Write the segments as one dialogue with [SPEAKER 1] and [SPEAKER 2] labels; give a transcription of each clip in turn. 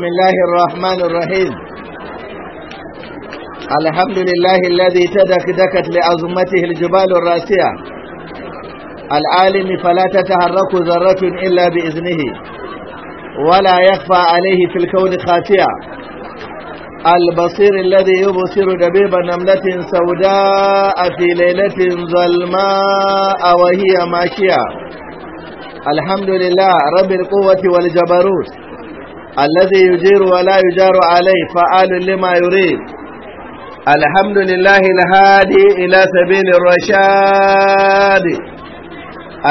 [SPEAKER 1] بسم الله الرحمن الرحيم الحمد لله الذي تدك دكت لعظمته الجبال الراسية العالم فلا تتحرك ذرة إلا بإذنه ولا يخفى عليه في الكون خافية البصير الذي يبصر دبيب نملة سوداء في ليلة ظلماء وهي ماشية الحمد لله رب القوة والجبروت الذي يجير ولا يجار عليه فعال لما يريد الحمد لله الهادي إلى سبيل الرشاد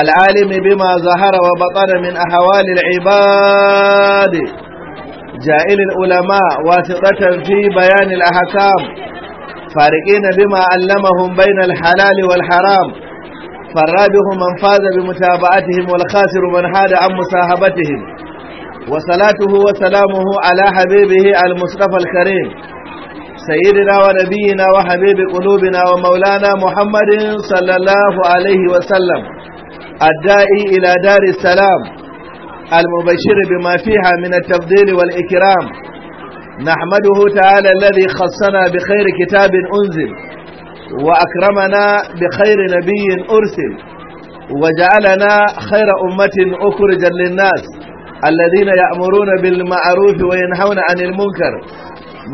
[SPEAKER 1] العالم بما ظهر وبطن من أحوال العباد جائل العلماء واثقة في بيان الأحكام فارقين بما علمهم بين الحلال والحرام فالرابح من فاز بمتابعتهم والخاسر من حاد عن مصاحبتهم وصلاته وسلامه على حبيبه المصطفى الكريم سيدنا ونبينا وحبيب قلوبنا ومولانا محمد صلى الله عليه وسلم الدائي إلى دار السلام المبشر بما فيها من التفضيل والإكرام نحمده تعالى الذي خصنا بخير كتاب أنزل وأكرمنا بخير نبي أرسل وجعلنا خير أمة أخرجا للناس الذين يأمرون بالمعروف وينهون عن المنكر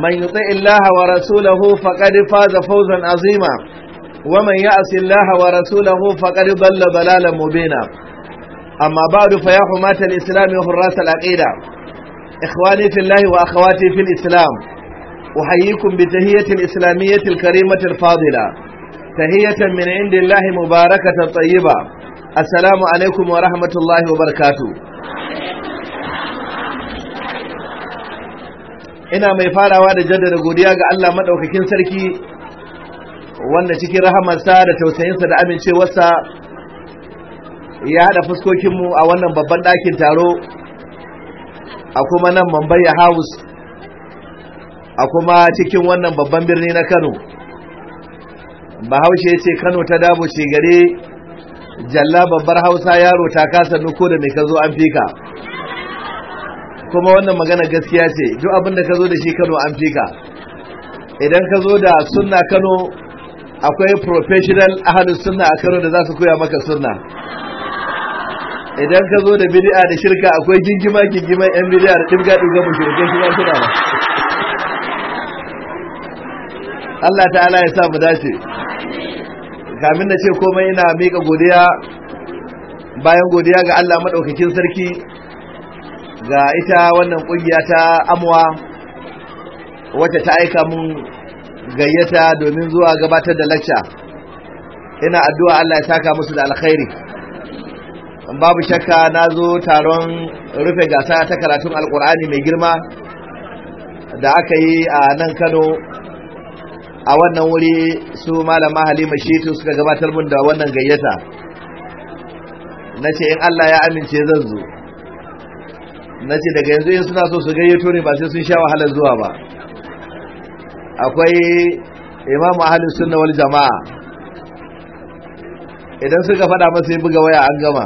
[SPEAKER 1] من يطع الله ورسوله فقد فاز فوزا عظيما ومن يعص الله ورسوله فقد ضل ضلالا مبينا أما بعد فيا حماة الإسلام وحراس العقيدة إخواني في الله وأخواتي في الإسلام أحييكم بتهية الإسلامية الكريمة الفاضلة تهية من عند الله مباركة طيبة السلام عليكم ورحمة الله وبركاته ina mai farawa da jaddada godiya ga Allah madaukakin sarki wanda cikin rahamarsa da tausayinsa da amincewarsa ya haɗa fuskokinmu a wannan babban ɗakin taro a kuma nan mambaya house a kuma cikin wannan babban birni na kano bahaushe ce kano ta dabo ce gare jalla babbar hausa yaro ta kasa nuko da mai kazo zo an fika kuma wannan magana gaskiya ce duk abin da ka zo da shi kano an fi ka idan ka zo da sunna kano akwai professional ahalin sunna a kano da za su koya maka sunna idan ka zo da bid'a da shirka akwai gingima gingima yan bid'a da duga, mu mushrikai shi ba kuma Allah ta'ala ya sa mu dace kamin na ce komai ina miƙa godiya bayan godiya ga Allah madaukakin sarki ga ita wannan kungiya ta amwa wacce ta aika mun gayyata domin zuwa gabatar da lacca ina addu'a Allah ya saka musu da alkhairi babu shakka na zo taron rufe gasa ta karatun alkur'ani mai girma da aka yi a nan kano a wannan wuri su malama halima shitu suka gabatar mun da wannan gayyata na ce in Allah ya amince zan zo na ce daga yanzu in suna so su gayyato ne ba sai sun sha wahalar zuwa ba akwai imamu ahalin sunna wal jama'a idan suka faɗa masu ya buga waya an gama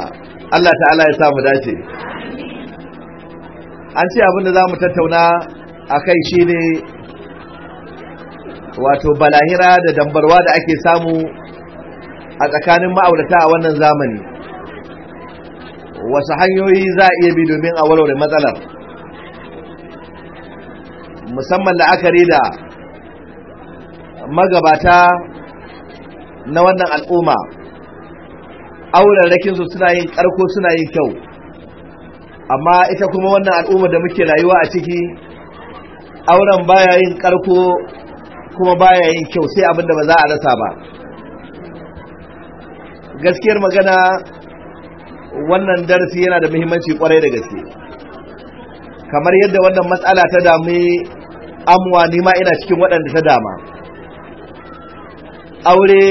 [SPEAKER 1] Allah ta'ala ya samu dace an ce abin da za mu tattauna a kai shi ne wato balahira da dambarwa da ake samu a tsakanin ma'aurata a wannan zamani wasu hanyoyi za a iya bi domin a warware matsalar musamman la'akari da magabata na wannan al'umma auren rakinsu suna yin karko suna yin kyau amma ita kuma wannan al'umma da muke rayuwa a ciki auren baya yin karko kuma baya yin kyau sai abinda ba za a rasa ba gaskiyar magana wannan darasi yana da muhimmanci kwarai da gaske kamar yadda wannan matsala ta dami amuwa ni ma ina cikin waɗanda ta dama aure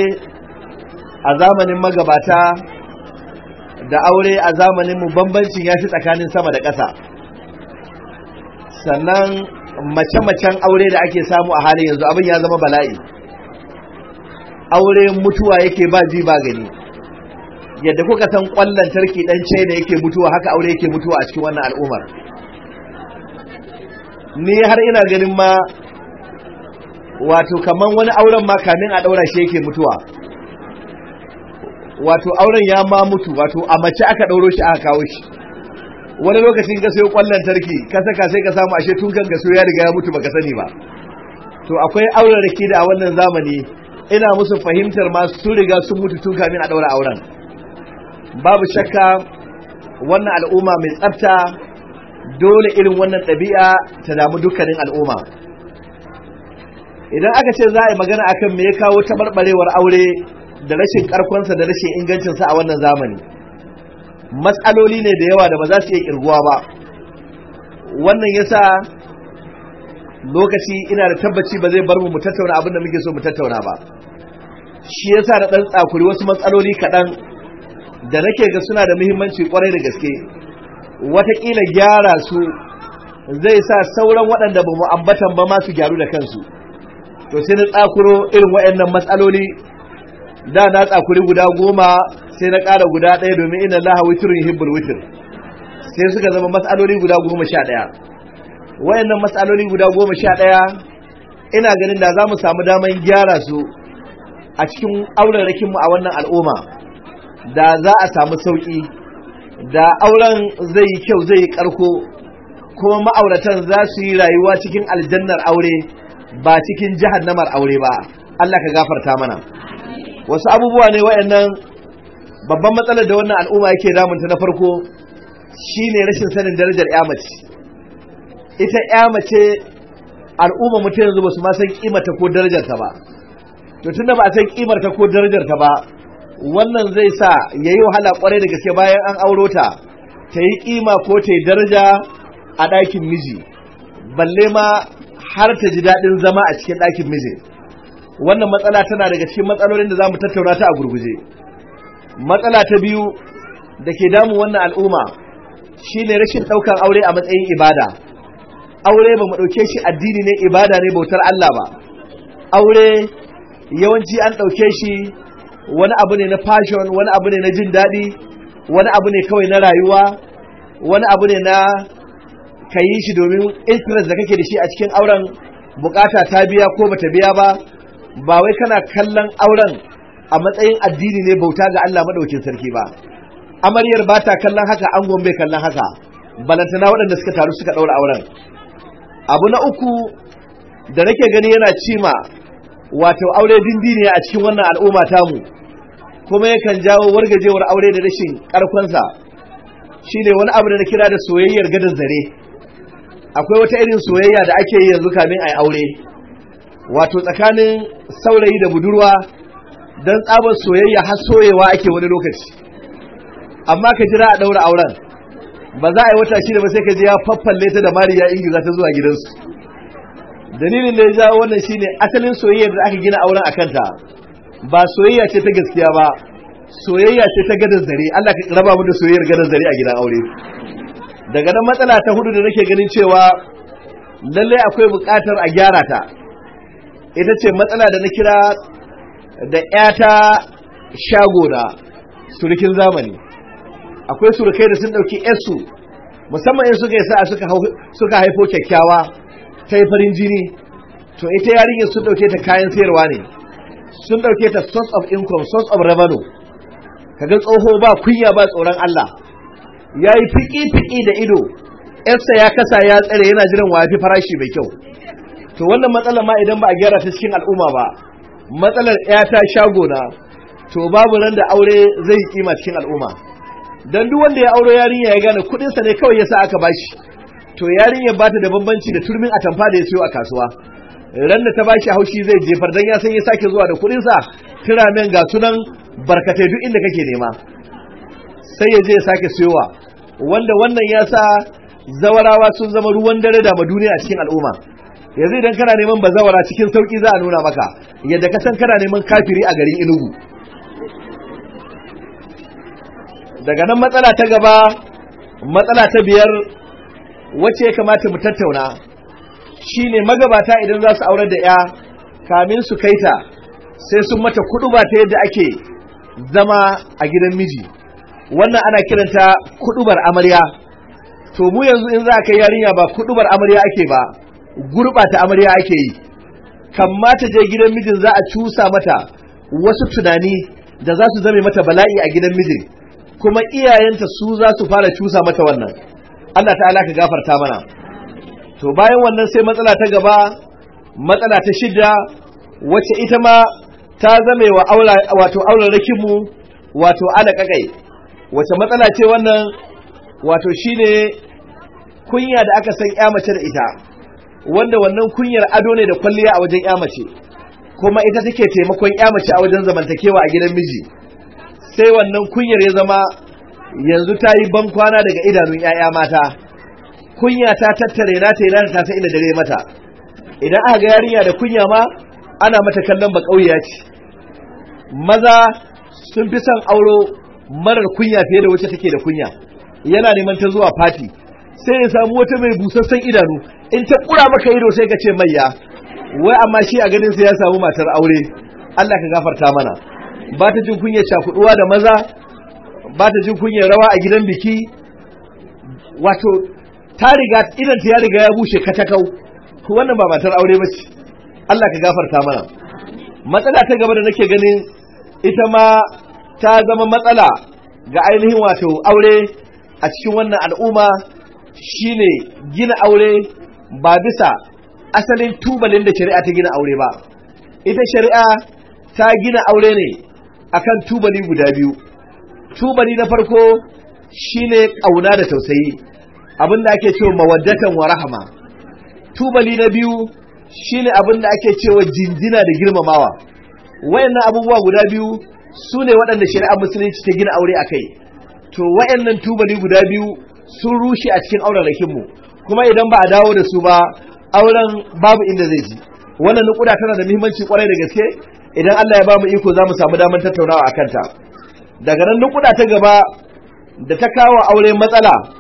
[SPEAKER 1] a zamanin magabata da aure a zamanin mu bambancin ya fi tsakanin sama da ƙasa sannan mace-macen aure da ake samu a halin yanzu abin ya zama bala'i aure mutuwa yake ba ji ba gani yadda kuka san kwallon tarki dan da yake mutuwa haka aure yake mutuwa a cikin wannan al'ummar ni har ina ganin ma wato kaman wani auren ma kamin a daura shi yake mutuwa wato auren ya ma mutu wato a mace aka dauro shi aka kawo shi wani lokacin ka sayo kwallon tarki ka saka sai ka samu ashe tun kan ka ya riga ya mutu baka sani ba to akwai auren rake da a wannan zamani ina musu fahimtar ma sun riga sun mutu tun kamin a daura auren babu shakka wannan al'umma mai tsafta dole irin wannan ɗabi'a ta damu dukkanin al'umma idan aka ce za a yi magana akan me ya kawo taɓarɓarewar aure da rashin ƙarkonsa da rashin ingancinsa a wannan zamani matsaloli ne da yawa da ba za su iya ƙirguwa ba wannan ya sa lokaci ina da tabbaci ba zai bar mu mu tattauna abin da muke so mu tattauna ba shi yasa da ɗan tsakuri wasu matsaloli kaɗan da nake ga suna da muhimmanci kwarai da gaske watakila gyara su zai sa sauran waɗanda ba mu ambatan ba masu gyaru da kansu to sai na tsakuro irin waɗannan matsaloli da na tsakuri guda goma sai na ƙara guda ɗaya domin ina laha witirin hibbul witir sai suka zama matsaloli guda goma sha ɗaya waɗannan matsaloli guda goma sha ɗaya ina ganin da za mu samu damar gyara su a cikin auren rakinmu a wannan al'umma da za a samu sauƙi da auren zai yi kyau zai yi ƙarko kuma ma'auratan za su yi rayuwa cikin aljannar aure ba cikin jahannamar aure ba Allah ka gafarta mana wasu abubuwa ne waɗannan babban matsalar da wannan al'umma yake damunta na farko shine rashin sanin darajar ya mace ita ya mace al'umma mutum yanzu ba su ma san ko darajarta ba to tunda ba a san kimarta ko darajarta ba wannan zai sa ya yi wahala kwarai da gaske bayan an auro ta ta yi kima ko ta yi daraja a ɗakin miji balle ma har ta ji daɗin zama a cikin ɗakin miji wannan matsala tana daga cikin matsalolin da za mu tattauna ta a gurguje matsala ta biyu da ke damun wannan al'umma shine rashin ɗaukar aure a matsayin ibada aure ba mu ɗauke shi addini ne ibada ne bautar Allah ba aure yawanci an ɗauke shi wani abu ne na fashion wani abu ne na jin daɗi wani abu ne kawai na rayuwa wani abu ne na ka shi domin interest da kake da shi a cikin auren bukata ta biya ko bata biya ba ba wai kana kallon auren a matsayin addini ne bauta ga Allah madaukin sarki ba amaryar ba ta kallon haka an bai kallon haka balantana waɗanda suka taru suka ɗaura auren abu na uku da nake gani yana cima wato aure dindi ne a cikin wannan al'umma tamu kuma yakan jawo wargajewar aure da rashin ƙarfinsa shine wani abu da na kira da soyayyar gadon zare akwai wata irin soyayya da ake yi yanzu kamin a yi aure wato tsakanin saurayi da budurwa don tsabar soyayya har soyewa ake wani lokaci amma ka jira a ɗaura auren ba za a yi wata shida ba sai ka je ya faffalle ta da mariya ingiza ta zuwa gidansu dalilin da ya jawo wannan shine asalin soyayyar da aka gina auren a kanta ba soyayya ce ta gaskiya ba soyayya ce ta gadar zare Allah ka raba mu da soyayyar gadar zare a gidan aure daga nan matsala ta hudu da nake ganin cewa lallai akwai buƙatar a gyara ta ita ce matsala da na kira da ƴata ta da surukin zamani akwai surukai da sun ɗauki ƴarsu musamman in suka yasa sa'a suka haifo kyakkyawa ta yi farin jini to ita yarinyar sun ɗauke ta kayan sayarwa ne sun ɗauke ta source of income source of revenue kaga tsoho ba kunya ba tsoron Allah ya yi fiƙi-fiƙi da ido yarsa ya kasa ya tsare yana jiran wafi farashi mai kyau to wannan matsalar ma idan ba a gyara ta cikin al'umma ba matsalar ya ta shago na to babu ran da aure zai kima cikin al'umma dan duk wanda ya aure yarinya ya gane kuɗinsa ne kawai yasa aka bashi to yarinya ba ta da bambanci da turmin atamfa da ya siyo a kasuwa ran da ta bashi haushi zai jefar dan ya san ya sake zuwa da kuɗin sa kira men ga sunan barkatai duk inda kake nema sai ya je ya sake siyowa wanda wannan ya sa zawarawa sun zama ruwan dare da duniya a cikin al'umma yanzu idan kana neman bazawara cikin sauki za a nuna maka yadda ka san kana neman kafiri a garin inugu daga nan matsala ta gaba matsala ta biyar wacce ya kamata mu tattauna Shi ne magabata idan za su aure da ya kamin su kai ta sai sun mata kudu ba ta yadda ake zama a gidan miji wannan ana kiranta kudubar amarya to mu yanzu in za a kai yarinya ba kudubar amarya ake ba gurbata amarya ake yi kamma ta je gidan mijin za a cusa mata wasu tunani da za su zame mata bala'i a gidan mijin kuma iyayenta su za su fara cusa mata wannan Allah ta alaka gafarta mana to bayan wannan sai matsala ta gaba matsala ta shida wacce ita ma ta zame wa wato auren rakimu wato kakai wace matsala ce wannan wato shine kunya da aka san yamace da ita wanda wannan kunyar ado ne da kwalliya a wajen yamace kuma ita take taimakon yamace a wajen zamantakewa a gidan miji sai wannan kunyar ya zama yanzu ta yi bankwana daga idanun 'ya'ya mata kunya ta tattare na ta yi na ta san inda dare mata idan aka ga yarinya da kunya ma ana mata kallon ba kauya ce maza sun fi son auro marar kunya fiye da wacce take da kunya yana neman ta zuwa fati sai ya samu wata mai busassan idanu in ta kura maka ido sai ka ce mayya wai amma shi a ganin sa ya samu matar aure Allah ka gafarta mana ba ta jin kunya cakuduwa da maza ba ta jin kunya rawa a gidan biki wato ta riga idan ta ya riga ya bushe katakau wannan ba matar aure ba ce Allah ka gafarta mana matsala ta gaba da nake ganin ita ma ta zama matsala ga ainihin wato aure a cikin wannan al'umma shine gina aure ba bisa asalin tubalin da shari'a ta gina aure ba ita shari'a ta gina aure ne akan tubali guda biyu tubali na farko shine ƙauna da tausayi abin da ake cewa mawaddatan wa rahama tubali na biyu shine abin da ake cewa jinjina da girmamawa wayannan abubuwa guda biyu su ne waɗanda shari'a musulunci ta gina aure a kai to wayannan tubali guda biyu sun rushe a cikin auren rakinmu kuma idan ba a dawo da su ba auren babu inda zai ji wannan nukuda tana da muhimmanci kwarai da gaske idan Allah ya ba mu iko za mu samu damar tattaunawa akan ta daga nan nukuda ta gaba da ta kawo aure matsala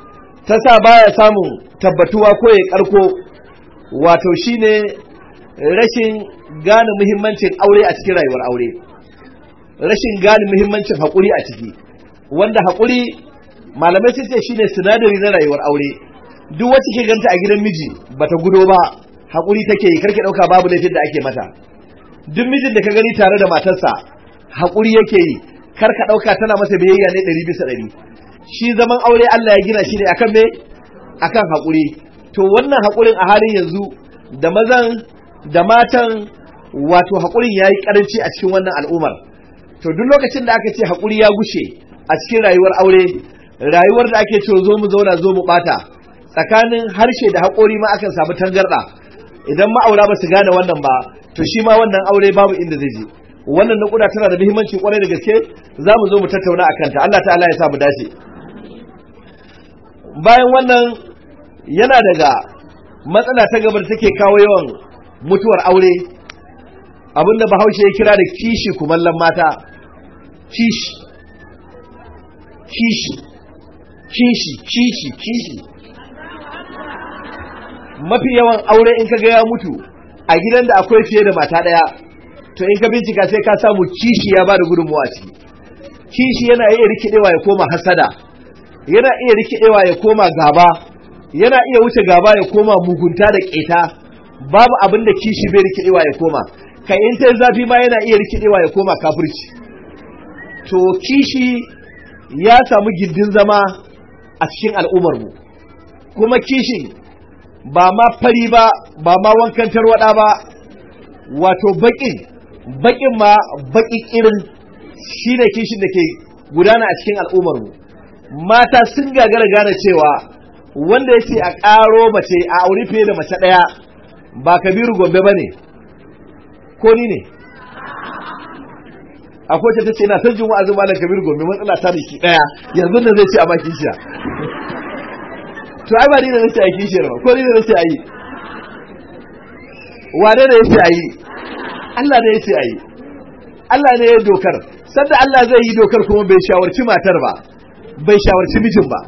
[SPEAKER 1] ta sa baya samun tabbatuwa ko ya karko wato shine rashin gane muhimmancin aure a cikin rayuwar aure rashin gane muhimmancin haƙuri a ciki wanda haƙuri malamai sun ce shine sinadari na rayuwar aure duk wacce ke ganta a gidan miji bata gudo ba haƙuri take yi karki ɗauka babu laifin da ake mata duk mijin da ka gani tare da matarsa haƙuri yake yi kar ka ɗauka tana masa biyayya ne ɗari bisa ɗari shi zaman aure Allah ya gina shi ne akan me akan haƙuri to wannan haƙurin a halin yanzu da mazan da matan wato haƙurin ya yi ƙaranci a cikin wannan al'ummar to duk lokacin da aka ce hakuri ya gushe a cikin rayuwar aure rayuwar da ake cewa zo mu zauna zo mu ɓata tsakanin harshe da haƙori ma akan samu tangarɗa idan ma'aura ba su gane wannan ba to shi ma wannan aure babu inda zai je wannan naƙuda tana da muhimmanci kwarai da gaske za mu zo mu tattauna a kanta Allah ta'ala ya sa mu dace bayan wannan yana daga matsala ta gaba da take kawo yawan mutuwar aure abinda bahaushe ya kira da kishi kumallon mata kishi kishi kishi kishi kishi mafi yawan aure in ka ga ya mutu a gidan da akwai fiye da mata ɗaya to in ka bincika sai ka samu kishi ya ba da gudunmuwa ciki kishi yana iya rikidewa ya koma hasada yana iya rikidewa ya koma gaba yana iya wuce gaba ya koma mugunta da keta babu abin da kishi bai rikidewa ya koma kai in ta zafi ma yana iya rikidewa ya koma kafirci to kishi ya samu gindin zama a cikin al'ummar mu kuma kishi ba ma fari ba ba ma wankan tarwada ba wato bakin baƙin ma baƙin irin shi ne kishin da ke gudana a cikin al'ummar mu mata sun gagara gane cewa wanda ya ce a ƙaro mace a auri fiye da mace ɗaya ba kabiru gombe ba ne ko ni ne akwai ta ce na sanjin wa'azin malam kabiru gombe matsala ta da shi ɗaya yanzu da zai ce a baki shi to ai ba ni da nace a kishiyar ba ko ni da nace a yi wane da ce a yi Allah ne ce a yi Allah ne ya dokar sanda Allah zai yi dokar kuma bai shawarci matar ba bai shawarci mijin ba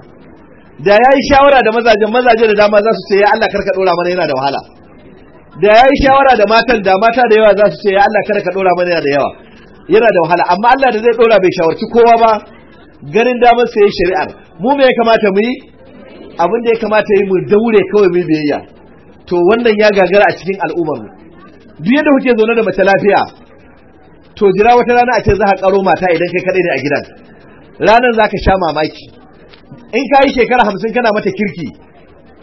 [SPEAKER 1] da ya yi shawara da mazajen mazajen da dama za su ce ya Allah karka dora mana yana da wahala da ya yi shawara da matan da mata da yawa za su ce ya Allah karka dora mana yana da yawa yana da wahala amma Allah da zai dora bai shawarci kowa ba ganin damar sai shari'ar mu me ya kamata mu yi abin da ya kamata yi mu daure kawai mu biyayya to wannan ya gagara a cikin al'ummar mu duk yadda kuke zaune da mace lafiya to jira wata rana a ce za ka karo mata idan kai kadai ne a gidan ranar za ka sha mamaki in ka yi shekara hamsin kana mata kirki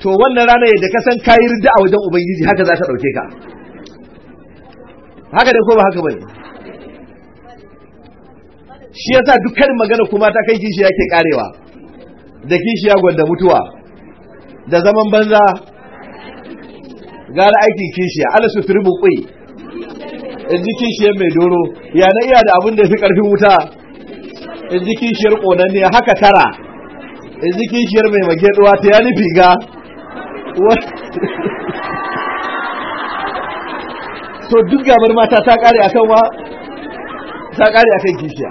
[SPEAKER 1] to wannan rana yadda ka san ka yi ridda a wajen ubangiji haka za ta ɗauke ka haka da ko ba haka bane shi yasa dukkan magana kuma ta kai kishiya ke karewa da kishiya gwanda mutuwa da zaman banza gara aikin kishiya ala su firin kwai in ji kishiyar mai doro ya na iya da abin da ya fi karfin wuta in shiyar kishiyar ne haka tara in shiyar kishiyar mai mageɗuwa ta ya nufi ga so duk gamar mata ta ƙare akan wa ta ƙare akan kishiya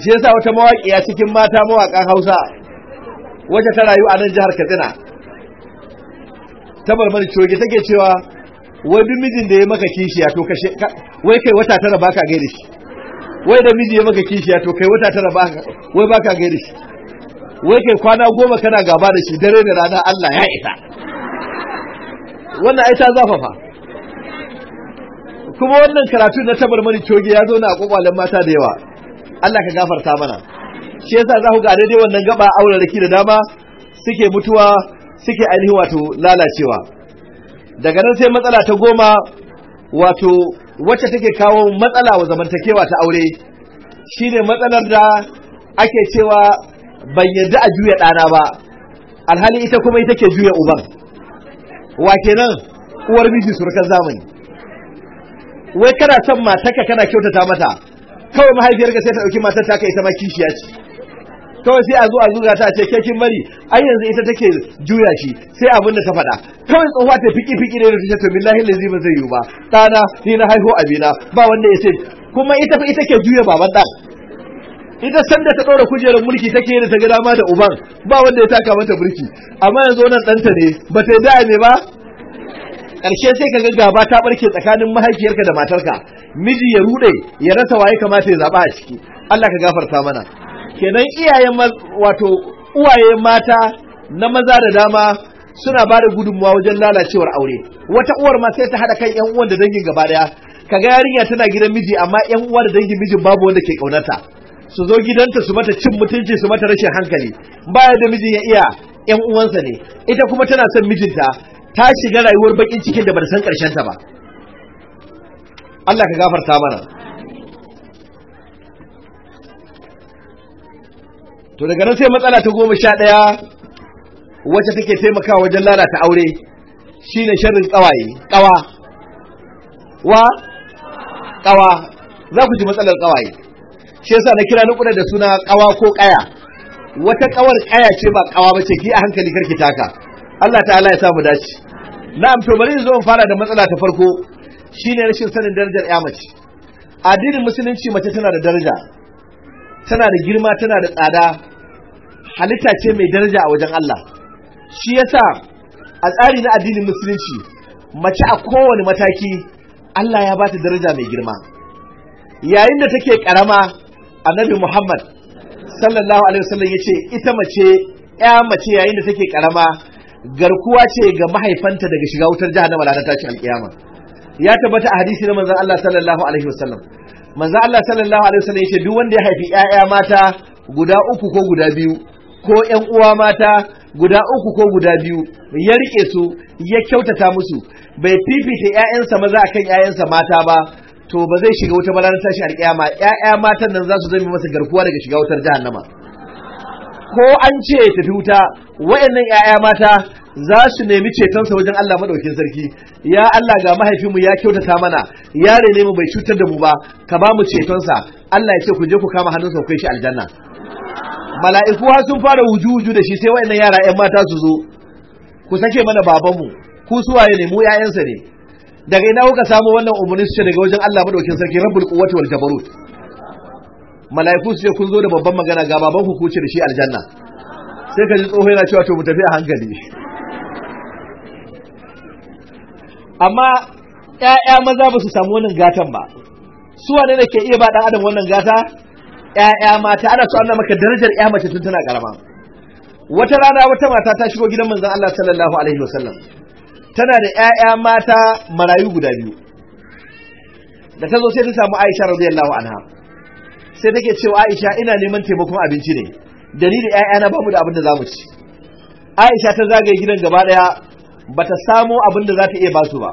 [SPEAKER 1] shi yasa wata mawaƙiya cikin mata mawaƙan hausa wacce ta rayu a nan jihar katsina ta marmari coge take cewa wai duk mijin da ya maka kishiya to kashe wai kai wata tara baka gaida shi wai da miji ya maka kishiya to kai wata tara baka wai baka gaida shi wai kai kwana goma kana gaba da shi dare da rana Allah ya isa wannan ai ta zafafa kuma wannan karatu na mani coge ya zo na kokwalen mata da yawa Allah ka gafarta mana shi yasa za ku ga dai wannan gaba aure da dama suke mutuwa suke ainihin wato lalacewa daga nan sai matsala ta goma wato wacce take kawo matsala wa zamantakewa ta aure shine matsalar da ake cewa ban yadda a juya ɗana ba alhali ita kuma ita ke juya uban wa kenan uwar miji surukan zamani wai kana son matarka kana kyautata mata kawai mahaifiyar ga sai ta ɗauki matar ta ka ita ma kishiya ce kawai sai a zo a zuga ta ce ke kin bari ai yanzu ita take juya shi sai abin da ta faɗa kawai tsohuwa ta fiki fiki ne da ta ce to billahi lazi ba zai yiwu ba ɗana ni na haihu abina ba wanda ya ce kuma ita ita ke juya baban ɗan ita sanda ta ɗora kujerar mulki take yi da ta ga dama da uban ba wanda ya taka mata mulki amma yanzu wannan ɗanta ne ba ta da'a ne ba ƙarshe sai ka ga gaba ta ɓarke tsakanin mahaifiyarka da matarka miji ya ruɗe ya rasa waye kamata ya zaɓa a ciki Allah ka gafarta mana kenan iyayen wato uwaye mata na maza da dama suna ba da gudunmawa wajen lalacewar aure wata uwar ma sai ta haɗa kan yan uwan da dangin gaba daya kaga yarinya tana gidan miji amma yan uwa da dangin mijin babu wanda ke kaunarta su zo gidanta su mata cin mutunci su mata rashin hankali baya da mijin ya iya yan uwansa ne ita kuma tana son mijinta ta shiga rayuwar bakin cikin da ba san karshen ta ba Allah ka gafarta mana to daga nan sai matsala ta goma sha ɗaya wacce take taimakawa wajen lalata aure shine sharrin ƙawaye ƙawa wa ƙawa za ku ji matsalar ƙawaye shi yasa na kira nukuna da suna ƙawa ko ƙaya wata ƙawar ƙaya ce ba ƙawa ba ce ki a hankali karki taka Allah ta'ala ya samu dace na'am to bari zo fara da matsala ta farko shine rashin sanin darajar ya mace addinin musulunci mace tana da daraja tana da girma tana da tsada halitta ce mai daraja a wajen Allah shi yasa a tsari na addinin musulunci mace a kowane mataki Allah ya bata daraja mai girma yayin da take karama annabi Muhammad sallallahu alaihi wasallam yace ita mace ya mace yayin da take karama garkuwa ce ga mahaifanta daga shiga wutar jahannama ta ce alkiyama ya tabbata a hadisi na manzon Allah sallallahu alaihi wasallam manzo Allah sallallahu alaihi wasallam yace duk wanda ya haifi 'ya'ya mata guda uku ko guda biyu ko ƴan uwa mata guda uku ko guda biyu ya rike su ya kyautata musu bai fifita 'ya'yansa maza kan 'ya'yansa mata ba to ba zai shiga wuta balar tashi a alƙiyama 'ya'ya matan nan za su zama masa garkuwa daga shiga wutar jahannama ko an ce tafi wuta wayannan ƴaƴa mata za su nemi cetonsa wajen Allah madaukin sarki ya Allah ga mahaifinmu ya kyautata mana ya rene mu bai cutar da mu ba ka ba mu cetonsa Allah ya ce ku je ku kama hannunsa ku kai shi aljanna mala'iku har sun fara wuju da shi sai wayannan yara ƴan mata su zo ku sake mana babanmu ku suwaye ne mu ƴaƴansa ne daga ina kuka samu wannan umarni su ce daga wajen Allah madaukin sarki rabbul quwwati wal jabarut mala'iku su ce kun zo da babban magana ga baban ku ce da shi aljanna sai ka ji tsoho yana cewa to mu tafi a hankali amma ‘ya'ya maza ba su samu wannan gatan ba su wane ke iya ba ɗan adam wannan gata ‘ya'ya mata ana so Allah maka darajar ‘ya mace tun tana karama. wata rana wata mata ta shigo gidan manzon Allah sallallahu alaihi wasallam tana da ‘ya'ya mata marayu guda biyu da ta zo sai ta samu Aisha radiyallahu anha sai take cewa Aisha ina neman taimakon abinci ne da ni da ‘ya'yana ba mu da abin da za mu ci Aisha ta zagaye gidan gaba ɗaya ba ta samo abin da za ta iya basu ba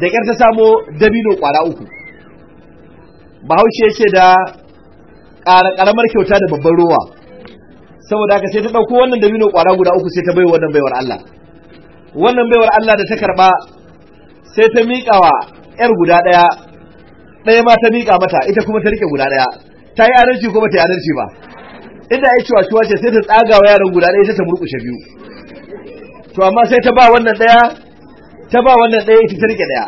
[SPEAKER 1] da ƙyar ta samo dabino ƙwara uku bahaushe ce da ƙaramar kyauta da babban rowa saboda haka sai ta ɗauko wannan dabino ƙwara guda uku sai ta bai wannan baiwar Allah wannan baiwar Allah da ta karɓa sai ta miƙa wa ‘yar guda ɗaya ɗaya ma ta miƙa mata ita kuma ta riƙe guda ɗaya ta yi adalci kuma ba ta yi adalci ba inda ya cewa ciwa ce sai ta tsaga wa yaran guda ɗaya sai ta murƙushe biyu to amma sai ta ba wannan ɗaya ta ba wannan ɗaya ita ta rike ɗaya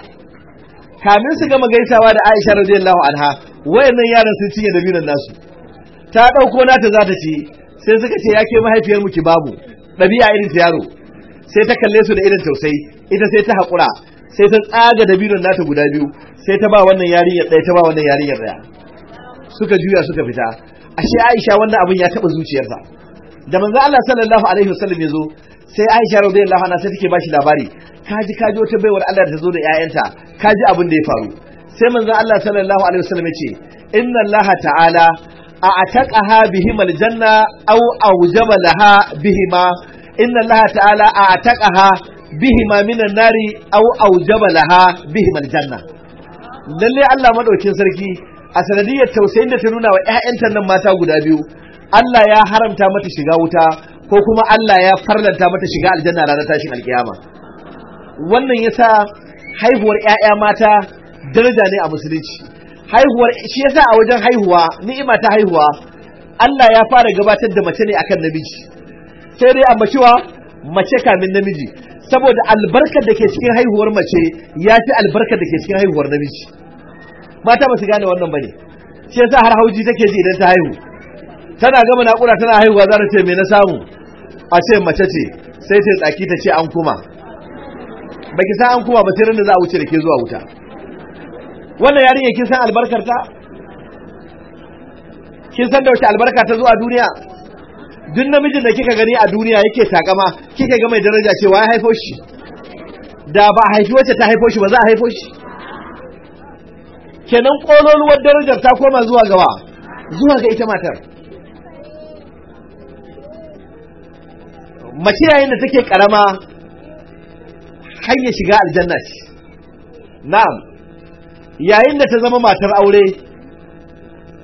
[SPEAKER 1] kamin su gama gaisawa da Aisha radiyallahu anha wayannan yaran sun cinye dabinan nasu ta ɗauko nata za ta ci sai suka ce yake mahaifiyar mu ki babu ɗabi'a irin ta yaro sai ta kalle su da irin tausayi ita sai ta haƙura sai ta tsaga dabinon nata guda biyu sai ta ba wannan yarinyar ɗaya ta ba wannan yarinyar ɗaya suka juya suka fita ashe Aisha wannan abin ya taɓa zuciyarta da manzo Allah sallallahu alaihi wasallam ya zo sai Aisha radiyallahu anha sai take bashi labari kaji kaji wata baiwar Allah da ta zo da ƴaƴanta kaji abin da ya faru sai manzon Allah sallallahu alaihi wasallam ya ce inna Allah ta'ala a'taqaha bihim aljanna aw awjaba laha bihima inna Allah ta'ala a'taqaha bihima minan nari aw awjaba laha bihim aljanna lalle Allah madaukin sarki a sanadiyar tausayin da ta nuna wa ƴaƴanta nan mata guda biyu Allah ya haramta mata shiga wuta ko kuma Allah ya farlanta mata shiga aljanna ranar tashin alkiyama wannan yasa haihuwar 'ya'ya mata daraja ne a musulunci haihuwar shi yasa a wajen haihuwa ni'ima ta haihuwa Allah ya fara gabatar da mace ne akan namiji sai dai amma cewa mace kamin namiji saboda albarkar da ke cikin haihuwar mace ya fi albarkar da ke cikin haihuwar namiji mata ba su gane wannan bane shi yasa har hauji take ji idan ta haihu tana gama naƙura tana haihuwa za ta ce me na samu a ce mace ce sai sai tsaki ta ce an kuma ba ki san an kuma ba sai da za a wuce da ke zuwa wuta wannan yarinya kin san albarkar ta kin san da wace albarka ta zuwa duniya duk namijin da kika gani a duniya yake takama kika ga mai daraja cewa ya haifo shi da ba haifi wacce ta haifo shi ba za a haifo shi kenan kololuwar darajar ta koma zuwa gawa zuwa ga ita matar mace yayin da take karama hanyar shiga aljanna ce na'am yayin da ta zama matar aure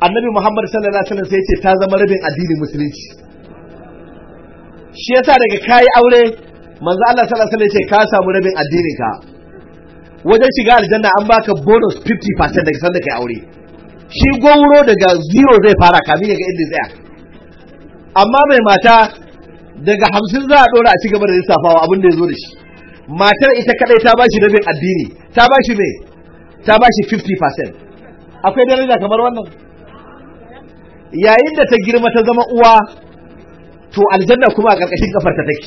[SPEAKER 1] annabi muhammad sallallahu alaihi wasallam sai ce ta zama rabin addinin musulunci shi yasa daga kayi aure manzo Allah sallallahu alaihi wasallam ce ka samu rabin addinin ka wajen shiga aljanna an baka bonus 50% daga sanda kai aure shi gowuro daga zero zai fara kamin ya ga inda tsaya amma mai mata daga hamsin za a ɗora a ci gaba da lissafawa abin da ya zo da shi matar ita kadai ta bashi rabin addini ta bashi me ta bashi 50% akwai daraja kamar wannan yayin da ta girma ta zama uwa to aljanna kuma a ƙarƙashin kafarta take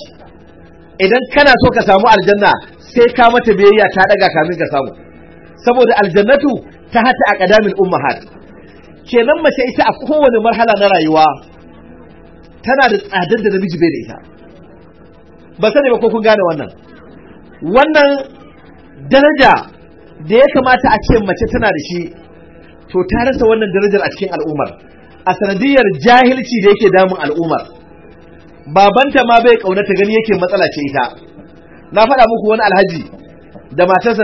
[SPEAKER 1] idan kana so ka samu aljanna sai ka mata biyayya ta daga kamin ka samu saboda aljannatu ta hata a ƙadamin ummahat kenan mace ita a kowane marhala na rayuwa tana da tsadar da namiji bai da ita ba sani ba ko kun gane wannan wannan daraja da ya kamata a ce mace tana da shi to ta rasa wannan darajar a cikin al'ummar a sanadiyar jahilci da yake damun al'ummar babanta ma bai kaunata gani yake matsala ce ita na faɗa muku wani alhaji da matarsa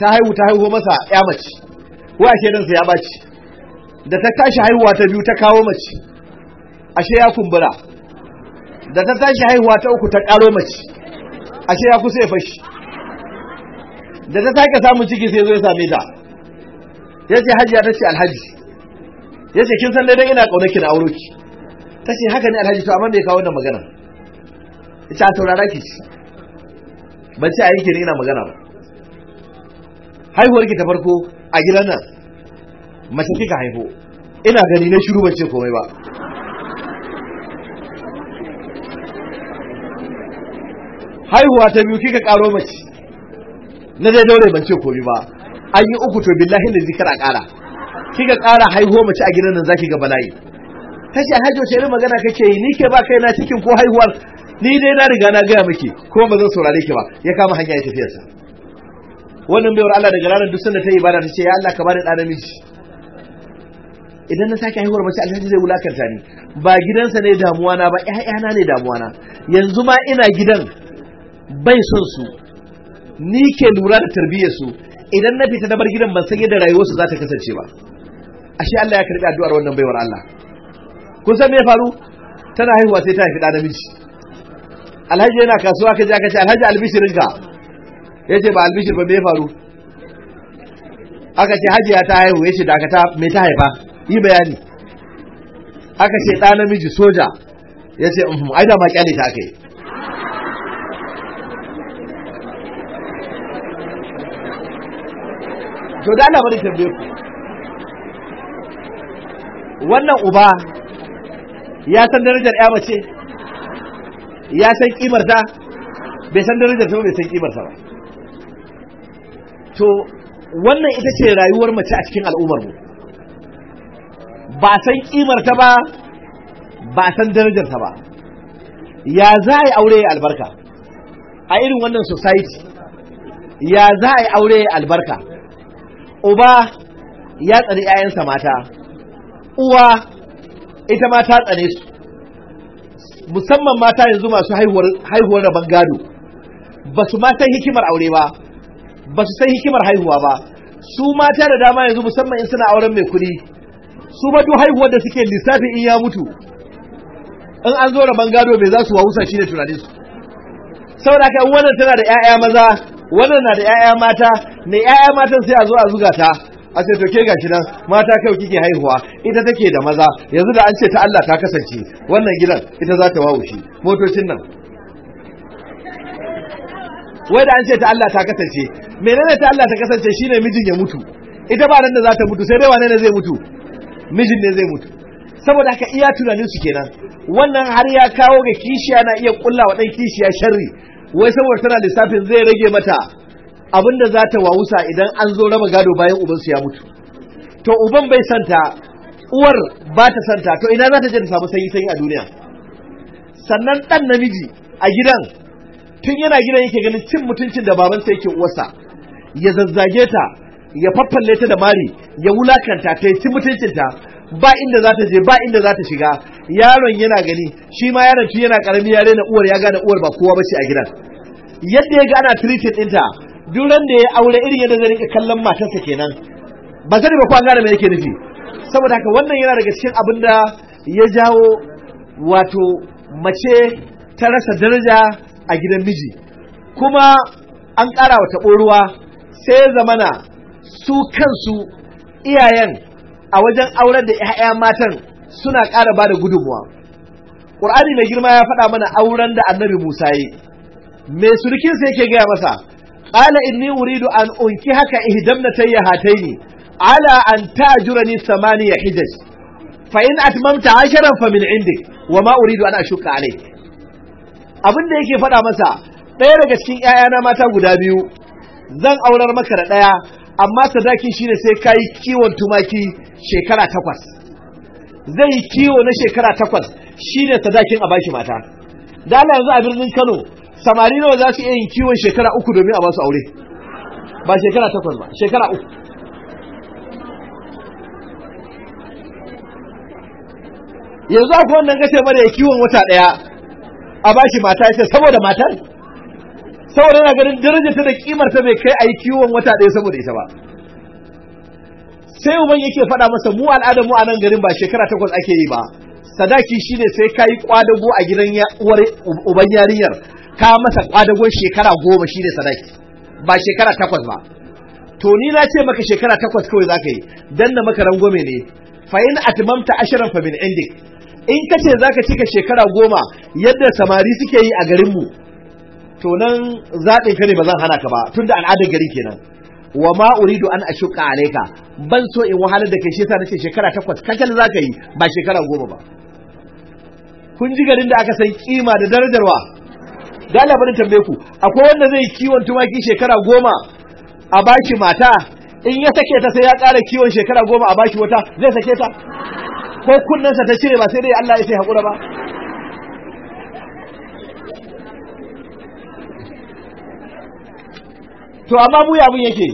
[SPEAKER 1] ta haihu ta haihu masa ya mace wa nan sa ya baci da ta tashi haihuwa ta biyu ta kawo mace ashe ya kumbura da ta tashi haihuwa ta uku ta karo mace ashe ya kusa ya fashi da ta sake samun ciki sai zo ya same ta ya ce hajiya ta ce alhaji ya ce kin san dai ina ƙaunar ki na auro ki ta ce haka ne alhaji to amma bai kawo wannan magana ita a taurara ki ci ban ce a yanki ne ina magana ba haihuwar ki ta farko a gidan nan mace kika haihu ina gani na shiru ban ce komai ba haihuwa ta biyu kika karo mace na dai daure ban ce komi ba an yi uku to billahi da zikar a kara kika kara haihuwa mace a gidan nan zaki ga bala'i kace hajjo ce irin magana kake yi ni ke ba kai na cikin ko haihuwar ni dai na riga na gaya miki ko ba zan saurare ki ba ya kama hanya ya tafiyarsa wannan baiwar Allah daga ranar duk sanda ta yi ibada ta ce ya Allah ka bani da namiji idan na sake haihuwar mace alhaji zai wulakanta ni ba gidansa ne damuwa na ba ƴaƴana ne damuwa na yanzu ma ina gidan bai son su ni ke lura da tarbiyyar su idan na fita na bar gidan ban san yadda rayuwarsu za ta kasance ba ashe Allah ya karbi addu'ar wannan baiwar Allah kun san me ya faru tana haihuwa sai ta haifi da namiji alhaji yana kasuwa ka je ka ce alhaji albishirinka yace ba albishir ba me ya faru aka ce hajiya ta haihu yace dakata me ta haifa yi bayani aka ce ɗa namiji soja yace ai da ma kyale ta kai to da ana bari tambaye ku wannan uba ya san darajar ya mace ya san kimar ta bai san darajar ta bai san kimar ta ba to wannan ita ce rayuwar mace a cikin al'ummar mu ba san kimar ta ba ba san darajar ta ba ya za a yi aure ya albarka a irin wannan society ya za a yi aure ya albarka uba ya tsani 'ya'yansa mata uwa ita ma ta tsane su musamman mata yanzu masu haihuwar rabon gado ba su ma san hikimar aure ba ba su san hikimar haihuwa ba su mata da dama yanzu musamman in suna auren mai kuɗi su ma haihuwar da suke lissafi in ya mutu in an zo rabon gado bai za su wusa shi da tunaninsu saboda haka wannan tana da 'ya'ya maza wannan na da 'ya'ya mata ne 'ya'ya matan sai a zo a zuga ta a ce to ke gashi nan mata kai kike haihuwa ita take da maza yanzu da an ce ta Allah ta kasance wannan gidan ita za ta wawo shi motocin nan wai da an ce ta Allah ta kasance menene ta Allah ta kasance shine mijin ya mutu ita ba nan da za ta mutu sai dai wane ne zai mutu mijin ne zai mutu saboda haka iya tunanin su kenan wannan har ya kawo ga kishiya na iya kullawa wa dan kishiya sharri wai saboda tana lissafin zai rage mata abinda za ta wawusa idan an zo raba gado bayan ubansu ya mutu to uban bai santa uwar ba ta santa to ina za ta je ta samu sanyi sanyi a duniya sannan dan namiji a gidan tun yana gidan yake ganin cin mutuncin da babansa yake uwarsa ya zazzage ta ya faffalle ta da mari ya wulakanta ta ya cin mutuncinta ba inda za ta je ba inda za ta shiga yaron yana gani shi ma yaron tun yana karami ya rena uwar ya gane uwar ba kowa ba ce a gidan yadda ya gana treated ɗinta duran da ya aure irin yadda zai rika kallon matarsa kenan ba zai ba kwa gane me yake nufi saboda haka wannan yana daga cikin abin da ya jawo wato mace ta rasa daraja a gidan miji kuma an ƙara wa taɓo ruwa sai zamana su kansu iyayen a wajen aurar da 'ya'ya matan suna ƙara ba da gudunmuwa ƙur'ani mai girma ya faɗa mana auren da annabi musa yi mai surukin sai yake gaya masa ni inni uridu an unki haka ihdamna tayya hataini ala an tajurani samaniya hijaj fa in atmamta asharan fa min indi? wa ma uridu an ashuka alayk Abinda yake faɗa masa ɗaya daga cikin 'ya'yana mata guda biyu zan aurar maka da ɗaya amma sadakin ne sai ka yi kiwon tumaki shekara takwas zai yi kiwo na shekara takwas shi ne sadakin a baki mata da yanzu a birnin Kano samari nawa za su iya yin kiwon shekara uku domin a basu aure ba shekara takwas ba shekara uku yanzu akwai wannan gashe mara ya kiwon wata daya a bashi mata ya saboda matar saboda yana ganin darajar ta da kimar bai kai a yi kiwon wata ɗaya saboda ita ba sai uban yake faɗa masa mu al'adar mu a nan garin ba shekara takwas ake yi ba sadaki shine sai kayi kwadago a gidan uwar uban yarinyar ka masa kwadagon shekara goma shine sadaki ba shekara takwas ba to ni na ce maka shekara takwas kawai zaka yi dan na maka rangwame ne fa in atmamta ashran fa min indik in kace zaka cika shekara goma yadda samari suke yi a garin mu to nan zaɓe ka ne ba zan hana ka ba tunda al'adar gari kenan wa ma uridu an ashuqa alayka ban so in wahalar da kai shi yasa nace shekara takwas kakal zaka yi ba shekara goma ba kun ji garin da aka san kima da darajarwa Allah bari tambaye ku akwai wanda zai kiwon tumaki shekara goma a bashi mata in ya sake ta sai ya kara kiwon shekara goma a bashi wata zai sake ta ko kunnensa ta cire ba sai dai Allah ya sai haƙura ba to amma mu mun yake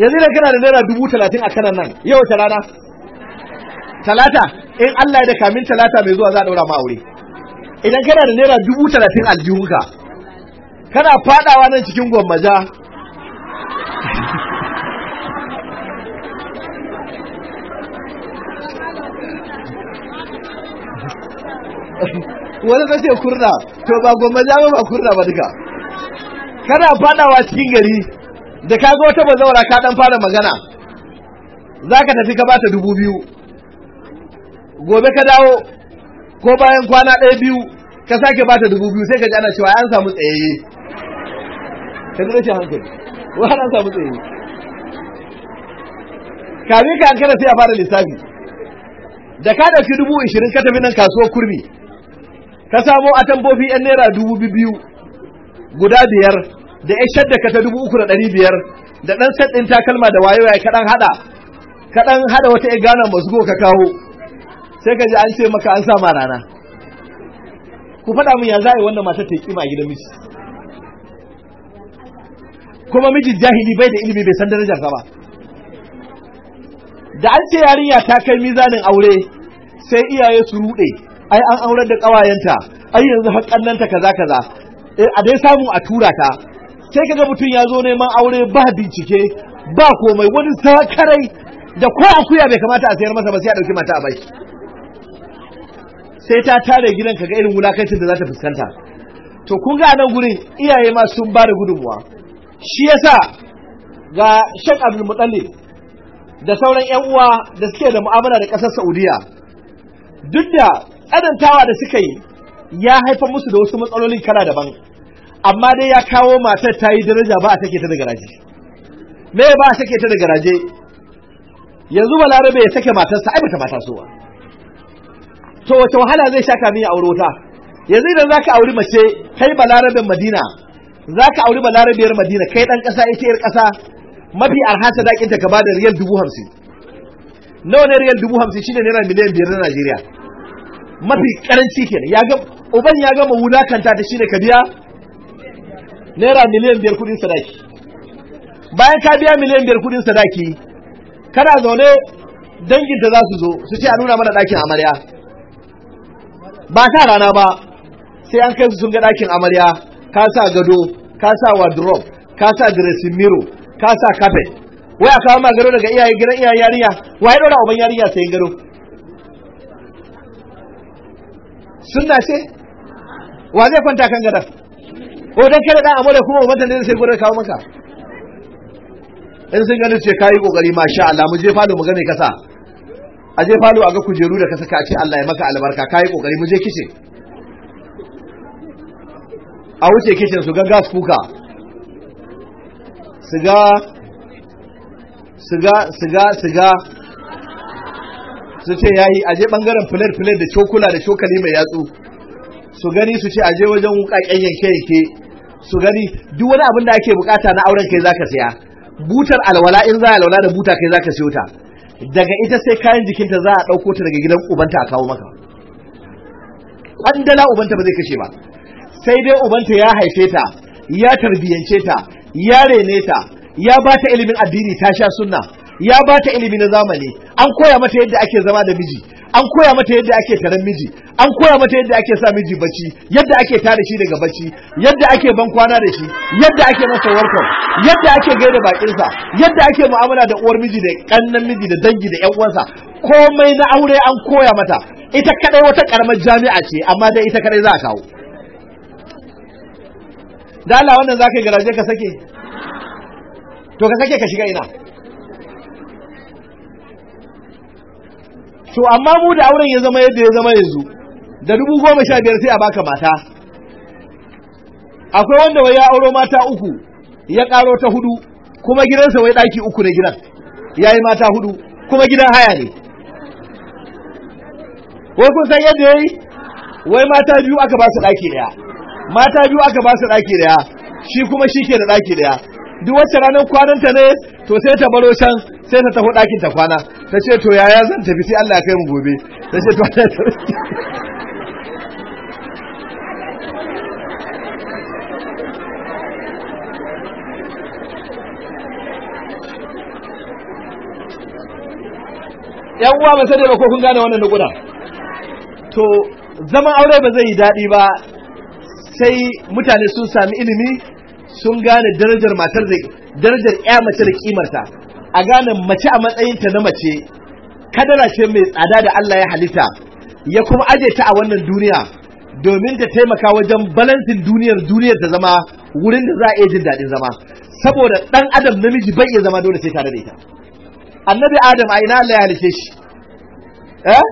[SPEAKER 1] yanzu da kana da naira dubu talatin a kanan nan yau ta rana talata in Allah da kamin talata mai zuwa za a daura ma aure idan kana da naira dubu talatin aljihunka kana fadawa nan cikin gwammaja wani zai kurna to ba gwammaja ba ba kurna ba duka kana fadawa cikin gari da ka ga wata bazawara ka dan fara magana za ka tafi ka bata dubu biyu gobe ka dawo ko bayan kwana ɗaya biyu ka sake bata dubu biyu sai ka ji ana cewa an samu tsayayye ka ji rashin hankali wa an samu tsayayye bi ka hankali sai a fara lissafi da ka ɗauki dubu ishirin ka tafi nan kasuwar kurmi ka samo atambofi yan naira dubu biyu guda biyar da ya shadda ka ta dubu uku da ɗari biyar da ɗan set ɗin takalma da wayo ya kaɗan haɗa kaɗan haɗa wata ya gana masu ka kawo sai ka ji an ce maka an sama rana ku faɗa min ya za a yi wannan matar ta gidan miji kuma mijin jahili bai da ilimi bai san darajar ka ba da an ce yarinya ta kai mizanin aure sai iyaye su ruɗe ai an aurar da kawayenta ai yanzu haƙƙan kaza kaza Eh, a dai samu a tura ta sai kaga mutum ya zo neman aure ba bincike ba komai wani sakarai da ko akuya bai kamata a sayar masa ba sai a dauki mata a bai sai ta tare gidan kaga irin wulakancin da za ta fuskanta to kun ga nan gurin iyaye ma sun ba da gudunmuwa shi yasa ga Sheikh Abdul Muttalib da sauran yan uwa da suke da mu'amala da ƙasar Saudiya duk da adantawa da suka yi ya haifar musu da wasu matsalolin kala daban amma dai ya kawo matar ta yi daraja ba a take ta da garaje me ba a take ta da garaje yanzu balarabe ya sake matarsa ai bata mata so ba to wace wahala zai sha kamin ya aure wuta yanzu idan zaka auri mace kai balarabin madina zaka auri balarabiyar madina kai dan kasa ita yar kasa mafi arha dakin ta ka da riyal dubu hamsin nawa ne riyal dubu hamsin shine naira miliyan biyar na najeriya mafi karanci kenan ya ga uban ya gama wulakanta shi ne ka biya naira miliyan biyar kudin sadaki bayan ka biya miliyan biyar kudin sadaki kana zaune danginta za su zo su ce a nuna mana ɗakin amarya ba ta rana ba sai an kai su sun ga ɗakin amarya ka sa gado ka sa wardrobe ka sa dressing mirror ka sa carpet wai a kawo ma gado daga iyaye gidan iyaye yarinya wai ɗora uban yarinya sai gado sunna ce wa zai kwanta kan gadar ko dan kada dan amara kuma ummatan ne sai gurin kawo maka in sun gani ce kai kokari masha Allah mu je falo mu gane kasa a je falo a ga kujeru da ka saka a ce Allah ya maka albarka kai kokari mu je kice a wuce kicin su ga gas kuka siga siga siga siga su ce ya yi aje bangaren filar filar da cokula da cokali mai yatsu su gani su ce aje wajen wukaken yanke yanke su gani duk wani abin da ake bukata na auren kai zaka siya butar alwala in za a alwala da buta kai zaka siyo ta daga ita sai kayan jikinta za a ɗauko ta daga gidan ubanta a kawo maka kwandala ubanta ba zai kashe ba sai dai ubanta ya haife ta ya tarbiyyance ta ya rene ta ya ba ta ilimin addini ta sha sunna ya ba ta ilimi na zamani an koya mata yadda ake zama da miji an koya mata yadda ake taron miji an koya mata yadda ake sa miji bacci yadda ake tada shi daga bacci yadda ake ban kwana da shi yadda ake masa warkar yadda ake gaida bakinsa yadda ake mu'amala da uwar miji da kannan miji da dangi da yan uwansa komai na aure an koya mata ita kadai wata karamar jami'a ce amma dai ita kadai za a kawo da Allah wannan zaka garaje ka sake to ka sake ka shiga ina to amma mu da auren ya zama yadda ya zama yanzu da dubu goma sha biyar sai a baka mata akwai wanda wai ya auro mata uku ya karo ta hudu kuma gidansa wai daki uku ne gidan ya yi mata hudu kuma gidan haya ne wai kun san yadda yayi wai mata biyu aka ba su daki daya mata biyu aka ba su daki daya shi kuma shi ke da daki daya duk wacce ranar kwananta ne to sai ta baro can sai ta taho ɗakin ta kwana ta ce to yaya zan tafi sai Allah ya kai mu gobe ta ce to ‘Yan uwa ba sai ba ko kun gane wannan nukuda. To, zaman aure ba zai yi daɗi ba sai mutane sun sami ilimi sun gane darajar matar da darajar ya mace da kimarta a gane mace a matsayinta na mace kadara ce mai tsada da Allah ya halitta ya kuma aje ta a wannan duniya domin ta taimaka wajen balansin duniyar duniyar ta zama wurin da za a iya jin daɗin zama saboda ɗan adam namiji bai iya zama dole sai tare da ita annabi adam a ina Allah ya halice shi eh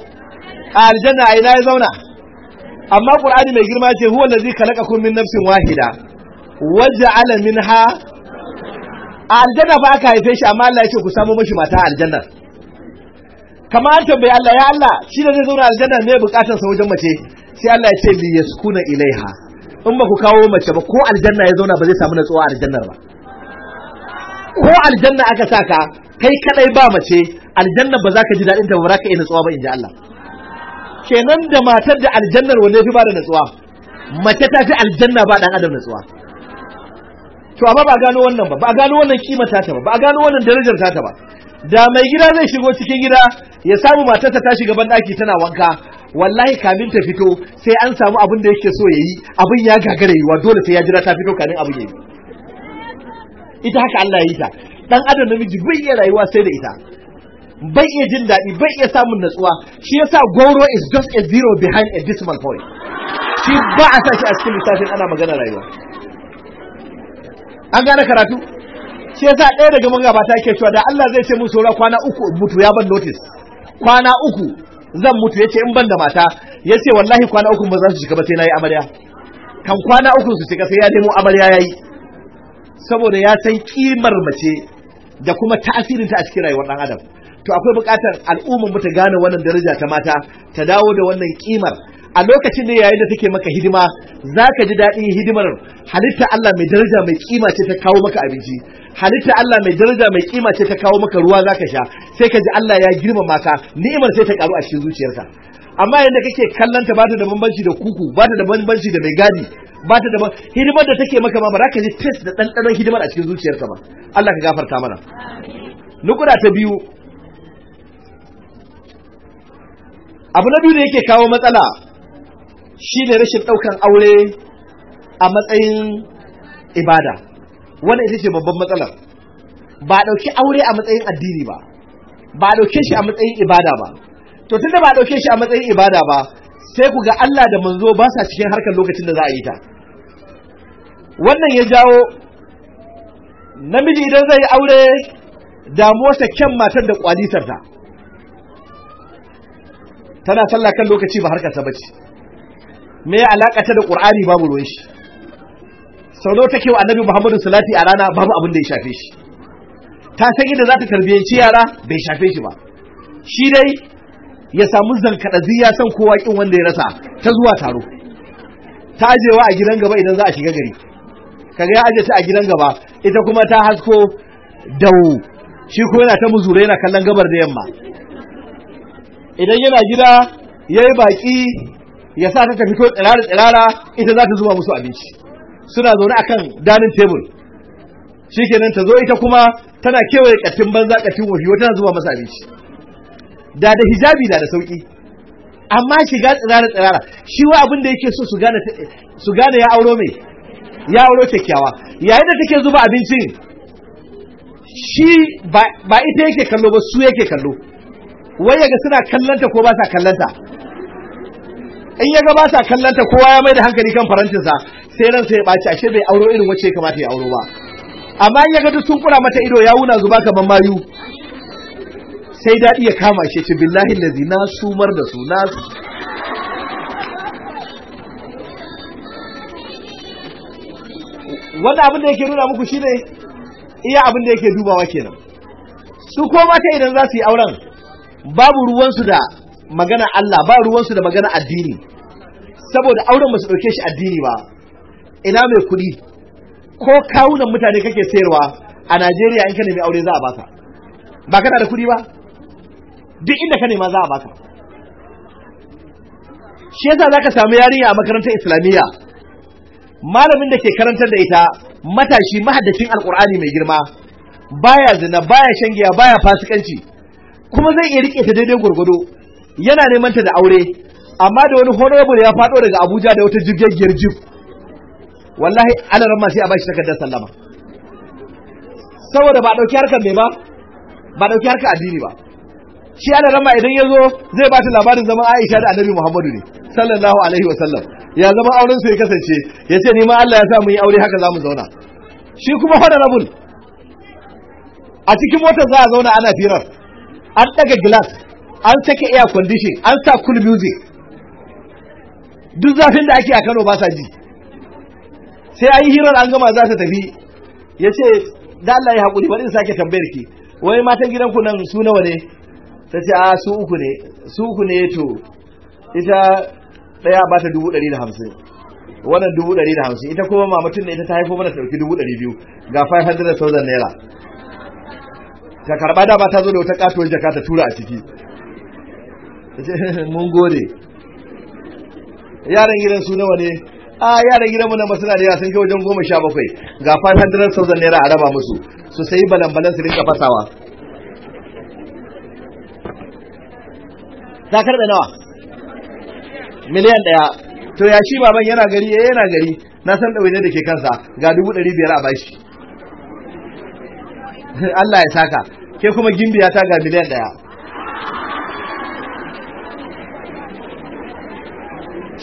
[SPEAKER 1] a aljanna a ina ya zauna amma qur'ani mai girma ce huwa allazi khalaqakum min nafsin wahida ha, minha aljanna ba aka haife shi amma Allah ya ce ku samu mashi mata aljanna kamar an tambayi Allah ya Allah shi da zai zauna aljanna ne bukatar sa wajen mace sai Allah ya ce li yaskuna ilaiha in ba ku kawo mace ba ko aljanna ya zauna ba zai samu natsuwa aljannar ba ko aljanna aka saka kai kadai ba mace aljanna ba za ka ji daɗin ta ba za ka iya natsuwa ba in ji Allah kenan da matar da aljannar wanne fi ba da natsuwa mace ta fi aljanna ba dan adam natsuwa to amma ba gano wannan ba ba gano wannan kima ta ta ba ba gano wannan darajar ta ta ba da mai gida zai shigo cikin gida ya samu matarsa ta shiga banɗaki tana wanka wallahi kamin ta fito sai an samu abin da yake so ya yi abin ya gagara wa dole sai ya jira ta fito kamin abin ya ita haka Allah ya yi ta dan adam namiji bai iya rayuwa sai da ita bai iya jin daɗi bai iya samun natsuwa shi yasa goro is just a zero behind a decimal point shi ba a sa a cikin lissafin ana magana rayuwa an gane karatu shi yasa ɗaya daga gabata ke cewa da Allah zai ce mun saura kwana uku mutu ya ban notice kwana uku zan mutu ya ce in ban da mata yace wallahi kwana uku ba za su shiga ba sai nayi amarya kan kwana uku su shiga sai ya nemo amarya yayi saboda ya san kimar mace da kuma ta'asirinta a cikin rayuwar dan adam to akwai bukatar al'ummar mu ta gane wannan daraja ta mata ta dawo da wannan kimar a lokacin ne yayin da take maka hidima za ka ji daɗin hidimar halitta Allah mai daraja mai kima ce ta kawo maka abinci halitta Allah mai daraja mai kima ce ta kawo maka ruwa za ka sha sai ka ji Allah ya girma ka ni'imar sai ta karu a cikin zuciyarka amma yadda kake kallon ta da bambanci da kuku bata da bambanci da mai gadi bata da hidimar da take maka ma ba za ka ji test da ɗanɗanon hidimar a cikin zuciyarka ba Allah ka gafarta mana nukuda ta biyu abu na biyu da yake kawo matsala shi ne rashin ɗaukan aure a matsayin ibada wannan ita ce babban matsalar ba a ɗauki aure a matsayin addini ba ba a ɗauke shi a matsayin ibada ba to tun da ba a ɗauke shi a matsayin ibada ba sai ku ga Allah da manzo ba sa cikin harkar lokacin da za a yi ta wannan ya jawo namiji idan zai aure damuwarsa kyan matar da ta tana sallah kan lokaci ba harkar ta bace me alaka ta da qur'ani babu ruwan shi sau da take wa annabi muhammadu salati a rana babu abin da ya shafe shi ta san inda za ta tarbiyyanci yara bai shafe shi ba shi dai ya samu zankaɗazi ya san kowa kin wanda ya rasa ta zuwa taro ta ajewa a gidan gaba idan za a shiga gari kaga ya aje ta a gidan gaba ita kuma ta hasko dawo shi ko yana ta muzure yana kallon gabar da yamma idan yana gida ya yi baƙi ya sa ta tafi ko tsirara tsirara ita za ta zuba musu abinci suna zaune akan dining table nan ta zo ita kuma tana kewaye katin banza katin wafi wata na zuba masa abinci da da hijabi da da sauki amma shiga tsirara tsirara shi wa abin da yake so su gane su gane ya auro mai ya auro kyakkyawa yayin da take zuba abincin shi ba ita yake kallo ba su yake kallo wai yaga suna kallanta ko ba sa kallanta in ya gabata ta kowa ya mai da hankali kan farantinsa sai ran sai ya ɓaci ashe bai auro irin wacce ya kamata ya auro ba amma in ya ga duk sun kura mata ido ya wuna zuba kamar mayu sai daɗi ya kama shi ce billahi lazi na sumar da su na wanda abin da yake nuna muku shi ne iya abin da yake dubawa kenan su ko mata idan za su yi auren babu ruwansu da magana Allah ba ruwansu da magana addini saboda auren ba su ɗauke shi addini ba ina mai kuɗi ko kawunan mutane kake sayarwa a Najeriya in ka nemi aure za a baka ba kana da kuɗi ba duk inda ka nema za a baka shi yasa zaka samu yarinya a makarantar islamiyya malamin da ke karantar da ita matashi mahaddacin alkur'ani mai girma baya zina baya shan baya fasikanci kuma zai iya rike ta daidai gwargwado yana neman ta da aure amma da wani honorable ya faɗo daga Abuja da wata jirgin jif wallahi alaran ma sai a bashi takardar sallama saboda ba dauki harkar ne ba ba dauki harkar addini ba shi alaran ma idan ya zo zai ba ta labarin zaman Aisha da Annabi Muhammadu ne sallallahu alaihi wa sallam ya zama auren su ya kasance ya ce ni ma Allah ya sa mu yi aure haka zamu zauna shi kuma honorable a cikin motar za a zauna ana firar an daga glass an sake air condition an sa cool music duk zafin da ake a Kano ba sa ji sai an yi hirar an gama za ta tafi ya ce da Allah ya haƙuri bari in sake tambayar ki wai matan gidan ku nan su nawa ne ta ce a su uku ne su uku ne to ita ɗaya ba ta dubu ɗari da hamsin wannan dubu ɗari da hamsin ita kuma mamacin da ita ta haifo mana ɗauki dubu ɗari biyu ga 500,000 naira ta karɓa ba ta zo da wata katuwar jaka ta tura a ciki mun gode yaran gidan su nawa ne a yaran gidan mu na masana da yawa sun kai wajen goma sha bakwai ga 500,000 naira a raba musu su sayi balan-balan su rinka fasawa ta karɓe nawa miliyan ɗaya to ya shi baban yana gari ya eh, yana gari na san ɗawaine da ke kansa ga dubu ɗari biyar a bashi Allah ya saka ke kuma gimbiya ta ga miliyan ɗaya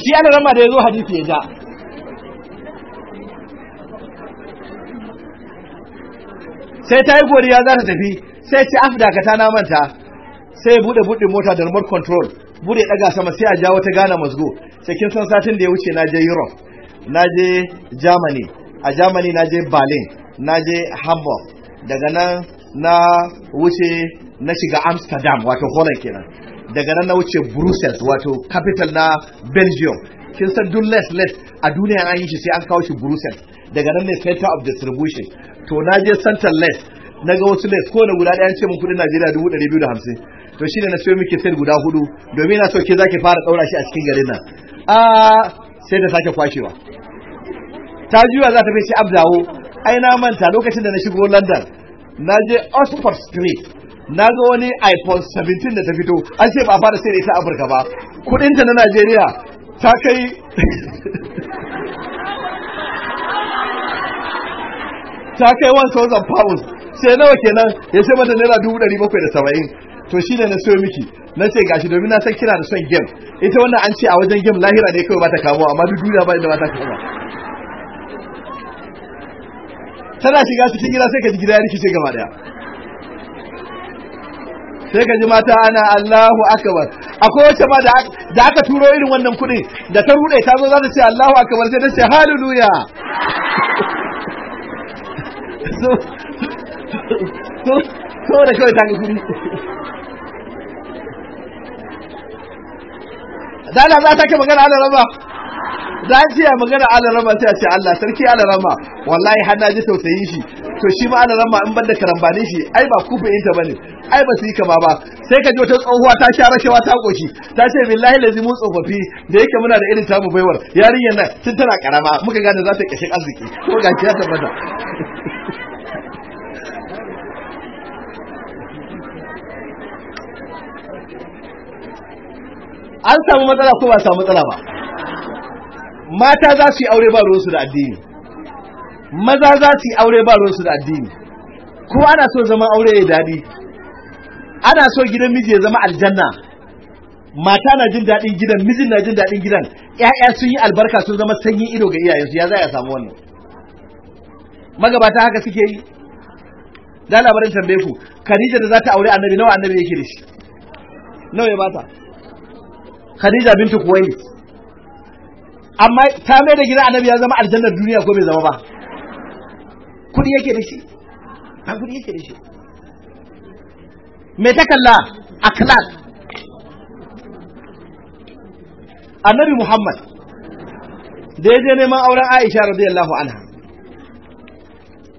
[SPEAKER 1] shi ana rama da ya zo hadisi ya ja sai ta yi godiya za ta tafi sai ce af dakata na manta sai bude bude mota da remote control bude daga sama sai a ja wata gana masgo sai kin san satin da ya wuce na je Europe na je Germany a Germany na je Berlin na je Hamburg daga nan na wuce na shiga Amsterdam wato Holland kenan daga nan na wuce brussels wato capital na belgium kin san duk less less a duniya an yi shi sai an kawo shi brussels daga nan ne center of distribution to na je center less. na ga wasu less ko na guda ɗaya ce mun kuɗin najeriya dubu ɗari biyu da hamsin to shine na sayo miki sel guda hudu domin na so ke zaki fara ɗaura shi a cikin garin nan a sai ta sake kwashewa ta juya za ta fi sai abdawo ai na manta lokacin da na shigo london na je oxford street na ga wani iphone 17 da ta fito an ce ba fara sai da ita afirka ba kudinta na najeriya ta kai ta kai 1000 pounds sai nawa kenan ya ce mata naira 770 to shi ne na sayo miki na ce gashi domin na san kina da son game ita wannan an ce a wajen game lahira ne kawai ba ta kamo amma duk duniya ba inda ba ta kamo tana shiga cikin gida sai ka ji gida ya rikice gaba daya sai ka ji mata ana Allahu akbar akwai wacce ma da aka turo irin wannan kuɗi da ta rude ta zo za ta ce Allahu akbar sai ta ce haleluya
[SPEAKER 2] so so so da kawai ta ga kuɗi
[SPEAKER 1] dala za ta ke magana ana raba za shi ya magana alarama sai a ce Allah sarki alarama wallahi har na ji tausayi shi to shi ma alarama in da karambani shi ai ba kufe ita bane ai ba su yi kama ba sai ka ji wata tsohuwa ta sha rashawa ta koshi ta ce billahi lazi mu tsofaffi da yake muna da irin tamu baiwar yarinyar nan tun tana karama muka gane za ta kashin arziki ko ga ya tabbata an samu matsala ko ba samu matsala ba mata za su yi aure ba ruwansu da addini maza za su yi aure ba ruwansu da addini ko ana so zama aure ya daɗi ana so gidan miji ya zama aljanna mata na jin daɗin gidan mijin na jin daɗin gidan 'ya'ya sun yi albarka sun zama sanyin ido ga iyayensu ya za a samu wannan magabata haka suke yi da labarin tambaye ku Khadija da za ta aure annabi nawa annabi yake da shi nawa ya bata Khadija bintu Kuwait amma ta mai da gidan annabi ya zama aljannar duniya ko bai zama ba kudi yake da shi ba kudi yake da shi mai ta kalla a a annabi muhammad da ya je neman auren aisha radiyallahu anha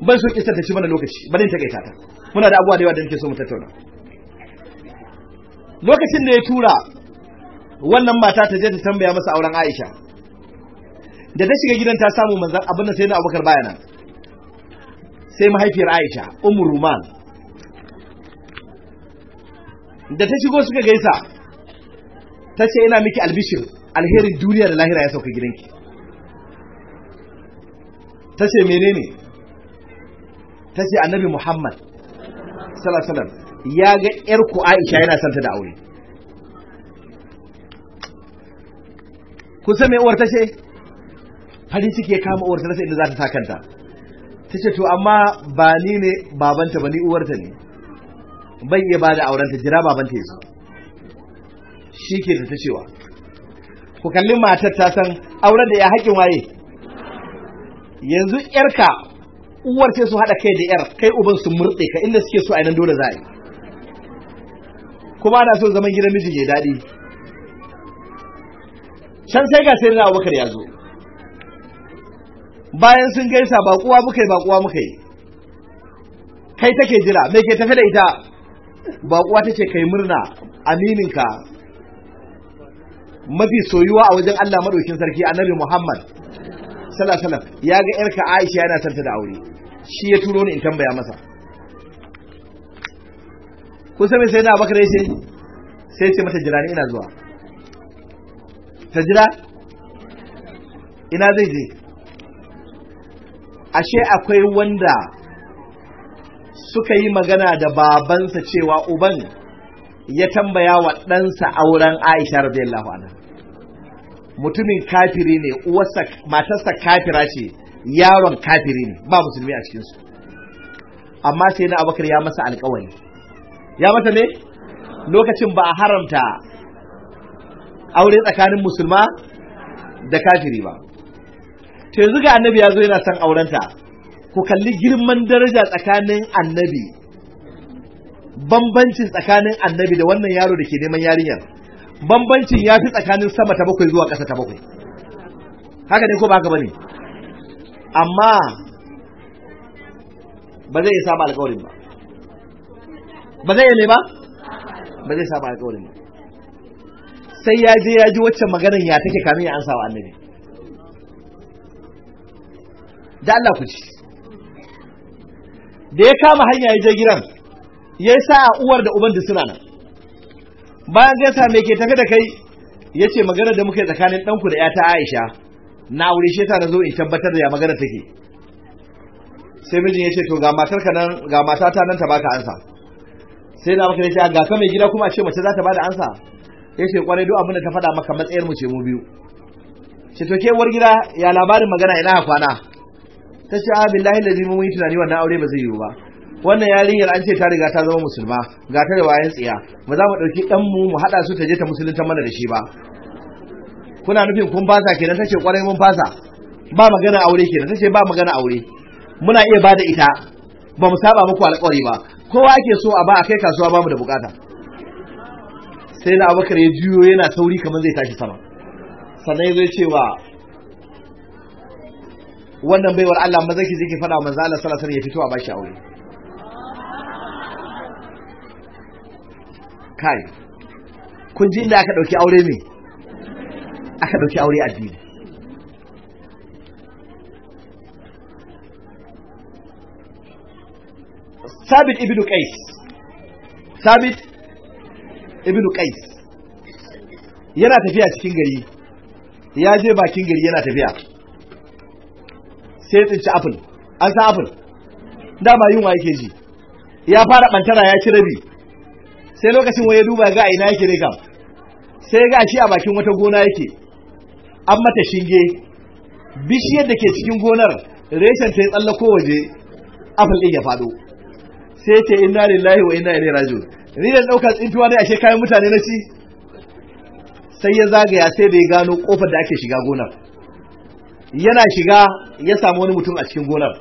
[SPEAKER 1] ban so kisar ta ci mana lokaci ba ne ta kai ta muna da abuwa da yawa da nake so mu tattauna lokacin da ya tura wannan mata ta je ta tambaya masa auren aisha da ta shiga gidan ta samu manzan abin da sai na bakar bayanan sai mahaifiyar aisha ummu ruman da ta shigo suka gaisa ta ce ina miki albishir alherin duniya da lahira ya sauka gidanki ta ce menene ta ce annabi muhammad salasalar ya ga yarku aisha yana santa da aure kusa mai uwar ta ce farin ciki ya kama uwarta rasa inda za ta sa kanta ta ce to amma ba ni ne babanta ba ni uwarta ne bai iya ba da aurenta jira babanta ya zo shi ke ta cewa ku kalli matar ta san auren da ya haƙin waye yanzu yarka uwar ce su haɗa kai da yar kai uban su murɗe ka inda suke so a dole za a yi kuma ana so zaman gidan miji ya daɗi can sai ga sai na abubakar ya zo bayan sun gaisa ba kuwa muka yi ba kuwa muka yi kai take jira mai ke tafi da ita ba kuwa ce kai murna amininka mafi soyuwa a wajen Allah madaukin sarki annabi Muhammad sallallahu ya ga yarka Aisha yana santa da aure shi ya turo ni in tambaya masa kun san me sai na Abubakar yace sai ce mata jira ni ina zuwa ta jira ina zai je ashe akwai wanda suka yi magana da babansa cewa uban ya tambaya wa ɗansa auren aisha radiyallahu anha mutumin kafiri ne uwarsa matarsa kafira ce yaron kafiri ne ba musulmi a cikinsu amma sai na abakar ya masa alkawari ya mata ne lokacin ba a haramta aure tsakanin musulma da kafiri ba to yanzu ga annabi ya zo yana son aurenta ku kalli girman daraja tsakanin annabi bambancin tsakanin annabi da wannan yaro da ke neman yarinyar bambancin ya fi tsakanin sama ta bakwai zuwa ƙasa ta bakwai haka ne ko ba ka ba ne amma ba zai saba alƙawarin ba ba zai ne ba ba zai saba alƙawarin ba sai ya je ya ji waccan maganar ya take kamin ya ansa wa annabi da Allah ku ci da ya kama hanya ya je gidan ya sa uwar da uban da suna nan bayan gaisa me ke tafi da kai ya ce magana da muka yi tsakanin ɗanku da ta Aisha na aure shi ta na zo in tabbatar da ya magana take sai mijin ya ce to ga ka nan ga matata nan ta baka ansa sai na maka ce ga ka mai gida kuma a ce mace za ta bada ansa ya ce kwarai duk abin da ta faɗa maka matsayar mu ce mu biyu ce to ke war gida ya labarin magana ina kwana ta ce a ah, lahi da mun yi tunani wannan aure ba zai yiwu ba wannan yarinyar an ce ta riga ta zama musulma ga ta da wayan tsiya ba za mu ɗauki ɗan mu mu haɗa su ta je ta musulunta mana da shi ba kuna nufin kun fasa kenan ce ƙwarai mun fasa ba magana aure kenan ce ba magana aure muna iya bada ita ba mu saba muku alƙawari ba kowa ake so a ba a kai kasuwa ba mu da bukata sai na abakar ya juyo yana sauri kamar zai tashi sama sannan ya ce wa wannan baiwar Allah mazaki zai ke faɗa manzo Allah sallallahu alaihi ya fito a bashi aure kai kun ji inda aka dauki aure ne aka dauki aure addini Sabit ibn Qais Sabit ibn Qais yana tafiya cikin gari ya je bakin gari yana tafiya sai ya tsinci apple an san apple dama yunwa yake ji ya fara bantara ya ci rabi sai lokacin waye duba ga ina yake ne kam sai ga shi a bakin wata gona yake an mata shinge bishiyar da ke cikin gonar reshen ta ya tsallako waje apple din ya fado sai ce inna lillahi wa inna ilaihi raji'un ni da daukar tsintuwa ne ashe kayan mutane na ci sai ya zagaya sai da ya gano kofar da ake shiga gonar yana shiga ya samu wani mutum a cikin gonar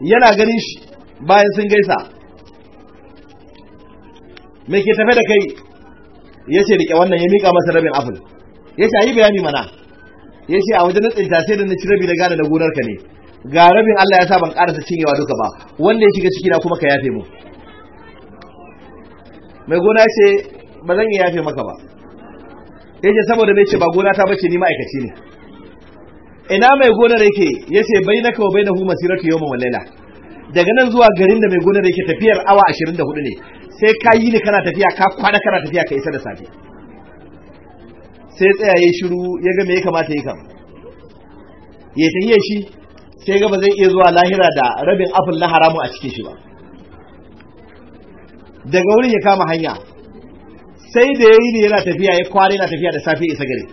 [SPEAKER 1] yana ganin shi bayan sun gaisa mai ke tafe da kai ya ce rike wannan ya miƙa masa rabin afin ya ce a yi bayani mana ya ce a wajen na tsinta sai da na ci rabi na gane gonar gonarka ne ga rabin Allah ya sa ban ƙarasa cinyewa duka ba wanda ya shiga ciki na kuma ka yafe mu mai gona ce ba zan iya yafe maka ba ya ce saboda mai ce ba gona ta bace ni ma'aikaci ne ina mai gonar yake yace bainaka wa bainahu masiratu yawmin wa laila daga nan zuwa garin da mai gonar yake tafiyar awa 24 ne sai ka yi ne kana tafiya ka kwana kana tafiya ka isa da safe sai tsaya ya shiru ya ga me ya kamata ya kam ya tahiyar shi sai ga ba zai iya zuwa lahira da rabin afin na haramu a cikin shi ba daga wurin ya kama hanya sai da ya yi ne yana tafiya ya kwana yana tafiya da safe isa gari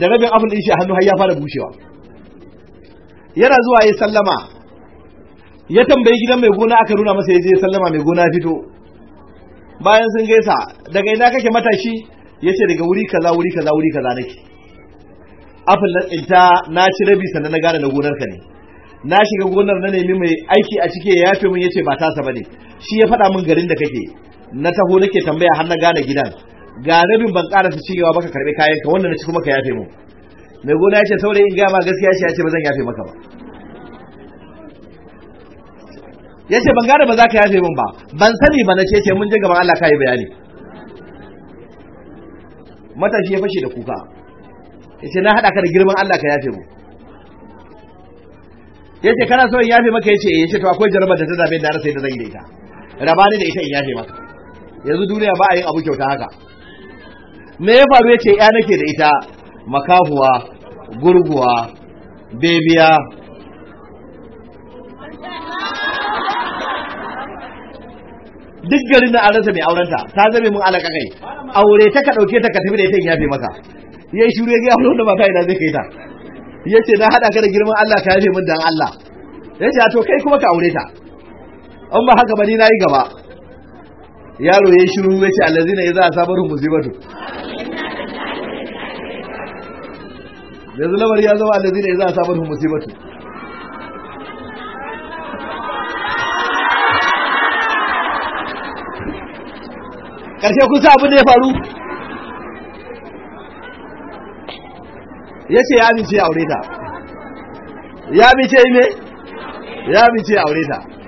[SPEAKER 1] da rabin abin din shi a hannu har ya fara bushewa yana zuwa ya sallama ya tambayi gidan mai gona aka nuna masa ya je sallama mai gona fito bayan sun gaisa daga ina kake matashi ya ce daga wuri kaza wuri kaza wuri kaza nake afin na ita na ci rabi sannan na gane na gonar ka ne na shiga gonar na nemi mai aiki a cike ya yafe min yace ba tasa bane shi ya faɗa min garin da kake na taho nake tambaya har na gane gidan ga rabin ban su cigewa baka karbi kayan ka wannan na ci kuma ka yafe mu mai gona ya ce saurayi in gama gaskiya shi ya ce ba zan yafe maka ba ya ce ban gane ba za ka yafe min ba ban sani ba na ce ce mun je gaban Allah ka yi bayani matashi ya fashe da kuka ya ce na haɗa ka da girman Allah ka yafe mu ya ce kana so in yafe maka ya ce eh. ya ce to akwai jarabar da ta zabe da rasa yadda zan yi da ita raba ni da ita in yafe maka yanzu duniya ba a yin abu kyauta haka me ya faru ya ce ya nake da ita makahuwa gurguwa bebiya duk garin da aranta mai aurenta ta zame mun alaka kai aure ta ka dauke ta ka tafi da ita in yafe maka yayi shiru ya ga aure da baka zai kai ta yace na hada ka da girman Allah ka yafe min dan Allah yace to kai kuma ka aure ta an ba haka ba ni nayi gaba yaro ya shiru ya ce allazina a sabarin musibatu yanzu lamar ya zama allazina a sabarin musibatu ƙarshe kusa abin da ya faru ya ce ya amince aure ta ya amince ne ya amince aure ta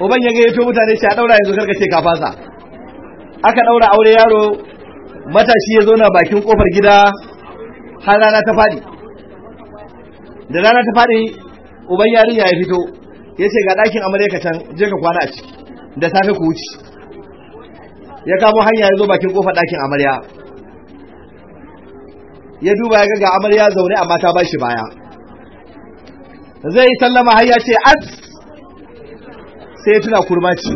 [SPEAKER 1] uban ya gayyato mutane shi a daura yanzu karka ce ka aka ɗaura aure yaro matashi ya zauna bakin kofar gida har rana ta fadi da rana ta fadi uban yarinya ya fito ya ce ga ɗakin amarya ka can je ka kwana a ciki da safe ku wuce ya kamo hanya ya zo bakin kofar ɗakin amarya ya duba ya ga amarya zaune amma ta ba shi baya zai sallama har ya ce as sai ya tuna kurma ce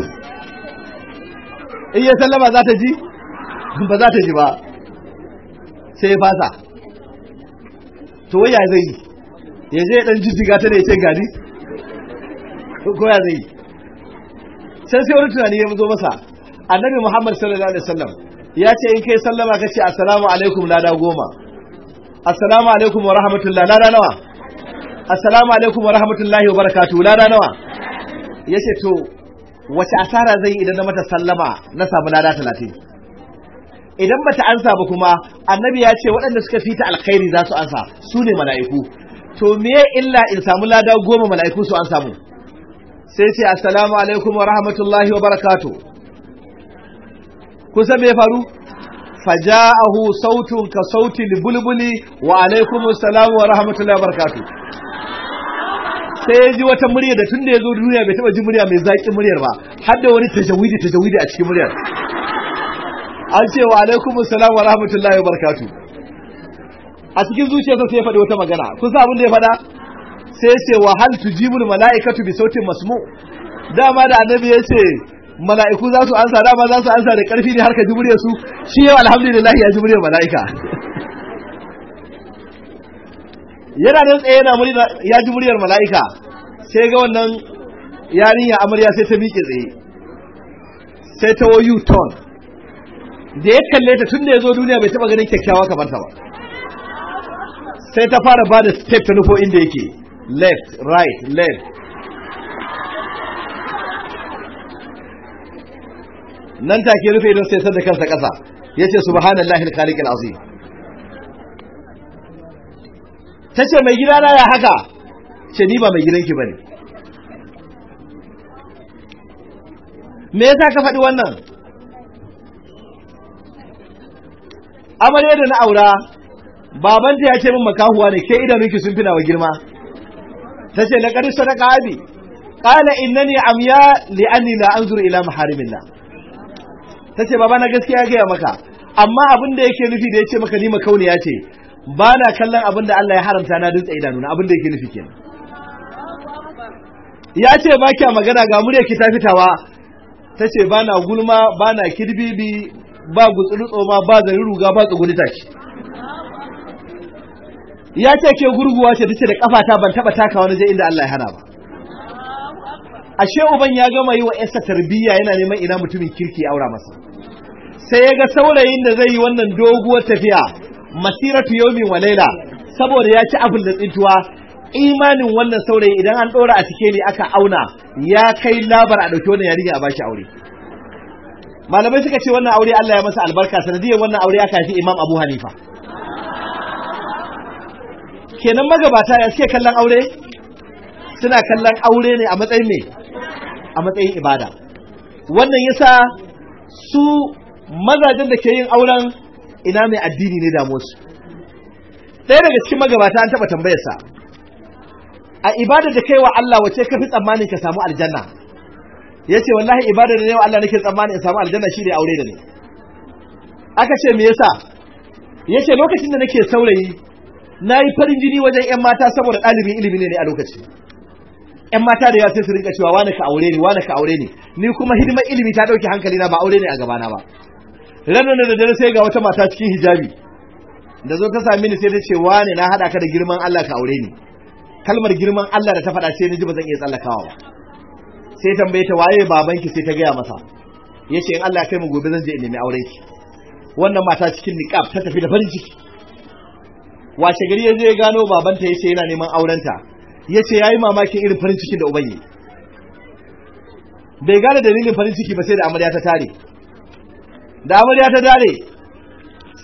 [SPEAKER 1] in ya sallama za ta ji ba za ta ji ba sai ya fasa to waya zai yi ya je dan jijjiga ta da ya ce gari ko ya zai yi sai sai wani tunani ya zo masa annabi muhammad sallallahu alaihi wasallam ya ce in kai sallama ka ce assalamu alaikum lada goma assalamu alaikum wa rahmatullah lada nawa assalamu alaikum wa rahmatullahi wa barakatuh lada nawa ya ce to wace asara zai idan na mata sallama na samu lada talatin idan bata ansa ba kuma annabi ya ce waɗanda suka fita alkhairi za su ansa su ne mala'iku to me illa in samu lada goma mala'iku su an samu sai ce assalamu alaikum wa rahmatullahi wa barakatu kun san me ya faru faja'ahu sautun ka sauti bulbuli wa alaikum assalamu wa rahmatullahi wa barakatu sai ya ji wata murya da tun da ya zo duniya bai taba ji murya mai zaƙin muryar ba har da wani tajawidi tajawidi a cikin muryar an ce wa alaikum assalam wa rahmatullahi wa barakatu a cikin zuciyarsa sai ya faɗi wata magana kun san abin da ya faɗa sai ya ce wa hal tujibul mala'ikatu bi sautin masmu dama da annabi ya ce mala'iku za su ansa dama za su ansa da ƙarfi ne har ka ji muryar su shi yau alhamdulillah ya ji muryar mala'ika yana nan tsaye yana murya ya ji muryar mala'ika sai ga wannan yarinya amarya sai ta miƙe tsaye sai ta wayu ton da ya kalle ta tun da ya zo duniya bai taɓa ganin kyakkyawa kamar ta ba sai ta fara ba da step ta nufo inda yake left right left nan take rufe don sai da kansa ƙasa yace subhanallahi alkhaliq azim ta ce mai gida na ya haka ce ni ba mai gidanki ba ne me yasa ka faɗi wannan amarya da na aura babanta ya ce min makahuwa ne ke idanunki sun fina wa girma ta ce na ƙarshe na ƙabi ƙala innani amya anni la anzuru ila maharimillah ta ce baba na gaskiya gaya maka amma abin da yake nufi da ya ce maka ni makauniya ce ba na kallon abin da Allah ya haramta na dutse nuna abin da yake nufi kenan ya ce ba kya magana ga murya ki ta fitawa ta ce ba na gulma ba na kirbibi ba gutsuru tsoma ba zari ruga ba tsuguni taki ya ce ke gurguwa ce tace da kafata ban taba taka wani je inda Allah ya hana ba ashe uban ya gama yi wa yarsa tarbiyya yana neman ina mutumin kirki aura masa sai ya ga saurayin da zai yi wannan doguwar tafiya masiratu yomi wa laila saboda ya ci abin da tsintuwa imanin wannan saurayi idan an ɗora a cike ne aka auna ya kai labar a ɗauki wannan yarinya a bashi aure malamai suka ce wannan aure Allah ya masa albarka sanadiyar wannan aure aka haifi Imam Abu Hanifa kenan magabata ya suke kallon aure suna kallon aure ne a matsayin ne? a matsayin ibada wannan yasa su mazajen da ke yin auren ina mai addini ne damuwarsu ɗaya daga cikin magabata an taɓa tambayarsa a ibada da kai wa Allah wace ka fi tsammani ka samu aljanna ya ce wallahi ibada da ne Allah nake tsammani in samu aljanna shi ne aure da ni aka ce me yasa ya ce lokacin da nake saurayi na farin jini wajen 'yan mata saboda ɗalibin ilimi ne a lokaci 'yan mata da ya sai su rinka cewa wani ka aure ni wani ka aure ni ni kuma hidimar ilimi ta ɗauke hankali na ba aure ne a gabana ba ranar da dare sai ga wata mata cikin hijabi da zo ta sami ni sai ta ce wane na hada ka da girman Allah ka aure ni kalmar girman Allah da ta faɗa sai na ji ba zan iya tsallakawa ba sai tambaye ta waye babanki sai ta gaya masa ya ce in Allah kai mu gobe zan je in nemi aure ki wannan mata cikin niqab ta tafi da farin ciki washe gari ya je gano babanta ya ce yana neman aurenta ya ce ya yi mamakin irin farin cikin da ubangi bai gane dalilin farin ciki ba sai da amarya ta tare da amarya ta dare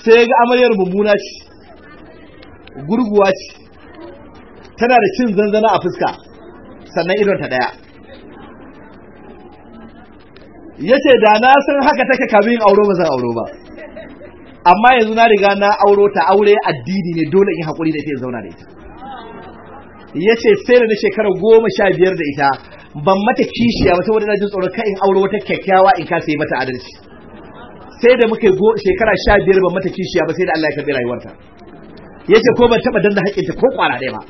[SPEAKER 1] sai ga amaryar mummuna ce gurguwa ce tana da cin zanzana a fuska sannan idon ta daya ya ce da na san haka take kamin auro ba zan auro ba amma yanzu na riga na auro ta aure addini ne dole in haƙuri da ita ya zauna da ita ya ce sai da na shekara goma sha biyar da ita ban mata kishiya ba saboda na ji tsoron ka in auro wata kyakkyawa in kasa yi mata adalci sai da muka shekara sha biyar ba mata kishiya ba sai da Allah ya karɓi rayuwarta ya ce ko ban taɓa danna haƙƙinta ko ƙwara ɗaya ba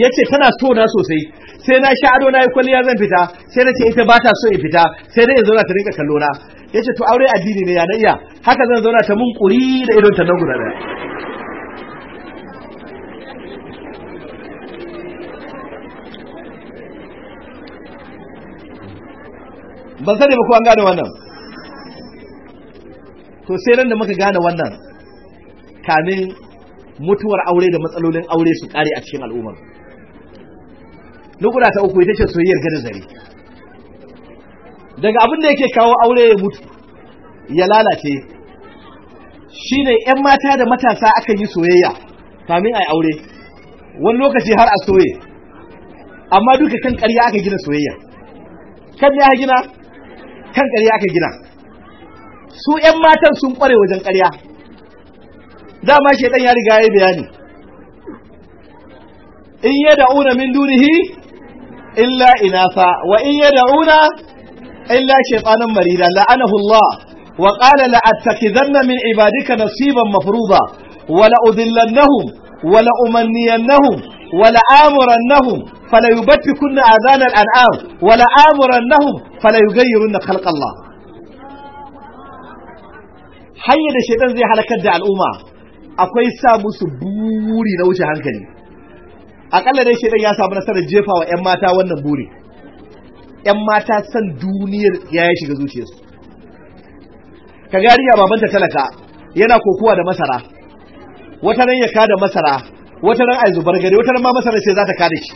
[SPEAKER 1] ya ce tana so na sosai sai na sha ado na yi kwalliya zan fita sai na ce ita ba ta so in fita sai dai in zauna ta rinka kallo na ya ce to aure addini ne ya na iya haka zan zauna ta mun ƙuri da idon ta nan guda ɗaya ban sani ba ko an gane wannan to sai nan da muka gane wannan kamin mutuwar aure da matsalolin aure su kare a cikin al'umma nukuda ta uku ita ce soyayyar gada zare daga abin da yake kawo aure ya mutu ya lalace shine yan mata da matasa aka yi soyayya kamin yi aure wani lokaci har a soye amma duka kan karya aka gina soyayya kan ya gina kan karya aka gina su 'yan matan sun kware wajen ƙarya dama ɗan ya riga ya bayani in ya da'una min dunihi illa inafa wa in ya da'una illa shaitanan marida la'anahullah wa ƙala la min ibadika nasiban mafruḍa wa la udillannahum wa la umanniyannahum wa fala yubtikunna adana anam wa la amurannahum fala yughayyirunna khalqa hanyar da shaitan zai halakar da al'umma akwai sa musu buri na wuce hankali akalla dai shaitan ya samu nasarar jefa wa 'yan mata wannan buri 'yan mata san duniyar ya yi shiga zuciyarsu ka gariya babanta talaka yana kokowa da masara wata nan ya kada masara wata nan ai zubar gari wata nan ma masara ce za ta kada shi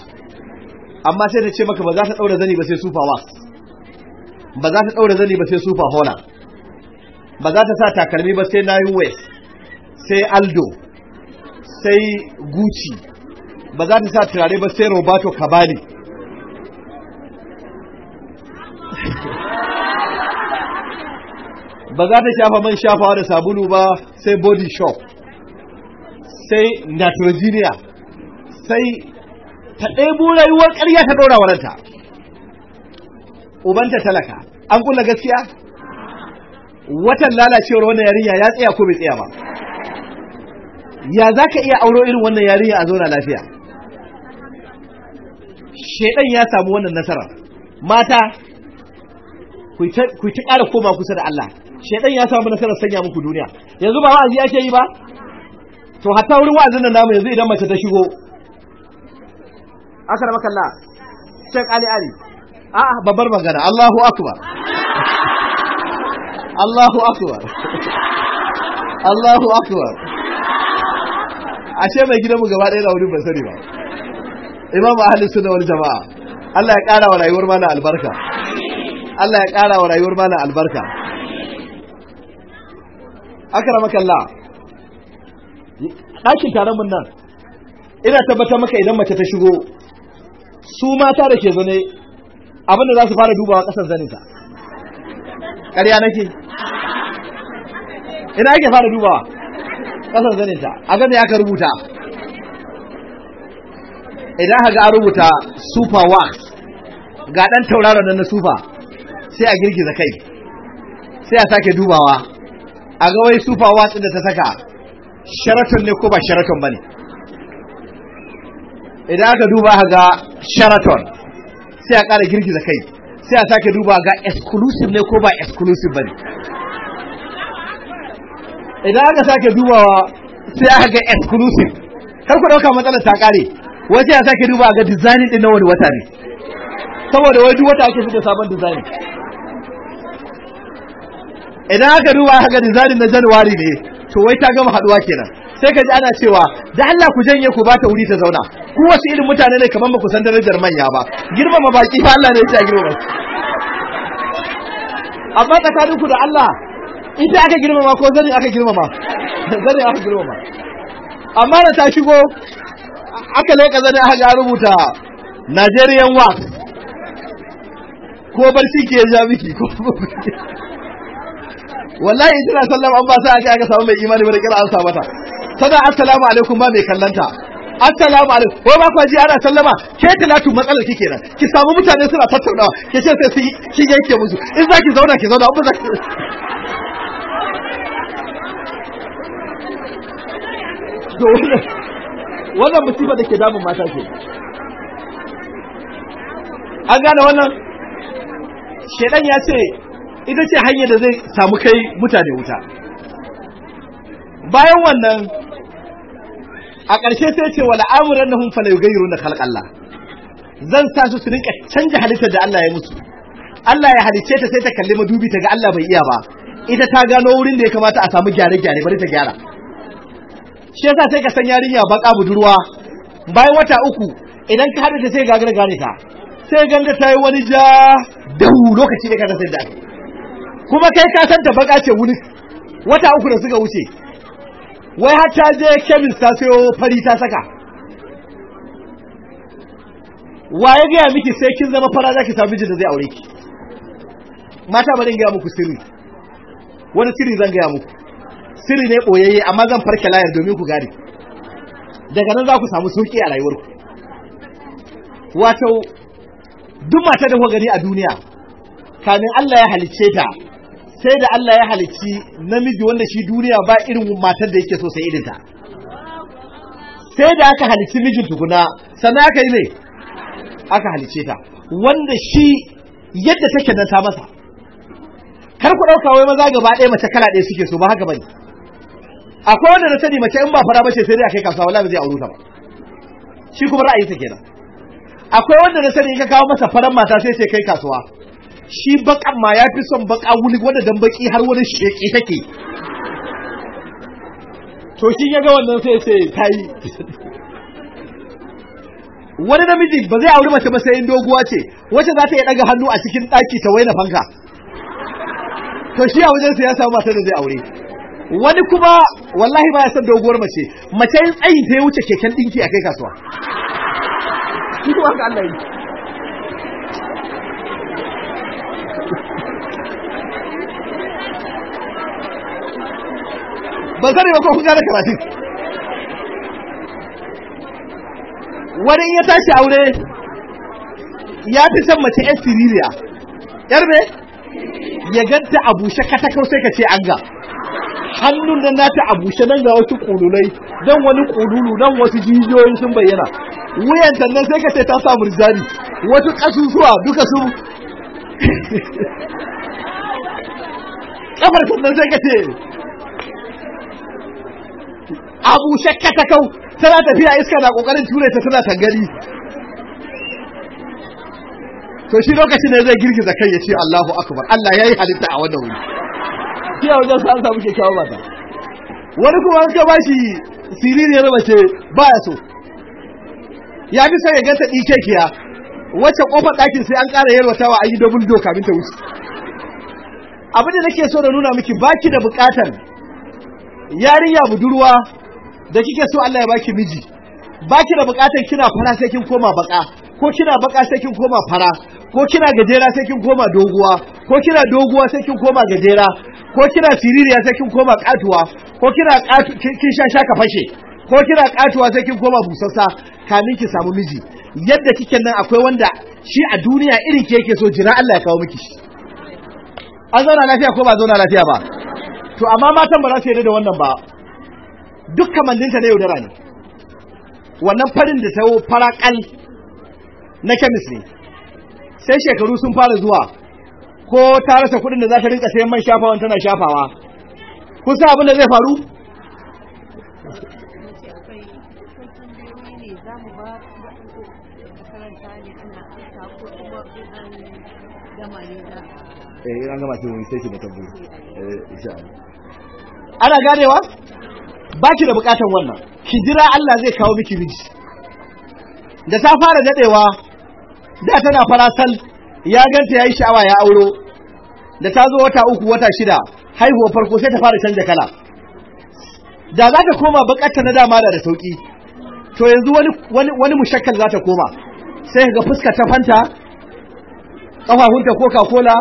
[SPEAKER 1] amma sai ta ce maka ba za ta daura zani ba sai sufa ba ba za ta daura zani ba sai sufa hola ba za ta sa takalmi ba sai Nine West sai Aldo sai Gucci ba za ta sa turare ba sai Roberto Cabani ba za ta shafa man shafawa da sabulu ba sai body shop sai natrogenia sai ta ɗaibu rayuwar ƙarya ta ɗora waranta ubanta talaka an kula gaskiya watan lalacewar wannan yarinya ya tsaya ko bai tsaya ba ya za ka iya auro irin wannan yarinya a zauna lafiya shaidan ya samu wannan nasara mata ku ta ƙara koma kusa da Allah shaidan ya samu nasarar sanya muku duniya yanzu ba wa'azi ake yi ba to hatta wurin wa'azin nan namu yanzu idan mace ta shigo akar makalla Sheikh Ali Ali a'a babbar magana Allahu akbar Allahu akbar Allahu akbar ashe mai gidanmu gaba ɗaya na wurin ban sani ba imam ahli sunna wal jama'a Allah ya ƙara wa rayuwar mana albarka Allah ya ƙara wa rayuwar mana albarka akramaka Allah ɗakin taron mun nan ina tabbatar maka idan mace ta shigo su mata da ke zane abinda za su fara dubawa ƙasar zaninta
[SPEAKER 2] ƙarya nake ina ake fara dubawa ƙasar
[SPEAKER 1] ta, a gani aka rubuta idan haka ga rubuta super wax ga ɗan tauraron nan na super sai a girgiza kai sai a sake dubawa a ga wai super wax da ta saka sharaton ne ko ba sharaton ba ne idan aka duba ga sharaton sai a ƙara girgiza kai sai a sake duba ga exclusive ne ko ba exclusive ba ne idan aka sake dubawa sai aka ga exclusive kar ku ɗauka matsalar ta ƙare sai a sake duba ga design ɗin na wani wata ne saboda wai duk wata ake fito sabon design idan aka duba aka ga design na januwari ne to wai ta gama haɗuwa kenan sai ka ji ana cewa da Allah ku janye ku ba ta wuri ta zauna ku wasu irin mutane ne kamar ba ku san darajar manya ba girmama baki fa Allah ne ya ce girmama amma tsakanin ku da Allah ita aka girmama ko zanin aka girmama zanin aka girmama amma da ta shigo aka leka zanin aka rubuta Nigerian wax ko barci ke ja miki ko wallahi tana sallama an ba sa aka aka samu mai imani bare kira an samata. tana assalamu alaikum ba mai kallanta assalamu alaikum wai ba kwa ji ana sallama ke talatu matsalar ki kenan ki samu mutane suna tattaunawa ke ce sai su ki yanke musu in za ki zauna ki zauna ba za ki
[SPEAKER 2] wannan musiba da
[SPEAKER 1] ke damun mata ke an gane wannan shedan ya ce ita ce hanyar da zai samu kai mutane wuta bayan wannan a ƙarshe sai ce wala amuran na hun fala yugayru na kalƙalla zan sa su su rinka canja halittar da Allah ya musu Allah ya halicce ta sai ta kalli madubi ta ga Allah bai iya ba ita ta gano wurin da ya kamata a samu gyare-gyare bari ta gyara shi yasa sai ka san yarinya baka budurwa bayan wata uku idan ka haɗu ta sai gagara gane ta sai ganga ta yi wani ja wu lokaci ne ka san da kuma kai ka san ta baka ce wuni wata uku da suka wuce wai har je kemis ta sayo fari ta saka wa ya gaya miki sai kin zama fara za ki sami mijin zai aure ki mata ba zan gaya muku sirri wani sirri zan gaya muku sirri ne ɓoyayye amma zan farke layar domin ku gari daga nan za ku samu sauƙi a rayuwarku wato duk mata da kuka gani a duniya kamin Allah ya halicce ta sai da Allah ya halicci namiji wanda shi duniya ba irin matar da yake so sai irin sai da aka halicci mijin tukuna sannan aka yi ne aka halicce ta wanda shi yadda take nan ta masa kar ku ɗauka wai maza gaba ɗaya mace kala ɗaya suke so ba haka bane akwai wanda na sani mace in ba fara bace sai dai akai kasuwa wallahi zai aure ta ba shi kuma ra'ayi ta kenan akwai wanda na sani in ka kawo masa faran mata sai sai kai kasuwa shi bakan ma ya fi son baka wuli wadda dan baki har wani sheki take to shi ya ga wannan sai sai ta yi wani namiji ba zai auri mace ba sai in doguwa ce wacce za ta iya daga hannu a cikin daki ta waina fanka to shi a wajen ya samu matar da zai aure wani kuma wallahi ba ya san doguwar mace mace yin tsayi ta wuce keken dinki a kai kasuwa Allah yi ban sani ba ko kun gane karatu wani ya tashi aure ya fi san mace yar siririya yar me ya ganta a bushe katakau sai ka ce an ga hannun da nata a bushe nan ga wasu kululai dan wani kululu nan wasu jijiyoyi sun bayyana wuyan nan sai ka ce ta samu rizani wasu kasusuwa duka su kafar nan sai ka ce abu shakka kau tana tafiya iska na kokarin ture ta tana tangari. to shi lokacin da zai girgiza kai ya ce Allahu akbar Allah yayi halitta a wannan wuri shi a wajen sa samu kawo mata wani kuma ka bashi siririyar ba baya so ya fi sai ya ganta kiya wacce kofar ɗakin sai an ƙara yalwatawa an yi double do kamin ta wuce abin da nake so da nuna miki baki da buƙatar yarinya budurwa da kike so Allah ya baki miji baki da bukatar kina fara sai kin koma baka ko kina baka sai kin koma fara ko kina gajera sai kin koma doguwa ko kina doguwa sai kin koma gajera ko kina siririya sai kin koma katuwa ko kina kin sha sha ka fashe ko kina katuwa sai kin koma busassa kamin ki samu miji yadda kike nan akwai wanda shi a duniya irin ke yake so jira Allah ya kawo miki shi an zauna lafiya ko ba zauna lafiya ba to amma matan ba za su yarda da wannan ba duk kamanninta ne yaudara ne wannan farin da ta farakal na kemis ne sai shekaru sun fara zuwa ko ta rasa kuɗin da za ta rinka sayan man shafawan tana shafawa san abin da zai faru eh, eh, ana ganewa? ba ki da bukatan wannan ki jira Allah zai kawo miki miji da ta fara dadewa da tana farasal ya ganta yayi sha'awa ya auro da ta zo wata uku wata shida haihuwa farko sai ta fara canja kala da za ta koma bukatar na dama da da sauki to yanzu wani wani wani mushakkal za ta koma sai ga fuska ta fanta kafafunta coca cola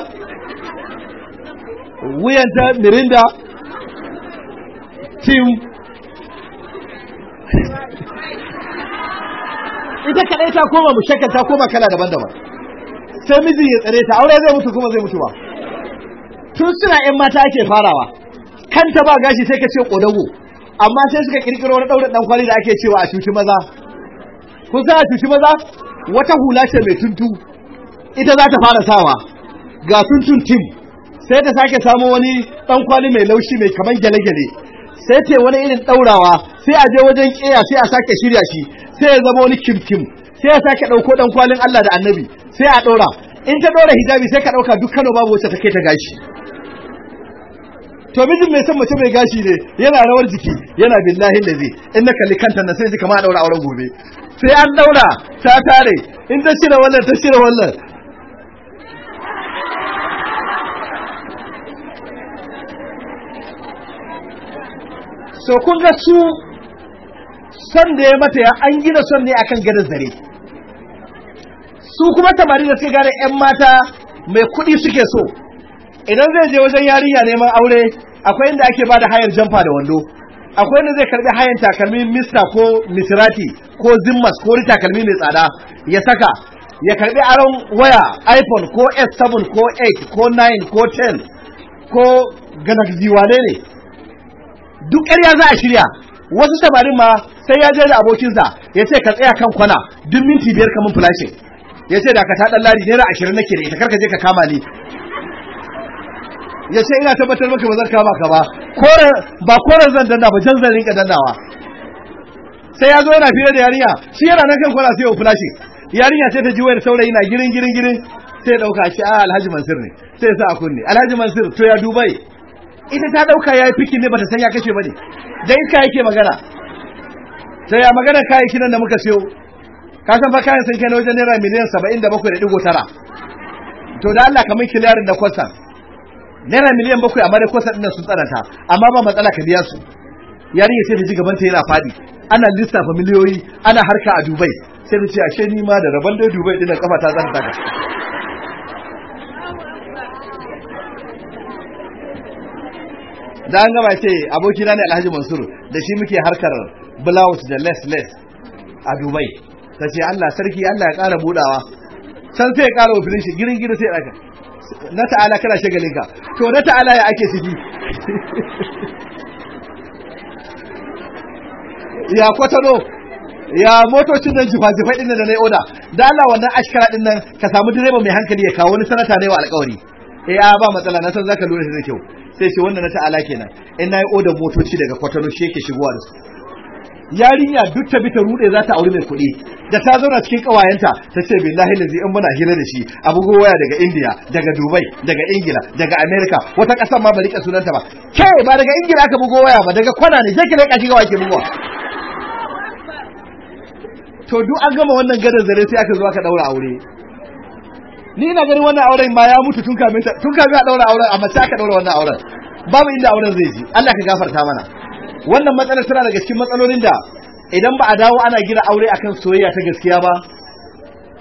[SPEAKER 1] wuyanta mirinda tim ita kaɗai ta koma mu shakka ta koma kala daban-daban sai miji ya tsare ta aure zai mutu kuma zai mutu ba tun suna yan mata ake farawa kanta ba gashi sai ka ce ƙodago amma sai suka kirkiro wani ɗaurin ɗan kwali da ake cewa a cuci maza kun san a cuci maza wata hula ce mai tuntu ita za ta fara sawa ga tuntun tim sai ta sake samo wani ɗan kwali mai laushi mai kaman gyale-gyale sai ce wani irin ɗaurawa sai a je wajen ƙeya sai a sake shirya shi sai ya zama wani kimkim sai ya sake ɗauko ɗan kwalin Allah da annabi sai a ɗaura in ta ɗaura hijabi sai ka ɗauka duk kano babu wacce ta kai ta gashi to mijin mai son mace mai gashi ne yana rawar jiki yana billahi da zai in na kalli kanta na sai ji kamar a ɗaura auren gobe sai an ɗaura ta tare in ta shirya wannan ta shirya wannan to kun ga su son da ya mata ya an gina son ne akan gadar zare su kuma tamari da suka gane 'yan mata mai kuɗi suke so idan zai je wajen yarinya neman aure akwai inda ake ba da hayar jamfa da wando akwai inda zai karbi hayan takalmin mista ko misirati ko zimmas ko rita takalmi mai tsada ya saka ya karbi aron waya iphone ko s7 ko 8 ko 9 ko 10 ko galaxy ne duk ƙarya za a shirya wasu samarin ma sai ya je da abokinsa ya ce ka tsaya kan kwana duk minti biyar kamun fulashin ya ce da ka ta ɗan lari naira ashirin nake da ita karka je ka kama ni ya ce ina tabbatar maka ba zan kama ka ba ba koren zan danna ba jan zan rinka dannawa sai ya zo yana fiye da yarinya shi yana nan kan kwana sai ya fulashi yarinya sai ta ji wayar saurayi na girin girin girin sai ya dauka shi a ah, alhaji mansur ne sai ya sa a kunne alhaji mansur to ya dubai ita ta dauka yayi fikin ne bata san ya kashe bane da iska yake magana sai ya magana kayayyakin nan da muka siyo ka san fa kayan kai na wajen naira miliyan 77.9 to da Allah kamar kiliyarin da kwasa naira miliyan bakwai amma dai kwasa dinnan sun tsananta amma ba matsala ka biya su yarinya sai ta ji gaban ta yana fadi ana lissafa miliyoyi ana harka a Dubai sai ta ce ashe ni ma da rabon dai Dubai dinnan kafa ta tsanta ka da an gaba ce na ne alhaji mansur da shi muke harkar blouse da less less a dubai ta ce allah sarki allah ya kara budawa can sai ya kara ofilin shi girin girin sai ɗaka na ta'ala kana shagalin ka to na ta'ala ya ake shigi ya kwatano ya motocin nan jifa jifa ɗin da na yi oda da allah wannan ashkara ɗin nan ka samu direba mai hankali ya kawo wani sanata ne wa alƙawari eh a ba matsala na san zaka lura shi da kyau sai sai wannan na ta'ala kenan in nayi odar motoci daga kwatano shi yake shigowa da su yarinya duk ta bi ta rude za ta auri mai kuɗi da ta zauna cikin kawayenta ta ce billahi lazi in muna hira da shi abu waya daga India daga Dubai daga Ingila daga America wata ƙasar ma ba rike sunanta ba ke ba daga Ingila aka bugo waya ba daga kwana ne zaki ka shiga wake bugowa to duk an gama wannan gadon zare sai aka zo aka daura aure ni ina ganin wannan auren ma ya mutu tun kamin tun kafin a daura auren Amma mace aka daura wannan auren babu inda auren zai ji Allah ka gafarta mana wannan matsalar tana daga cikin matsalolin da idan ba a dawo ana gina aure akan soyayya ta gaskiya ba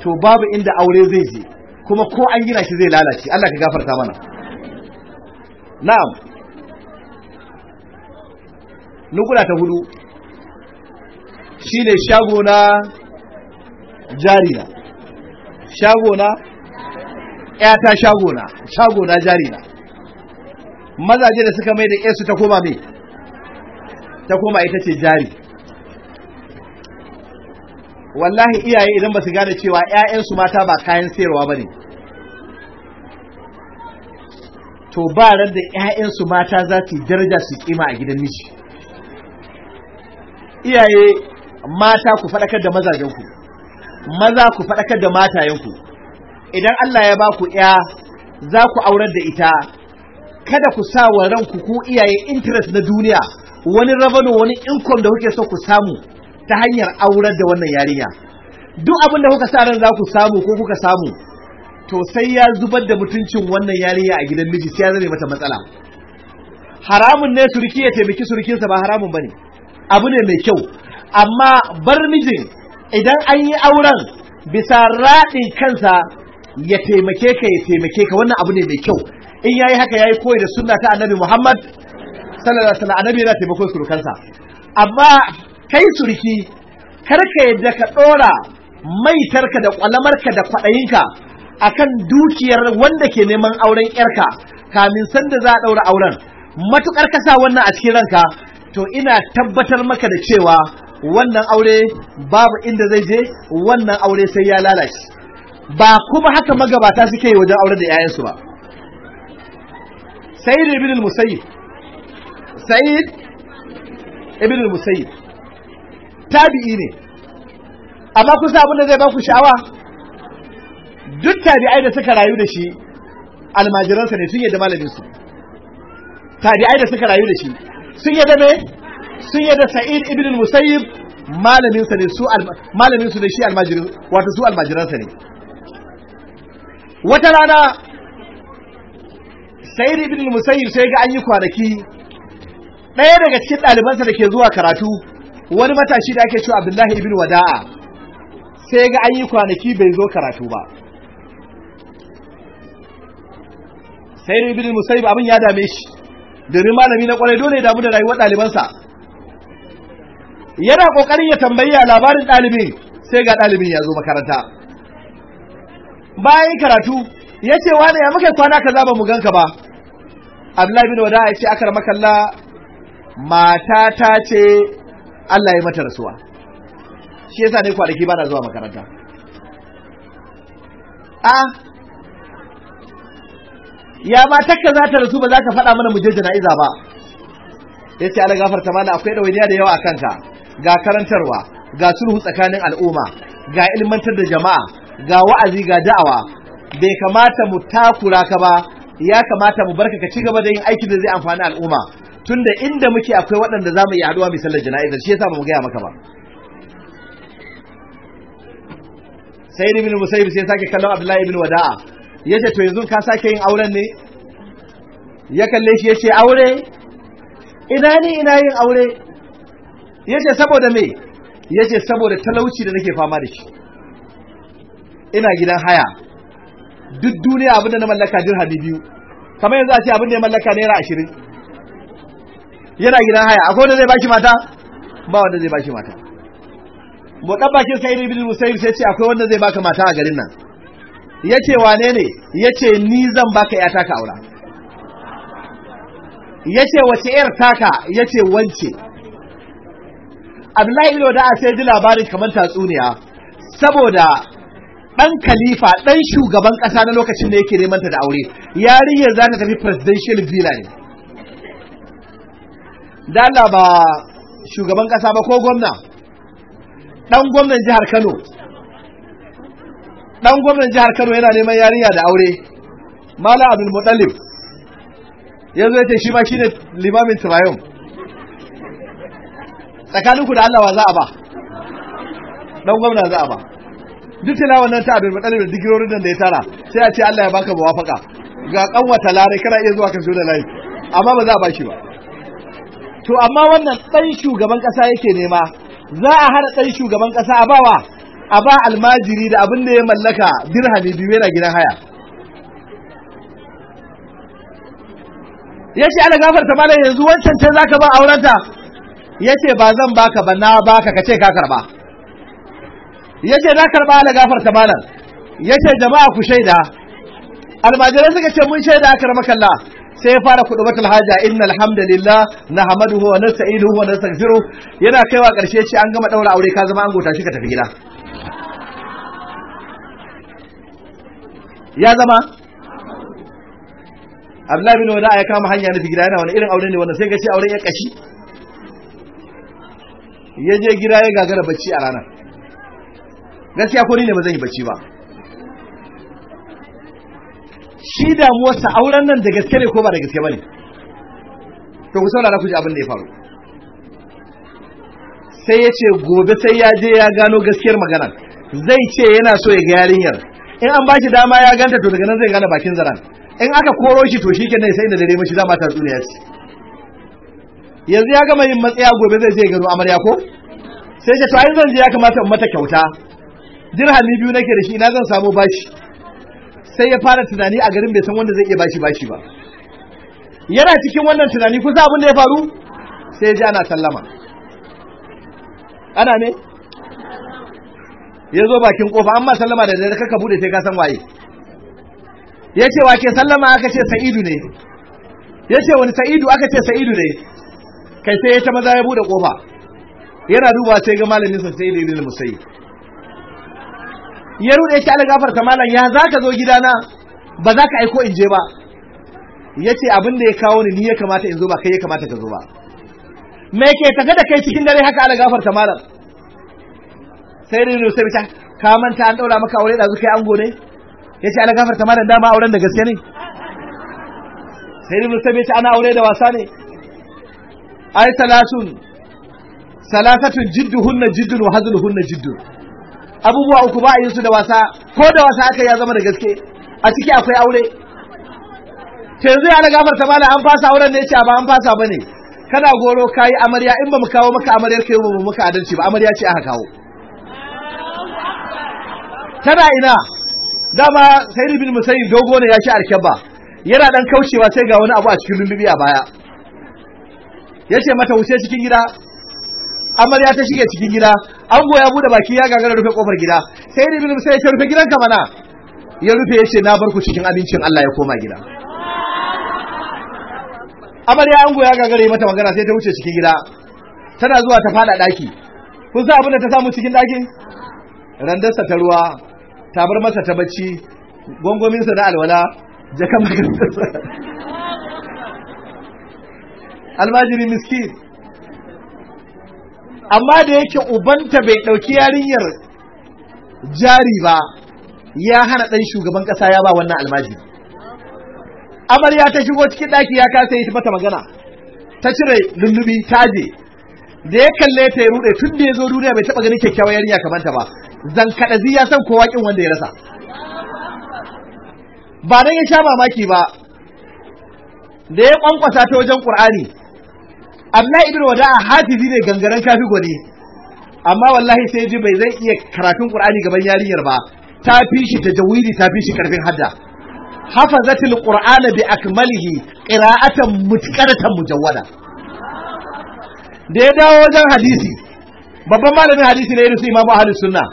[SPEAKER 1] to babu inda aure zai ji. kuma ko an gina shi zai lalace Allah ka gafarta mana na'am nukula ta hudu shine shago na jarina shago na ta shagona shagona na. mazaje da suka mai da yarsu ta koma mai ta koma ita ce jari wallahi iyaye idan ba su gane cewa 'ya'yansu mata ba kayan sayarwa ba ne to ba ran da 'ya'yansu mata za su daraja su kima a gidan miji iyaye mata ku faɗakar da mazajenku maza ku faɗakar da matayenku idan Allah ya ba ku ya za ku aurar da ita kada ku sa wa ranku ku iyaye interest na duniya wani rabano wani income da kuke so ku samu ta hanyar aurar da wannan yarinya duk abin da kuka sa ran za ku samu ko kuka samu to sai ya zubar da mutuncin wannan yarinya a gidan miji sai ya zame mata matsala haramun ne surki ya taimaki surkinsa ba haramun bane abu ne mai kyau amma bar mijin idan an yi auren bisa raɗin kansa ya taimake ka ya taimake ka wannan abu ne mai kyau in ya yi haka ya yi koyi da sunna ta annabi Muhammad sallallahu alaihi annabi yana taimakon surukansa amma kai suruki kar ka yadda ka dora maitarka da kwalamarka da kwadayinka akan dukiyar wanda ke neman auren yarka kamin sanda za a daura auren matukar ka sa wannan a cikin ranka to ina tabbatar maka da cewa wannan aure babu inda zai je wannan aure sai ya lalace ba kuma haka magabata suke yi wajen aure da 'ya'yansu ba sa'id ibn al-musayyib sayyid ibn al-musayyib tabi'i ne amma kun san abin da zai ba ku sha'awa duk tabi'ai da suka rayu da shi almajiransa ne sun yadda malamin su tabi'ai da suka rayu da shi sun yadda me sun yadda sa'id ibn al-musayyib malamin sa ne su malamin su ne shi almajirin wato su almajiransa ne wata rana sayyid ibn musayyib sai ga an yi kwanaki ɗaya daga cikin ɗalibansa da ke zuwa karatu wani matashi da ake cewa abdullahi ibn wada'a sai ga an yi kwanaki bai zo karatu ba sayyid ibn musayyib abin ya dame shi domin malami na kwarai dole ya damu da rayuwar ɗalibansa yana ƙoƙarin ya tambayi labarin ɗalibin sai ga ɗalibin ya zo makaranta bayan karatu ya ce wane ya muka kwana kaza ba mu ka ba abdullahi bin wada ya ce akar makalla mata ta ce Allah ya mata rasuwa shi yasa ne kwanaki ba na zuwa makaranta a ya matakka za ta rasu ba za ka faɗa mana mu je jana'iza ba ya ce ala gafarta mana akwai ɗawainiya da yawa a kanka ga karantarwa ga sulhu tsakanin al'umma ga ilmantar da jama'a ga wa'azi ga da'awa bai kamata mu takura ka ba ya kamata mu barka ka ci gaba da yin aikin da zai amfani al'umma tunda inda muke akwai waɗanda za mu yi haɗuwa mai sallar jana'iza shi yasa mu gaya maka ba sai ibn musayyib sai sake kallon abdullahi ibn wada'a yace to yanzu ka sake yin auren ne ya kalle shi yace aure ina ni? ina yin aure yace saboda me yace saboda talauci da nake fama da shi ina gidan haya duk duniya abin da na mallaka dirhami biyu kamar yanzu a ce abin da ya mallaka naira ashirin yana gidan haya akwai wanda zai bashi mata ba wanda zai bashi mata mu dan bakin sai ibn musayyib sai ce akwai wanda zai baka mata a garin nan yace wane ne yace ni zan baka ya taka aura yace wace yar taka yace wance Abdullahi ibn Wada'a sai ji labarin kamar tatsuniya saboda ɗan khalifa ɗan shugaban ƙasa na lokacin da yake neman ta da aure yarinyar za ta tafi presidential villa ne da Allah ba shugaban ƙasa ba ko gwamna ɗan gwamnan jihar Kano dan gwamnan jihar Kano yana neman yarinya da aure Mala Abdul Muttalib yanzu ya ce shi ma shine limamin Tirayum tsakaninku da Allah wa za a ba ɗan gwamna za a ba duk lawan nan ta abin matsalar da digirorin nan da ya tara sai a ce Allah ya baka muwafaka ga kanwata lare kana iya zuwa ka zo da layi amma ba za a bashi ba to amma wannan ɗan shugaban kasa yake nema za a hana ɗan shugaban kasa a bawa a ba almajiri da abin da ya mallaka dirhami biyu yana gidan haya ya ce ana gafarta malam yanzu wancan ce za ka ba aurenta ya ce ba zan baka ba na baka ka ce ka karba yace na karba gafar ta malam yace jama'a ku shaida almajirai suka ce mun shaida kalla sai ya fara kudu batul haja inna alhamdulillah nahmaduhu wa nasta'inuhu wa nastaghfiruh yana kaiwa karshe ce an gama daura aure ka zama an gota shi ka tafi gida ya zama Abdullahi bin Wada ya kama hanya na gida yana wani irin aure ne wanda sai ga shi aure ya kashi ya je gida ya gagara bacci a ranar gaskiya ko ni ne ba zan yi bacci ba shi wasu auren nan da gaske ne ko ba da gaske ba ne to ku saurara ku ji abin da ya faru sai ya ce gobe sai ya je ya gano gaskiyar magana zai ce yana so ya ga yarinyar in an bashi dama ya ganta to daga nan zai gane bakin zaran in aka koro shi to shikenan sai da dare mashi dama ta duniya ci yanzu ya gama yin matsaya gobe zai je gano amarya ko sai ce to ai zan je ya kamata in mata kyauta dirhami biyu nake da shi na zan samu bashi sai ya fara tunani a garin bai san wanda zai iya bashi bashi ba yana cikin wannan tunani kusa abin da ya faru sai ya ji ana sallama ana ne ya zo bakin kofa amma sallama da dare kaka bude sai ka san waye ya ce wa ke sallama aka ce sa'idu ne ya ce wani sa'idu aka ce sa'idu ne kai sai ya ta maza ya bude kofa yana duba sai ga malamin sa sai da ibn musayi ya rude ya ala gafarta malam ya za ka zo gidana ba za ka aiko in je ba ya ce abin da ya kawo ni ni ya kamata in zo ba kai ya kamata ka zo ba me ke tafe da kai cikin dare haka ala gafarta malam sai rinu sai bita ka manta an daura maka aure da zuke an ango ya ce ala gafarta malam dama auren da gaske ne sai rinu sai bita ana aure da wasa ne ai talasun salasatun jidduhunna jiddun wa hazluhunna jiddun abubuwa uku ba a yi su da wasa ko da wasa aka ya zama da gaske a ciki akwai aure ta yanzu ya na gafarta bala an fasa auren ne ce ba an fasa ba ne kana goro ka yi amarya in ba mu kawo maka amaryar kai ba mu muka adalci ba amarya ce aka kawo tana ina dama sai ribin musayin dogo ne ya ci arkeba yana dan kaucewa sai ga wani abu a cikin lullubi a baya ce mata wuce cikin gida amarya ta shige cikin gida an goya bude baki ya gagara rufe kofar gida sai ne ibn sai ya rufe gidanka mana ya rufe ya ce na bar ku cikin abincin Allah ya koma gida amarya an goya gagara yi mata magana sai ta wuce cikin gida tana zuwa ta fada daki kun san abin da ta samu cikin dakin randarsa ta ruwa ta bar masa ta bacci sa na alwala jaka magana almajiri miskin amma da yake ubanta bai ɗauki yarinyar jari ba ya hana ɗan shugaban ƙasa ya ba wannan almaji. amarya ta shigo cikin ɗaki ya kasa yi mata magana ta cire lullubi taje da ya kalle ta ya rude tun da ya zo duniya bai taɓa ganin kyakkyawar yarinya kamar ta ba zan kaɗa ya san kowa kin wanda ya rasa ba dan ya sha mamaki ba da ya kwankwasa ta wajen ƙur'ani amma ibn wada'a hafizi ne gangaren shafi gwani amma wallahi sai ji bai zai iya karatun ƙur'ani gaban yarinyar ba ta fi shi tajawidi ta fi shi karfin hadda hafazatil qur'ana bi akmalihi qira'atan mutqaratan mujawwada da ya dawo wajen hadisi babban malamin hadisi ne irin su imamu ahlus sunna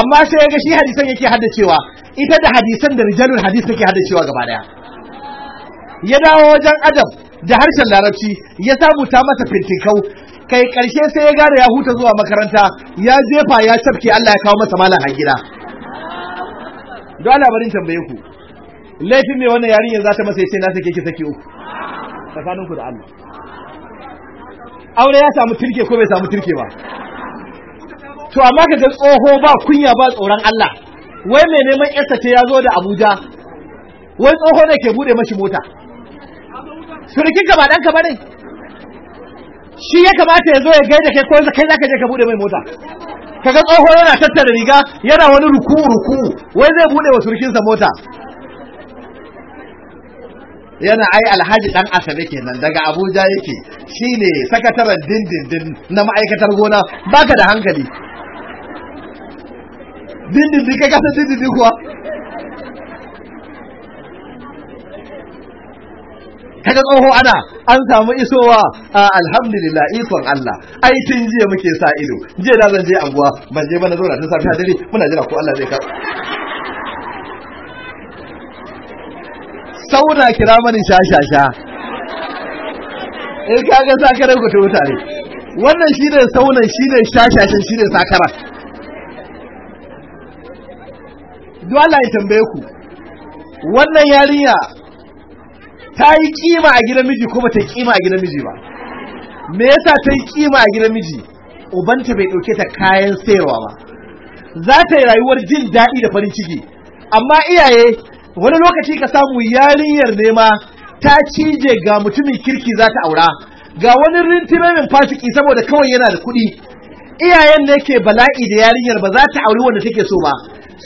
[SPEAKER 1] amma sai ya ga shi hadisan yake haddacewa ita da hadisan da rijalun hadis take haddacewa gaba daya ya dawo wajen adam da harshen larabci ya samu ta mata fintikau kai karshe sai ya gane ya huta zuwa makaranta ya jefa ya tafke Allah ya kawo masa malam a gida don Allah barin tambaye ku laifin mai wannan yarinyar za ta masa ce na sake ki sake uku tsakanin ku da Allah aure ya samu tirke ko bai samu tirke ba to amma kaga tsoho ba kunya ba tsoron Allah wai mai neman yarsa ce ya zo da Abuja wai tsoho ne ke bude mashi mota surukinka ba ɗanka ba ne shi ya kamata ya zo ya gaida kai ko yanzu kai zaka je ka bude mai mota ga tsoho yana tattara riga yana wani ruku ruku wai zai bude wa surukinsa mota yana ai alhaji dan asabe kenan daga abuja yake shine sakataren dindindin na ma'aikatar gona baka da hankali dindindin kai kasa dindindin kuwa kaga tsoho ana an samu isowa a alhamdulillah ikon Allah ai tun jiya muke sa ido jiya na zan je anguwa ban je ba na zauna tun ta dare muna jira ko Allah zai ka sauna kira mani shashasha eh kaga sakarar ku ta mutane wannan shine saunan shine ne shashashin shine ne sakarar duk Allah ya tambaye ku wannan yarinya ta yi kima a gidan miji ko bata yi kima a gidan miji ba me yasa ta yi kima a gidan miji ubanta bai dauke ta kayan sayarwa ba za ta yi rayuwar jin daɗi da farin ciki amma iyaye wani lokaci ka samu yarinyar nema ta cije ga mutumin kirki za ta aura ga wani rintimemin fasiki saboda kawai yana da kuɗi iyayen ne ke bala'i da yarinyar ba za ta auri wanda take so ba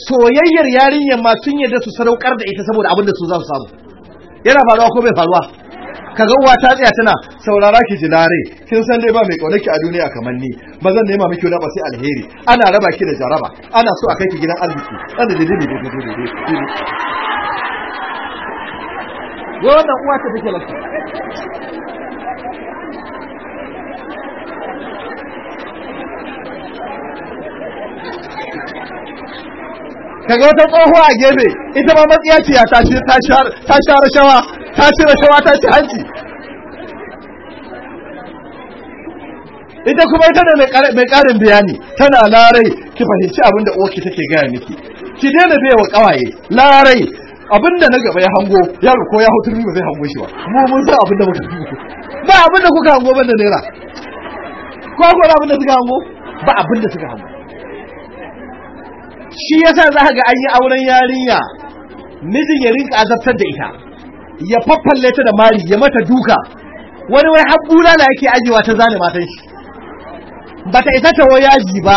[SPEAKER 1] soyayyar yarinyar ma sun yarda su sadaukar da ita saboda abin da su za su samu yana faruwa ko bai faruwa kaga uwa ta tsaya tana saurara ki lare, kin san dai ba mai kauna ki a duniya kamar ni ba zan nema miki wani ba sai alheri ana raba ki da jaraba ana so a kai ki gidan arziki dan da dai dai. dindin wannan uwa ta take
[SPEAKER 2] lafiya
[SPEAKER 1] kaga wata tsoho a gefe ita ma matsiya ce ya ce ta sha rashawa ta ci rashawa ta ci hanci ita kuma ita da mai karin bayani tana larai ki fahimci abin da take gaya miki ki daina bai wa kawaye larai abinda na gaba ya hango yaro ko ya hutu ba zai hango shi ba mu mun san abinda muka muka ba abinda kuka hango banda da naira ko ko abinda suka hango ba abinda suka hango shi yasa za ga an yi auren yarinya mijin ya rinka azabtar da ita ya faffalle ta da mari ya mata duka wani wai har bulala yake ajiyewa ta zane matan shi ta isa ta yaji ba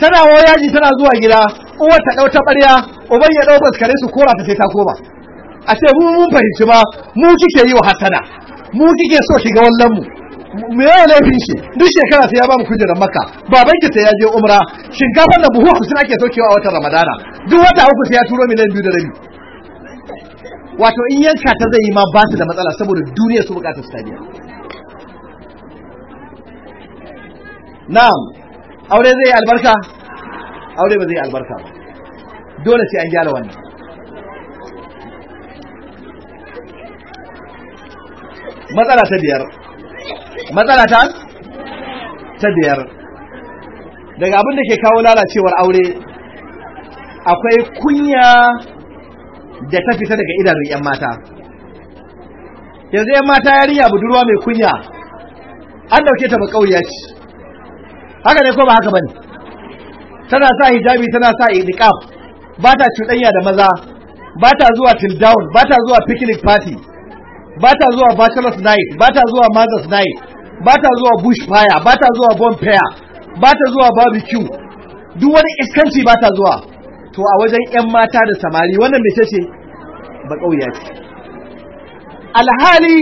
[SPEAKER 1] tana yaji tana zuwa gida uwar ta ɗau ta ɓarya uban ya ɗau baskare su kora ta sai ta koma a ce mu mun fahimci ba mu kike yi wa Hassana, mu kike so shiga wallan mu me yawa laifin shi duk shekara sai ya ba mu kujerar maka baban ki sai ya je umra shinkafar da buhu sun ake saukewa a watan ramadana duk wata uku sai ya turo miliyan biyu da rabi wato in yanka ta zai yi ma ba su da matsala saboda duniya su bukatar su tabiya na'am aure zai yi albarka aure ba zai yi albarka ba dole sai an gyara wannan matsala ta biyar matsala ta ta biyar daga abin da ke kawo lalacewar aure akwai kunya da ta fita daga idanun 'yan mata yanzu 'yan mata yarinya budurwa mai kunya an dauke ta makauya ce haka ne ko ba haka bane tana sa hijabi tana sa niqab ba ta cuɗanya da maza ba ta zuwa till down ba ta zuwa picnic party ba ta zuwa bachelor's night ba ta zuwa mother's night ba ta zuwa bush fire ba ta zuwa bonfire ba ta zuwa barbecue duk wani iskanci ba ta zuwa to a wajen 'yan mata da samari wannan mace ce ba ƙauya ce alhali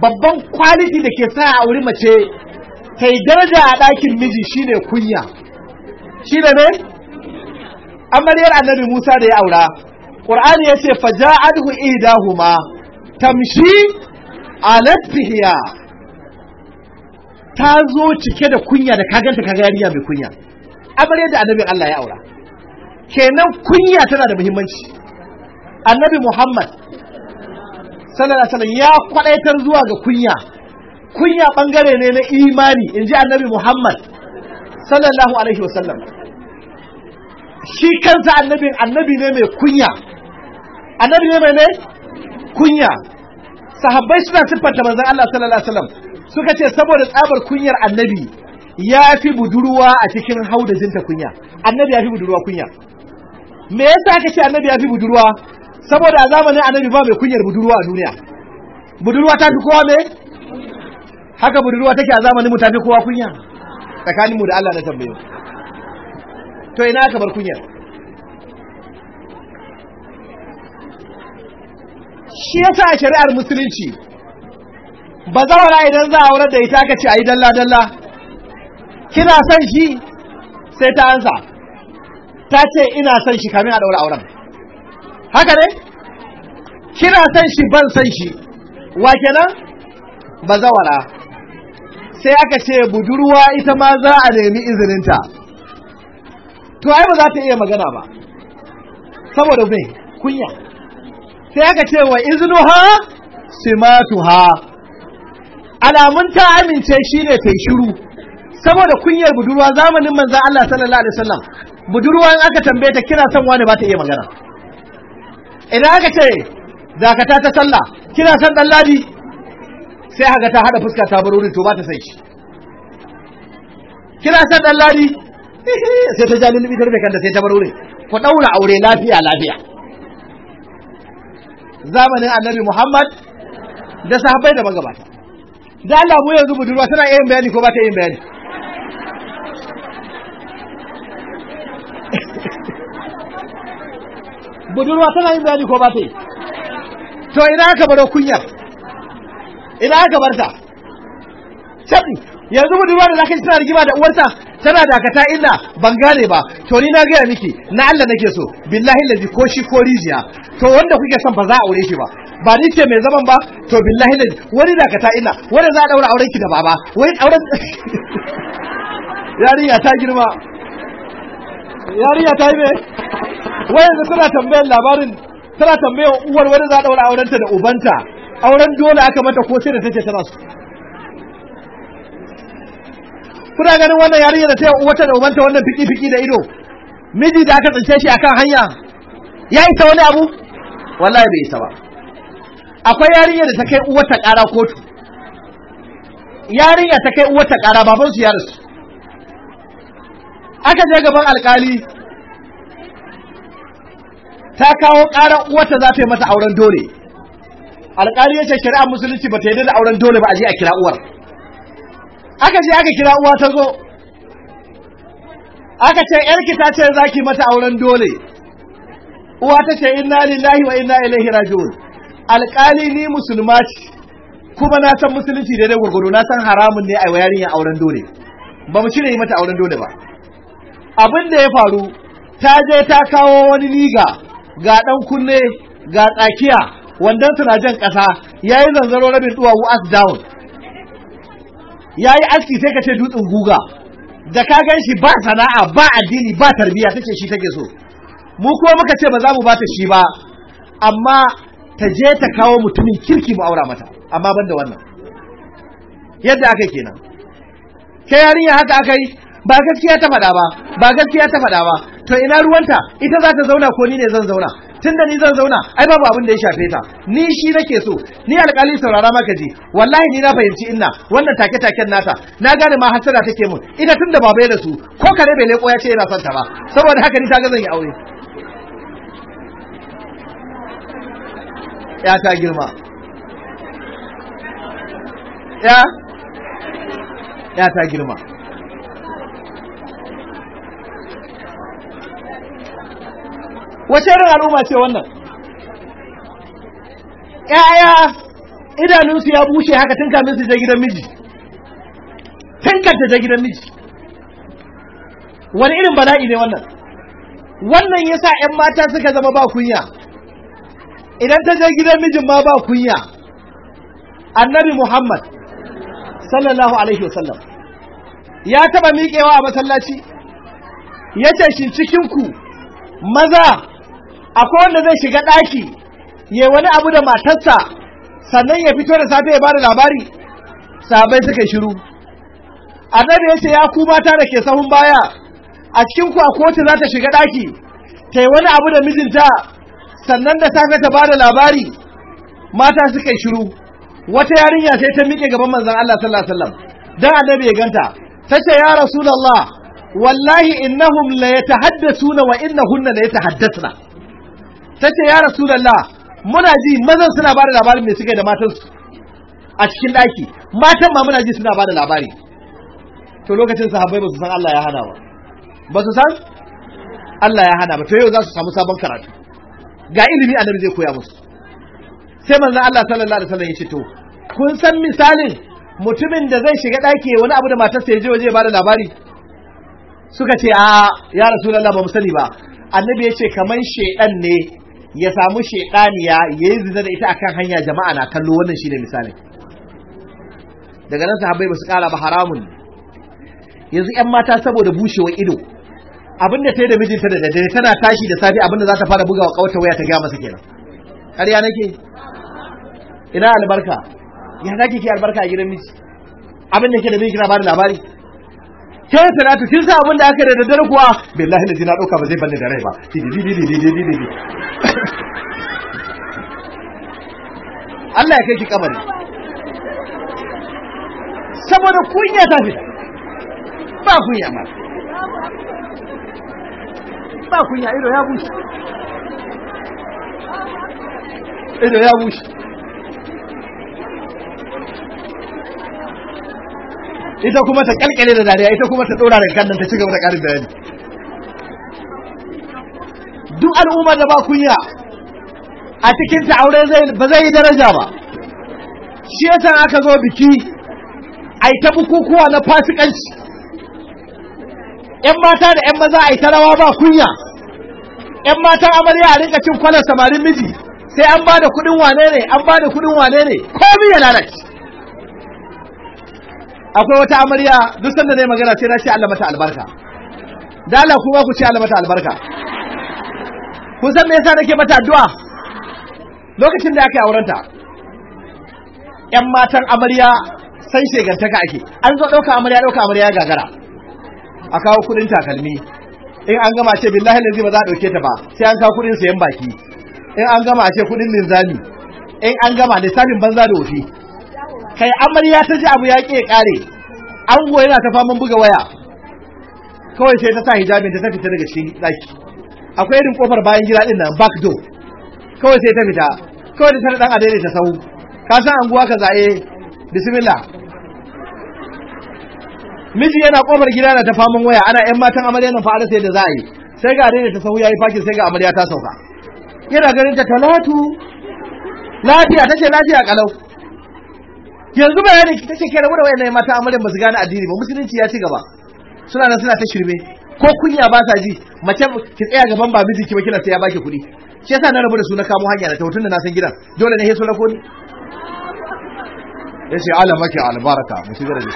[SPEAKER 1] babban kwaliti da ke sa a wuri mace ta daraja a ɗakin miji shine kunya shine da ne amaryar annabi musa da ya aura ƙur'ani ya ce fa ja'adhu idahuma tamshi alattihiya ta zo cike da kunya da kaganta kaga yarinya mai kunya amarya da annabin Allah ya aura kenan kunya tana da muhimmanci annabi Muhammad sallallahu alaihi wasallam ya kwadaitar zuwa ga kunya kunya bangare ne na imani inji annabi Muhammad sallallahu alaihi wasallam shi kansa annabin annabi ne mai kunya annabi ne mai ne kunya sahabbai suna siffanta manzon Allah sallallahu alaihi wasallam suka ce saboda tsabar kunyar annabi ya fi budurwa a cikin haudajinta kunya annabi ya fi budurwa kunya me yasa aka ce annabi ya fi budurwa saboda a zamanin annabi ba mai kunyar budurwa a duniya budurwa ta fi kowa me haka budurwa take a zamanin mu ta fi kowa kunya tsakanin mu da Allah na tambayo to ina aka bar kunyar shi yasa a shari'ar musulunci ba zawara idan za a wurar da ita ka ce a yi dalla-dalla kina son shi sai ta ansa ta ce ina son shi kamin a ɗaura auren haka ne kina son shi ban son shi wa kenan ba zawara sai aka ce budurwa ita ma za a nemi izininta to ai ba za ta iya magana ba saboda me kunya sai aka ce wa ha? iznuha ha alamun ta amince shine ta shiru saboda kunyar budurwa zamanin manzan Allah sallallahu alaihi wasallam budurwa in aka tambaye ta kina son wani ba ta iya magana idan aka ce zakata ta sallah kina son dan ladi sai haka ta hada fuska ta baruri to ba ta sai shi kina son dan ladi sai ta jalilu lullubi tarbe kanta sai ta baruri ku daura aure lafiya lafiya zamanin annabi Muhammad da sahabbai da magabata da Allah mu yanzu budurwa tana yin bayani ko ba ta yin bayani budurwa tana yin bayani ko ba ta yi to ina aka baro kunyar ina aka barta cabi yanzu budurwa da zaka ji tana rigima da uwarta tana dakata illa ban gane ba to ni na gaya miki na Allah nake so billahi lazi ko shi ko rijiya to wanda kuke son ba za a aure shi ba ba ni ce mai zaman ba to billahi lazi wani dakata illa wani za a daura auren ki da baba wai auren yarinya ta girma yarinya ta yi me wai yanzu tana tambayar labarin tana tambayar uwar wani za a daura aurenta da ubanta auren dole aka mata ko sai da take tana so kuna ganin wannan yarinya da taya wata da ubanta wannan fiki fiki da ido miji da aka tsince shi akan hanya ya isa wani abu wallahi bai isa ba akwai yarinya da ta kai uwata ƙara kotu yarinya ta kai uwata ƙara baban su ya aka je gaban alkali ta kawo ƙara uwata za ta yi mata auren dole alkali ya ce shari'a musulunci ba ta yi da auren dole ba a je a kira uwar aka je aka kira uwa ta zo aka ce yarki ta ce za ki mata auren dole uwa ta ce inna lillahi wa inna ilaihi raji'un alƙali ni musulma ce kuma na san musulunci da gwargwado na san haramun ne a wa yarinya auren dole ba mu cire yi mata auren dole ba abin da ya faru ta je ta kawo wani liga ga ɗan kunne ga tsakiya wandon na jan ƙasa ya yi zanzaro rabin duwawu as down ya yi aski sai ka ce dutsen guga da ka gan shi ba sana'a ba addini ba tarbiyya ta ce shi take so mu kuma muka ce ba za mu ba ta shi ba amma ta je ta kawo mutumin kirki mu aura mata amma ban da wannan yadda aka kenan ke yarinya haka aka yi ba gaskiya ta faɗa ba ba gaskiya ta faɗa ba to ina ruwanta ita za ta zauna ko ni ne zan zauna Tun da ni zan zauna ai babu abin da ya shafe ta ni shi nake so ni alƙali saurara maka ji wallahi ni na fahimci inna wannan take taken nata na gane ma hasara take mun tun da baba ya su ko kare bai leko ya ce yana son ta ba saboda haka ni ta ga zan yi aure ya ta girma ya ya ta girma wace irin al'umma ce wannan ƴaƴa idanunsu ya bushe haka tun kamin su je gidan miji tun kanta je gidan miji wani irin bala'i ne wannan wannan yasa ƴan mata suka zama ba kunya idan ta je gidan mijin ma ba kunya annabi muhammad sallallahu alaihi wasallam ya taba miƙewa a masallaci ya ce shi cikinku maza akwai wanda zai shiga ɗaki ya wani abu da matarsa sannan ya fito da safe ya ba da labari sahabai suka shiru annabi ya ce ya ku mata da ke sahun baya a cikin ku akwai za ta shiga ɗaki ta yi wani abu da mijinta sannan da safe ta ba da labari mata suka shiru wata yarinya sai ta miƙe gaban manzon Allah sallallahu alaihi wasallam dan annabi ya ganta tace ya rasulullah wallahi innahum la yatahaddathuna wa innahunna la yatahaddathna ta ce ya rasulallah muna ji mazan suna ba da labarin mai suke da matansu a cikin ɗaki matan ma muna ji suna ba da labari to lokacin sahabbai ba su san Allah ya hana ba ba su san Allah ya hana ba to yau za su samu sabon karatu ga ilimi annabi zai koya musu sai manzo Allah sallallahu alaihi wasallam ya ce to kun san misalin mutumin da zai shiga ɗaki wani abu da matarsa ya je waje ba da labari suka ce a ya rasulullah ba mu sani ba annabi ya ce kaman shedan ne ya samu shekaniya ya yi zina da ita akan hanya jama'a na kallo wannan shi ne misali daga nan sahabbai ba su kara ba haramun yanzu yan mata saboda bushewar ido abinda ta yi da mijinta da daddare tana tashi da safe abinda za ta fara buga wa kawata waya ta gaya masa kenan ƙarya nake ina albarka ya zaki ke albarka a gidan miji abinda ke da miji kina bada labari ke talatu kin sa abin da aka da daddare kuwa billahi da na dauka ba zai banne da rai ba Allah ya kai ki kamari saboda
[SPEAKER 2] kunya ta fita ba kunya ma ba kunya ido ya bushe
[SPEAKER 1] ido ya bushe ita kuma ta kalkale da dariya ita kuma ta dora da kan ta cigaba da karin bayani duk al'ummar da ba kunya a cikin ta aure zai ba zai yi daraja ba shi yasa aka zo biki ai ta bukukuwa na fasikanci yan mata da yan maza ai ta rawa ba kunya yan mata amarya a rinka cin kwalar samarin miji sai an ba da kudin wane ne an ba da kudin wane ne komai ya lalace akwai wata amarya duk sanda ne magana sai na ce Allah mata albarka da Allah kuma ku ce Allah mata albarka kun san me yasa nake mata addu'a lokacin da yake yi aurenta yan matan amarya san shegantaka ake an zo ɗauka amarya ɗauka amarya gagara a kawo kuɗin takalmi in an gama ce billahi lazi ba za a ɗauke ta ba sai an kawo kuɗin sayan baki in an gama ce kuɗin linzami in an gama lissafin banza da wofi kai amarya ta ji abu ya ke kare an ango yana ta faman buga waya kawai sai ta sa hijabi ta ta fita daga cikin ɗaki akwai irin kofar bayan gida din nan back door kawai sai ta fita kawai da ta dan adaidai ta sau ka san anguwa ka zaɓe bismillah miji yana kofar gida na ta faman waya ana yan matan amarya nan fa'ada sai da za a yi sai ga adaidai ta sau ya yi fakin sai ga amarya ta sauka yana ganin ta talatu lafiya ta ce lafiya kalau yanzu bayanin ki take kera da wayannan mata amaryan ba su gane addini ba musulunci ya ci gaba suna nan suna ta shirme ko kunya ba sa ji mace ki tsaya gaban ba miji ki ba kina sai ya baki kuɗi shi yasa na rabu da su na kamo hanya da ta hutun da na san gidan dole ne hesu rako ni ce ala maki albaraka mu shigar da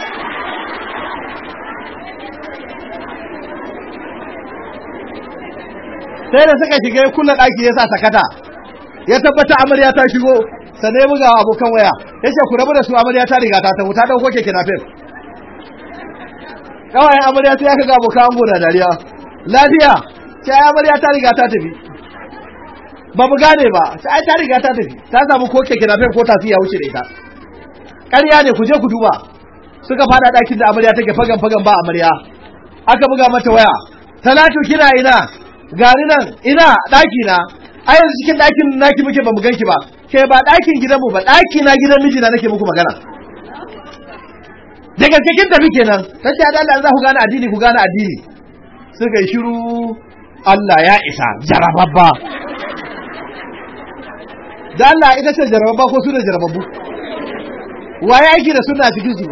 [SPEAKER 1] sai da suka shiga kullun daki yasa sakata ya tabbata amarya ta shigo sannan ya buga abokan waya ya ce ku rabu da su amarya ta riga ta tafi ta ɗauko keke na fes ƙawayen amarya ta yaka ga abokan ango da dariya lafiya ce ai amarya ta riga ta tafi ba mu gane ba ce ai ta riga ta tafi ta samu ko keke na fes ko tasi ya wuce da ita ƙarya ne ku je ku duba suka fada ɗakin da amarya take fagan fagan ba amarya aka buga mata waya talatu kina ina gari nan ina ɗaki na a yanzu cikin ɗakin naki muke ba mu ganki ba ke ba ɗakin gidanmu ba ɗaki na gidan mijina nake muku magana da gaske kin tafi kenan tace da Allah za ku gane addini ku gane addini suka yi shiru Allah ya isa jarababba da Allah ita ce jarababba ko su da jarababbu wa ya aiki da suna cikin su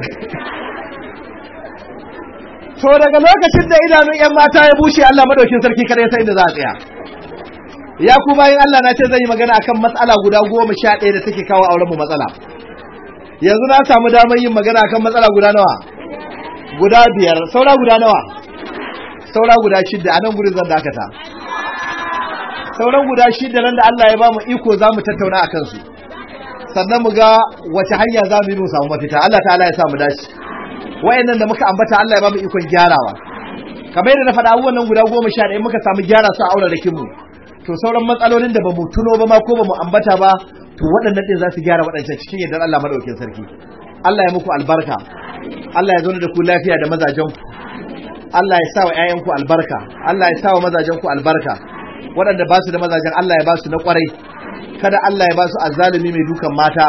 [SPEAKER 1] to daga lokacin da idanun yan mata ya bushe Allah madaukin sarki kada ya sai inda za a tsaya ya ku bayan Allah na ce zan yi magana akan matsala guda goma sha ɗaya da take kawo auren mu matsala yanzu na samu damar yin magana akan matsala guda nawa guda biyar saura guda nawa saura guda shidda a nan gudun zan dakata sauran guda shidda nan da Allah ya ba mu iko za mu tattauna a kansu sannan mu ga wace hanya za mu yi mu samu mafita Allah ta'ala ya sa mu dace wayannan da muka ambata Allah ya ba mu ikon gyarawa kamar yadda na faɗa abubuwan nan guda goma sha ɗaya muka samu gyara su a aure da kinmu to sauran matsalolin da ba mu tuno ba ma ko ba mu ambata ba to waɗannan ɗin za su gyara waɗancan cikin yardar Allah madaukin sarki Allah ya muku albarka Allah ya zo da ku lafiya da mazajen ku Allah ya sa wa ƴaƴanku albarka Allah ya sa wa mazajen ku albarka waɗanda ba su da mazajen Allah ya ba su na ƙwarai kada Allah ya ba su azzalumi mai dukan mata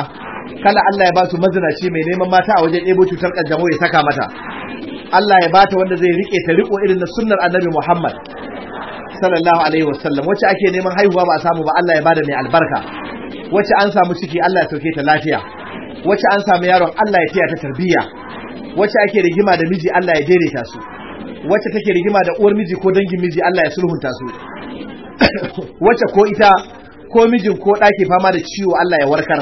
[SPEAKER 1] kada Allah ya ba su mazinaci mai neman mata a wajen ɗebo cutar ƙanjamo ya saka mata Allah ya bata wanda zai rike ta riko irin na sunnar Annabi Muhammad sallallahu alaihi wasallam wacce ake neman haihuwa ba a samu ba Allah ya bada mai albarka wacce an samu ciki Allah ya sauke ta lafiya wacce an samu yaron Allah ya tiya ta tarbiyya wacce ake rigima da miji Allah ya daidaita su wacce take rigima da uwar miji ko dangin miji Allah ya sulhunta su wacce ko ita ko mijin ko ɗaki fama da ciwo Allah ya warkar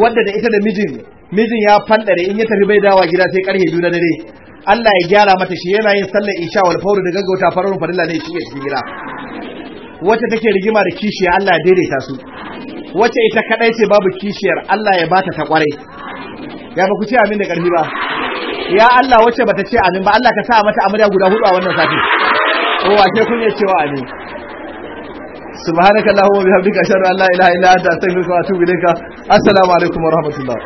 [SPEAKER 1] wadda da ita da mijin mijin ya fandare in ya tafi bai dawa gida sai karhe biyu na dare Allah ya gyara mata shi yana yin sallar isha wal fawr da gaggauta fararun farilla ne shi ya cikin gida wacce take rigima da kishiya Allah ya daidaita su wacce ita kadai ce babu kishiyar Allah ya bata ta kware ya ba ku ce amin da karfi ba ya Allah wacce bata ce amin ba Allah ka sa mata amarya guda hudu a wannan sati oh wace kun ya cewa amin subhanakallahumma bihamdika ashhadu an la ilaha illa anta astaghfiruka wa atubu ilaika assalamu alaikum wa rahmatullah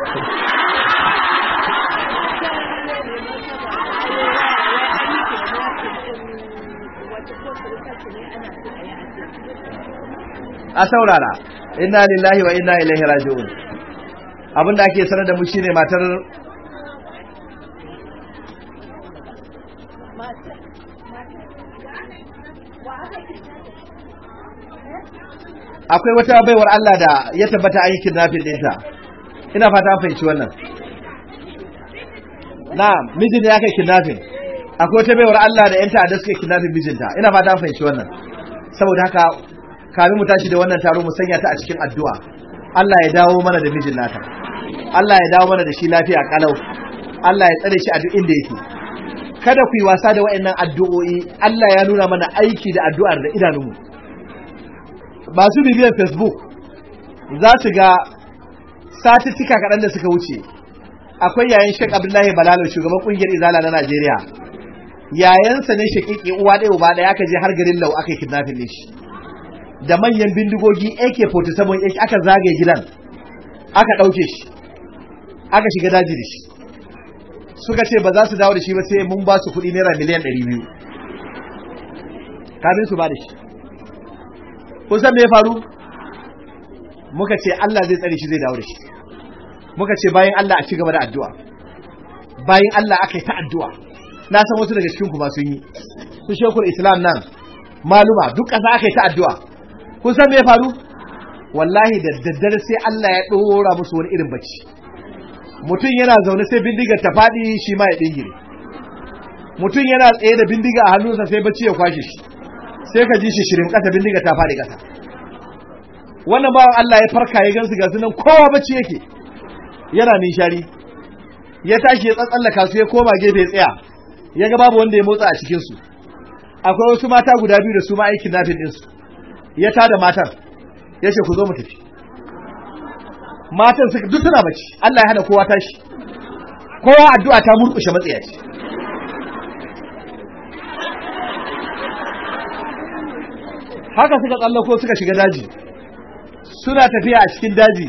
[SPEAKER 1] a saurara inna lillahi wa inna ilaihi raji'un abin da ake sanar da mu shine matar
[SPEAKER 2] akwai wata baiwar Allah
[SPEAKER 1] da ya tabbata an yi kidnapping ɗinta ina fata an fahimci wannan na mijin da ya kai kidnafin akwai wata baiwar Allah da yanta ta'adda suka kidnafin mijinta ina fata an fahimci wannan saboda haka kamin mu tashi da wannan taro mu sanya ta a cikin addu'a Allah ya dawo mana da mijin nata Allah ya dawo mana da shi lafiya kalau Allah ya tsare shi a duk inda yake kada ku yi wasa da waɗannan addu'o'i Allah ya nuna mana aiki da addu'ar da idanunmu masu bibiyar facebook za su ga satifika kaɗan da suka wuce akwai yayin shek abdullahi balalo shugaban ƙungiyar izala na najeriya yayansa ne shakiki uwa ɗaya uba ɗaya aka je har garin lau aka yi kidnapping shi da manyan bindigogi AK47 aka zagaye gidan aka ɗauke shi aka shiga daji da shi suka ce ba za su dawo da shi ba sai mun ba su kuɗi naira miliyan 200 kafin su ba da shi kusan mai faru muka ce Allah zai tsare shi zai dawo da shi muka ce bayan Allah a ci gaba da addu'a bayan Allah aka yi ta addu'a na san wasu daga cikin ba sun yi su shekuru islam nan maluma duk ƙasa aka yi ta addu'a kun san me ya faru wallahi da daddare sai Allah ya dora musu wani irin bacci mutum yana zaune sai bindigar ta faɗi shi ma ya dingire mutum yana tsaye da bindiga a hannunsa sai bacci ya kwashe shi sai ka ji shi shirin ƙasa bindiga ta fadi kasa wannan bawan Allah ya farka ya gansu gasu nan kowa bacci yake yana nishari ya tashi ya tsatsallaka su ya koma gefe ya tsaya ya ga babu wanda ya motsa a cikin su akwai wasu mata guda biyu da su ma aikin nafin ɗinsu ya tada matan ya ce ku zo mu tafi matan suka duk suna bacci Allah ya hana kowa tashi kowa addu'a ta murƙushe matsayaci haka suka tsallako suka shiga daji suna tafiya a cikin daji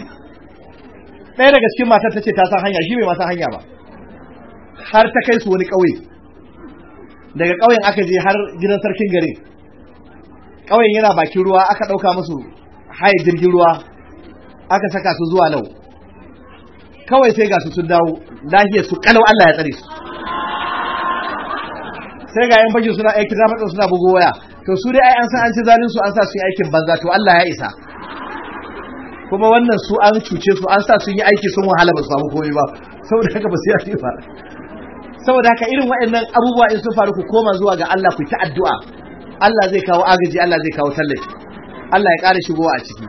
[SPEAKER 1] ɗaya daga cikin matar ta ce ta san hanya shi bai ma hanya ba har ta kai su wani ƙauye daga ƙauyen aka je har gidan sarkin gari ƙauyen yana bakin ruwa aka ɗauka musu haye jirgin ruwa aka saka su zuwa lau kawai sai ga su sun dawo lahiyar su kalau Allah ya tsare su sai ga yan fashin suna aikin ramatsa suna bugo waya to su dai ai an san an ci zalin su an sa su yi aikin banza to Allah ya isa kuma wannan su an cuce su an sa sun yi aiki sun wahala ba su samu komai ba saboda haka ba su yi ba saboda haka irin waɗannan abubuwa in sun faru ku koma zuwa ga Allah ku ta addu'a Allah zai kawo agaji Allah zai kawo tallafi Allah ya ƙara shigowa a ciki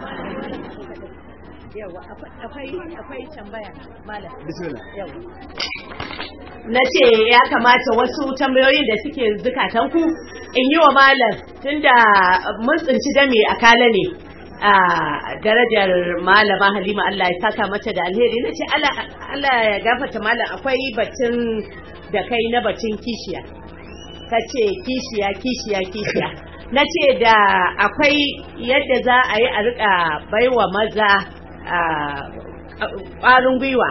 [SPEAKER 3] na ce ya kamata wasu tambayoyin da suke zukatan ku in yi wa malam tunda mun tsinci dami a kala ne a darajar malama halima Allah ya saka mata da alheri na ce Allah ya gafata malam akwai batun da kai na batun kishiya ka ce kishiya kishiya kishiya na ce da akwai yadda za a yi a rika baiwa maza ƙwarin gwiwa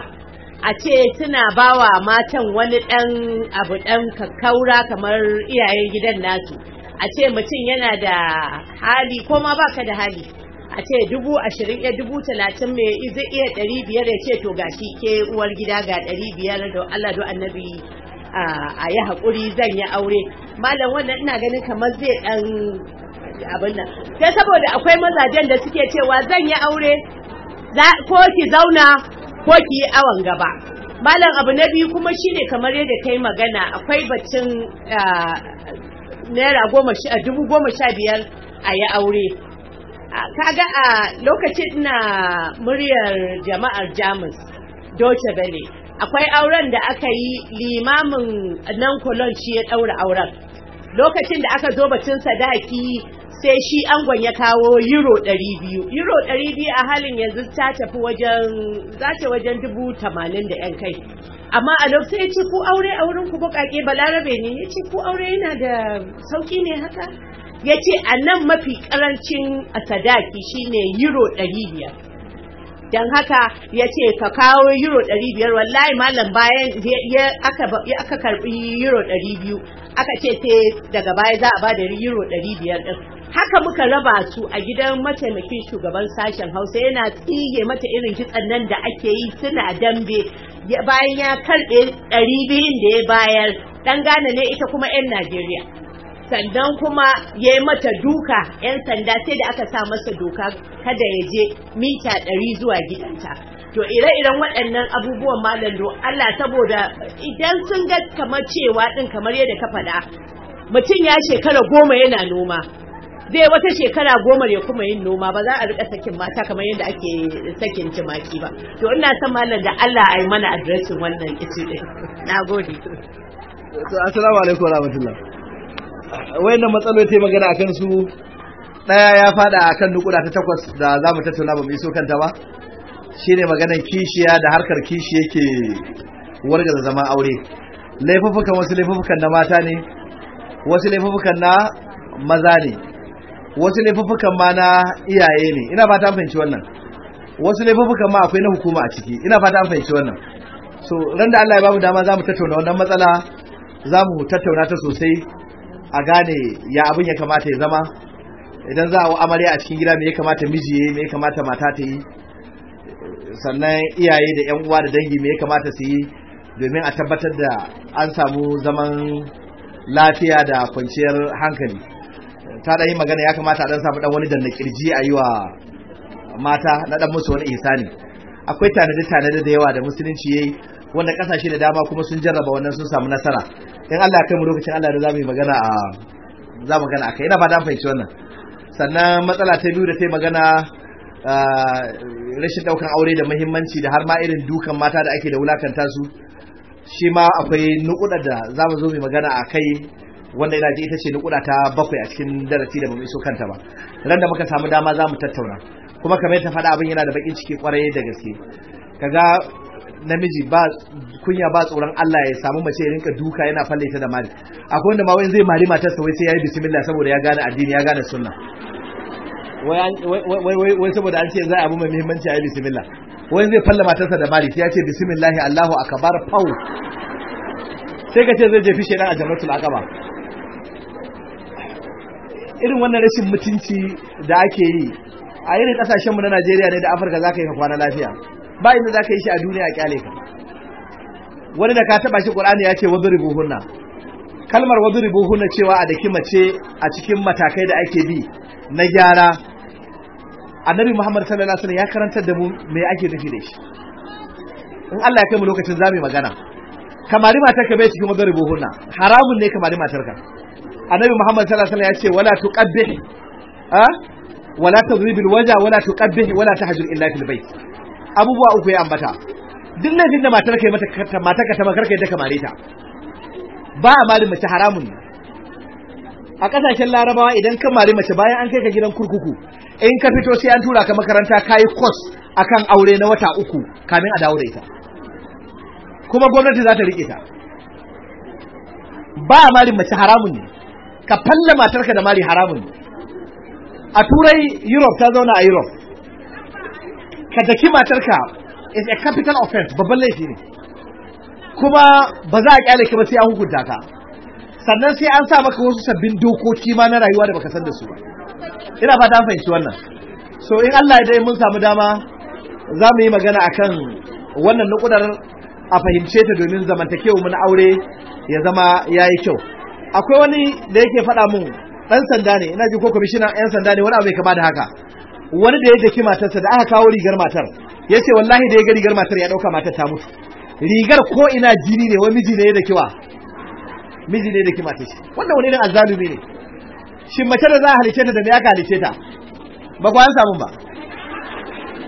[SPEAKER 3] a ce suna bawa matan wani ɗan abu ɗan kakkaura kamar iyayen gidan nasu a ce mutum yana da hali ko ma baka da hali a ce dubu ashirin ya eh, dubu talatin mai zai iya ɗari biyar ya ce to gashi ke uwar gida ga ɗari biyar da Allah do annabi a yi haƙuri zan yi aure malam wannan ina ganin kamar zai ɗan abin nan sai saboda akwai mazajen da suke cewa zan yi aure ko ki zauna ko ki yi awon gaba malam abu na biyu kuma shine kamar yadda yi magana akwai bacin naira goma dubu goma sha biyar a yi aure kaga a lokacin na muryar jama'ar jamus Deutsche Welle akwai auren da aka yi limamin nan kolon shi ya ɗaura auren lokacin da aka zo bacin sadaki sai shi angon ya kawo euro 200 euro 200 a halin yanzu ta tafi wajen zace wajen dubu tamanin da yan kai amma a lokacin ya ce ku aure a wurin ku bukake balarabe ne ya ce ku aure yana da sauki ne haka ya ce a nan mafi karancin a sadaki shine euro 500 don haka ya ce ka kawo euro 500 wallahi malam bayan aka karbi euro 200 aka ce te daga baya za a ba da euro 500 din haka muka raba su a gidan mataimakin shugaban sashen hausa yana tsige mata irin kitsan nan da ake yi suna dambe bayan ya karbe ɗari biyun da ya bayar Dan gane ne ita kuma 'yan najeriya Sandan kuma ya yi mata duka 'yan sanda sai da aka sa masa doka kada ya je mita ɗari zuwa gidanta to ire-iren waɗannan abubuwan malam do Allah saboda idan sun ga kamar cewa ɗin kamar yadda ka faɗa mutum ya shekara goma yana noma zai wata shekara goma ya kuma yin noma ba za a rika sakin mata kamar yadda ake sakin jimaki ba to ina son malam da Allah a yi mana adresin wannan isu din nagode
[SPEAKER 1] to assalamu alaikum rahmatullah
[SPEAKER 3] wayannan matsaloli ta magana akan su
[SPEAKER 1] daya ya fada akan nukuda ta takwas da za mu tattauna ba mu iso kanta ba shine maganan kishiya da harkar kishi yake warga da zama aure laifukan wasu laifukan na mata ne wasu laifukan na maza ne wasu laifukan ma na iyaye ne ina fata an fahimci wannan wasu laifukan ma akwai na hukuma a ciki ina fata an fahimci wannan so ran da Allah ya bamu dama za mu tattauna wannan matsala za mu tattauna ta sosai a gane ya abin ya kamata ya zama idan za a wa amarya a cikin gida me ya kamata miji ya yi me ya kamata mata ta yi sannan iyaye da yan uwa da dangi me ya kamata su yi domin a tabbatar da an samu zaman lafiya da kwanciyar hankali ta ɗan yi magana ya kamata a ɗan samu ɗan wani danna kirji a yi wa mata na ɗan musu wani ihsani akwai tanade tanade da yawa da musulunci yayi wanda ƙasashe da dama kuma sun jarraba wannan sun samu nasara in Allah kai mu lokacin Allah da za mu yi magana a za mu gana akai ina fata an fahimci wannan sannan matsala ta biyu da ta magana rashin daukan aure da muhimmanci da har ma irin dukan mata da ake da wulakanta su shi ma akwai nukuda da za mu zo mu magana a kai wanda ina ji ita ce nukuda ta bakwai a cikin darasi da bamu iso kanta ba ran da muka samu dama za mu tattauna kuma kamar ta faɗa abin yana da bakin ciki kwarai da gaske kaga namiji ba kunya ba tsoron Allah ya samu mace ya rinka duka yana falle ta da mali akwai wanda ma wai zai mali matar sa wai sai yayi bismillah saboda ya gane addini ya gane sunna wai wai saboda an ce za a abu mai muhimmanci yayi bismillah wai zai falle matar sa da mali sai ya ce bismillah Allahu akbar fau. sai ka ce zai je fishe dan a jannatul irin wannan rashin mutunci da ake yi a irin mu na Najeriya ne da Afirka zaka yi ka kwana lafiya ba inda za ka yi shi a duniya a kyale ka wani da ka taba shi qur'ani ya ce wadribu hunna kalmar wadribu hunna cewa a daki mace a cikin matakai da ake bi na gyara annabi muhammad sallallahu alaihi wasallam ya karantar da mu me ake nufi da shi in Allah ya kai mu lokacin za mu magana kamari matar ka bai cikin wadribu hunna haramun ne kamari matar ka annabi muhammad sallallahu alaihi wasallam ya ce wala tuqabbih ha ah? wala tadribil waja wala tuqabbih wala tahjur illa fil abubuwa uku ya ambata duk laifin da matar kai mata ka ta kai ta kamare ta ba a mali mace haramun a kasashen larabawa idan ka mari mace bayan an kai ka gidan kurkuku in ka fito sai an tura ka makaranta kayi course akan aure na wata uku kamin a dawo da ita kuma gwamnati za ta rike ta ba a mali mace haramun ne ka falla matarka da mari haramun ne a turai europe ta zauna a europe ka daki matarka is a capital offense babban laifi ne kuma ba za a kyale ka ba sai an hukunta ka sannan sai an sa maka wasu sabbin dokoki ma na rayuwa da baka san da su ba ina fata an fahimci wannan so in Allah ya dai mun samu dama za mu yi magana akan wannan nukudar a fahimce ta domin zamantakewa mu aure ya zama yayi kyau akwai wani da yake faɗa mun ɗan sanda ne ina ji ko kwamishinan 'yan sanda ne wani abu ya kama da haka wani da ya daki matarsa da aka kawo rigar matar ya ce wallahi da ya ga rigar matar ya ɗauka matar ta mutu rigar ko ina jini ne wani miji ne ya daki wa miji ne ya daki matar shi wannan wani irin azalumi ne shin mace da za a halice ta da me aka halice ta ba ku an samu ba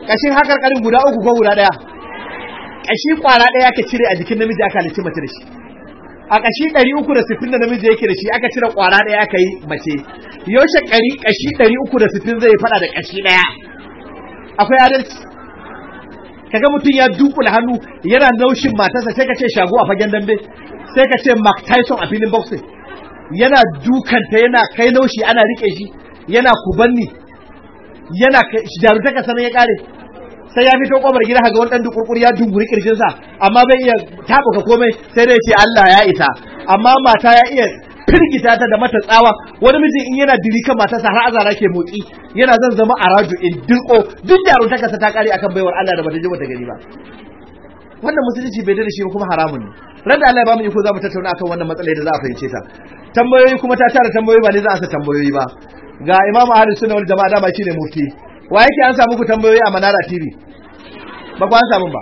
[SPEAKER 1] kashin hakar karin guda uku ko guda daya kashi kwara daya ka cire a jikin namiji aka halice mace da shi a kashi 360 da namiji yake da shi aka cire kwara daya aka yi mace yaushe kari kashi 360 zai fada da kashi daya akwai adalci kaga mutum ya dukula hannu yana naushin matarsa sai ka ce shago a fagen dambe sai ka ce Mark Tyson a filin boxing yana dukanta yana kai naushi ana rike shi yana kubanni yana jarutaka sanar ya kare sai ya fito kwabar gida ga wani dan dukurkur ya dunguri kirjin sa amma bai iya tabuka komai sai dai ce Allah ya isa amma mata ya iya firgita ta da mata tsawa wani miji in yana diri kan sa har azara ke motsi yana zan zama a raju in dirko duk yaron ta kasa ta kare akan baiwar Allah da bata ji bata gani ba wannan musulunci bai dare shi kuma haramun ne randa Allah ya bamu iko zamu tattauna akan wannan matsalar da za a fahimce ta tambayoyi kuma ta tara tambayoyi ba ne za a sa tambayoyi ba ga imamu ahlus sunna wal jama'a shi ne mufti wa yake an samu ku tambayoyi a manara tv ba ku an samu ba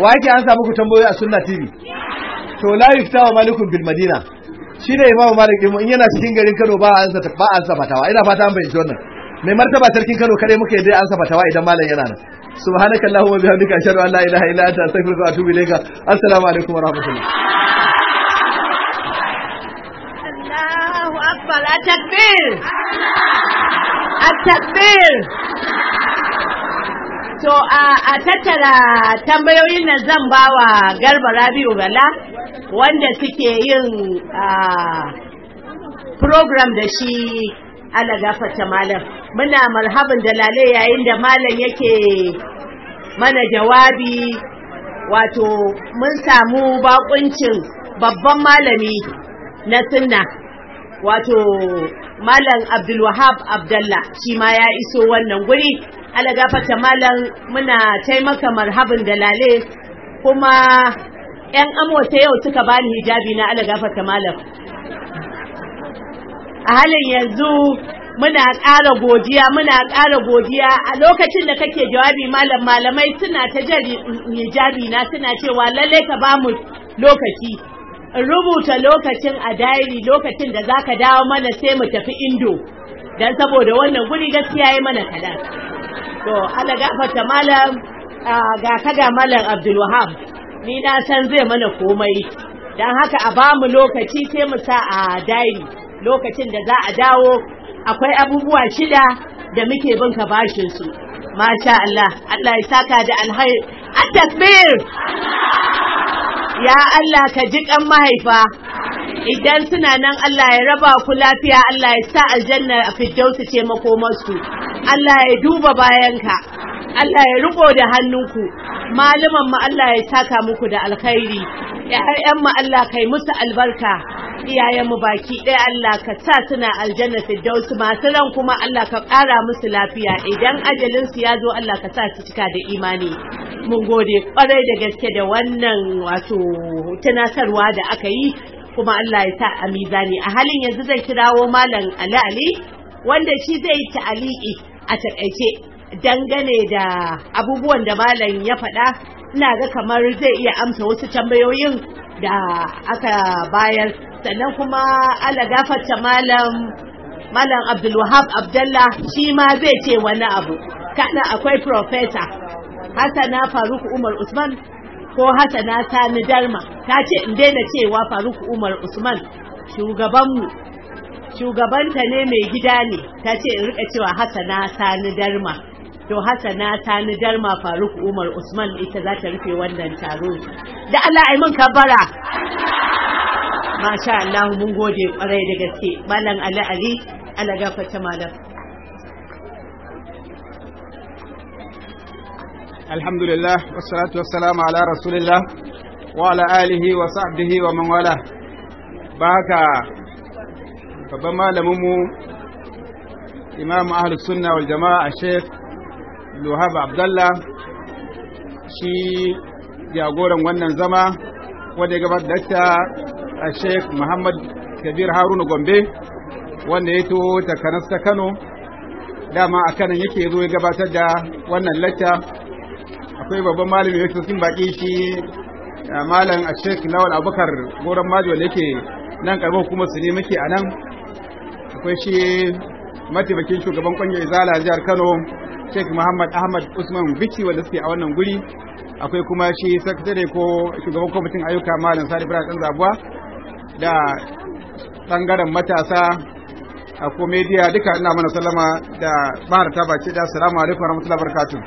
[SPEAKER 1] wa yake an samu ku tambayoyi a sunna tv to la wa malikun bil madina shi ne imamu malik in yana cikin garin kano ba an sa ba an sa fatawa ina fata an bayyana wannan mai martaba sarkin kano kare muka yi dai an sa fatawa idan malam yana nan subhanaka allahumma bihamdika ashhadu an la ilaha illa anta astaghfiruka wa atubu ilayka assalamu alaikum wa rahmatullahi
[SPEAKER 2] Allahu akbar takbir
[SPEAKER 3] A takbir To a tattara tambayoyin nan zan ba wa Garba Rabi'u Gala wanda suke yin program da shi ala gafarta malam. Muna marhaban da lale yayin da malam yake mana jawabi wato mun samu bakuncin babban malami na sunna. wato malam abdulwahab abdalla shi ma ya iso wannan guri alagafata malam muna taimaka marhabin da lale kuma yan amota yau suka bani hijabi na alagafata malam a halin yanzu muna ƙara godiya muna ƙara godiya a lokacin da kake jawabi malam malamai suna ta jari hijabi na suna cewa lalle ka ba mu lokaci rubuta lokacin a dairi lokacin da zaka dawo mana sai mu tafi indo dan saboda wannan guri gaskiya yi mana kadan to ala gafarta malam ga kada malam Abdulwahab ni na san zai mana komai dan haka a bamu lokaci sai mu sa a dairi lokacin da za a dawo akwai abubuwa shida da muke bin ka bashin su masha Allah Allah ya saka da alhai at-takbir ya Allah ka ji kan mahaifa idan suna nan Allah ya raba ku lafiya Allah ya sa aljanna a firdausu ce makomarsu Allah ya duba bayanka Allah ya riko da hannunku malaman mu Allah ya saka muku da alkhairi ƴaƴan mu Allah kai musu albarka iyayen mu baki ɗaya Allah ka sa suna aljanna firdausi su masu ran kuma Allah ka ƙara musu lafiya idan ajalinsu ya zo Allah ka sa su cika da imani mun gode kwarai da gaske da wannan wato tunasarwa da aka yi kuma Allah ya sa a mizani a halin yanzu zai kirawo malam Ali Ali wanda shi zai yi ta'aliki a takaice dangane da abubuwan da malam ya faɗa ina ga kamar zai iya amsa wasu tambayoyin da aka bayar sannan kuma ala gafarta malam malam abdulwahab abdallah shi ma zai ce wani abu kana akwai profesa Hassana faruk umar usman ko Hassana sani darma ta ce in daina cewa faruk umar usman shugabanmu shugabanta ne mai gida ne ta ce in rika cewa hasana sani darma to Hassana sani darma faruk umar usman ita za ta rufe wannan taro da allah a mun kabbara masha allah mun gode kwarai da gaske malam ali ali ala gafarta
[SPEAKER 4] malam alhamdulillah wassalatu wassalamu ala rasulillah wa ala alihi wa sahbihi wa man wala ba haka babban malaminmu imamu ahlus sunna wal jama'a sheikh luhab Abdullah, shi jagoran wannan zama wanda ya gabatar da a sheikh muhammad kabir haruna gombe wanda ya to kanas ta Kano dama a kanan yake zo ya gabatar da wannan lacca akwai babban malami ya sun baki shi malam a sheik lawal abubakar goron majiyar da yake nan karbar hukumar su ne muke a nan akwai shi mataimakin shugaban kungiyar izala jihar kano shek muhammad ahmad usman bici wanda suke a wannan guri akwai kuma shi sakatare ko shugaban kwamitin ayyuka malam sadi ibrahim zabuwa da bangaren matasa a komediya duka ina mana sallama da bahar ta baki da assalamu alaikum warahmatullahi wabarakatuh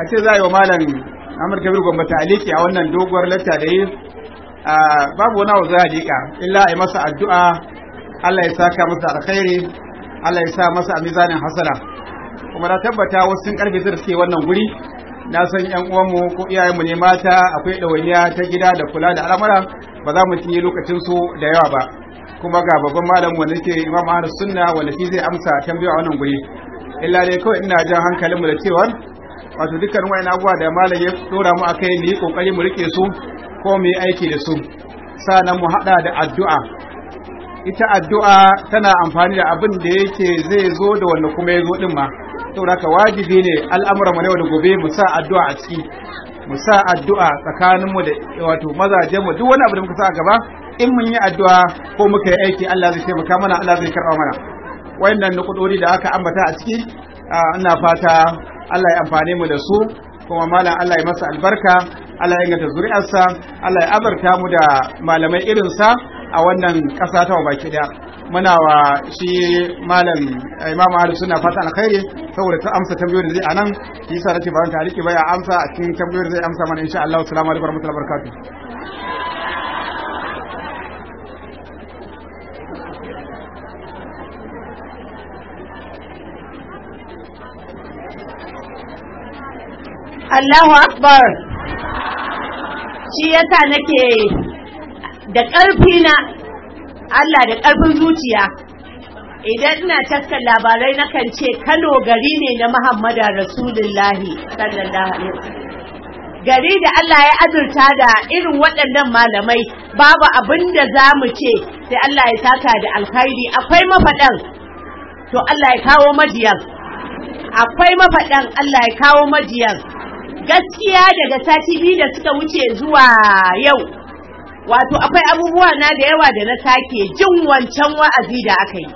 [SPEAKER 4] a ce za a yi wa malam Amir Kabir a aliki a wannan doguwar lacca da yi babu wani abu za a dika illa a yi masa addu'a Allah ya saka masa alkhairi Allah ya sa masa mizanin hasana kuma na tabbata wasu sun karfe da suke wannan guri na san yan uwanmu ko iyayenmu ne mata akwai ɗawainiya ta gida da kula da al'amura ba za mu cinye lokacin su da yawa ba kuma ga babban malamin wanda ke imam ahmad sunna wanda shi zai amsa tambaya a wannan guri illa dai kawai ina jan hankalin mu da cewa wato dukkan wayan abuwa da malam ya dora mu akai mu yi kokari mu rike su ko mu yi aiki da su sanan mu hada da addu'a ita addu'a tana amfani da abin da yake zai zo da wanda kuma ya zo din ma saboda ka wajibi ne al'amura mu yau da gobe mu sa addu'a a ciki mu sa addu'a tsakaninmu da wato mazajenmu duk wani abu da muka sa gaba in mun yi addu'a ko muka yi aiki Allah zai taimaka mana Allah zai karɓa mana wayannan nukudori da aka ambata a ciki ina fata Allah ya amfane mu da su kuma malam Allah ya masa albarka Allah ya inganta zuri'arsa Allah ya abarta mu da malamai irinsa a wannan ƙasa ta baki daya muna wa shi malam eh, imam Ali suna fata alkhairi saboda ta amsa tambayoyin da zai anan yasa nace ba ta rike ba ya amsa a cikin tambayoyin da zai amsa mana insha Allah assalamu alaikum warahmatullahi wabarakatuh
[SPEAKER 3] Allahu Akbar shi yasa nake da ƙarfi na Allah da ƙarfin zuciya idan ina taskar labarai na kan ce Kano gari ne na Muhammadu Rasulullahi
[SPEAKER 2] sallallahu alaihi
[SPEAKER 3] gari da Allah ya azurta da irin waɗannan malamai babu abin da za mu ce sai Allah ya saka da alkhairi akwai mafaɗan to Allah ya kawo majiyar. akwai mafaɗan Allah ya kawo majiyar. gaskiya daga sati biyu da suka wuce zuwa yau wato akwai abubuwa na da yawa da na sake jin wancan wa'azi da aka yi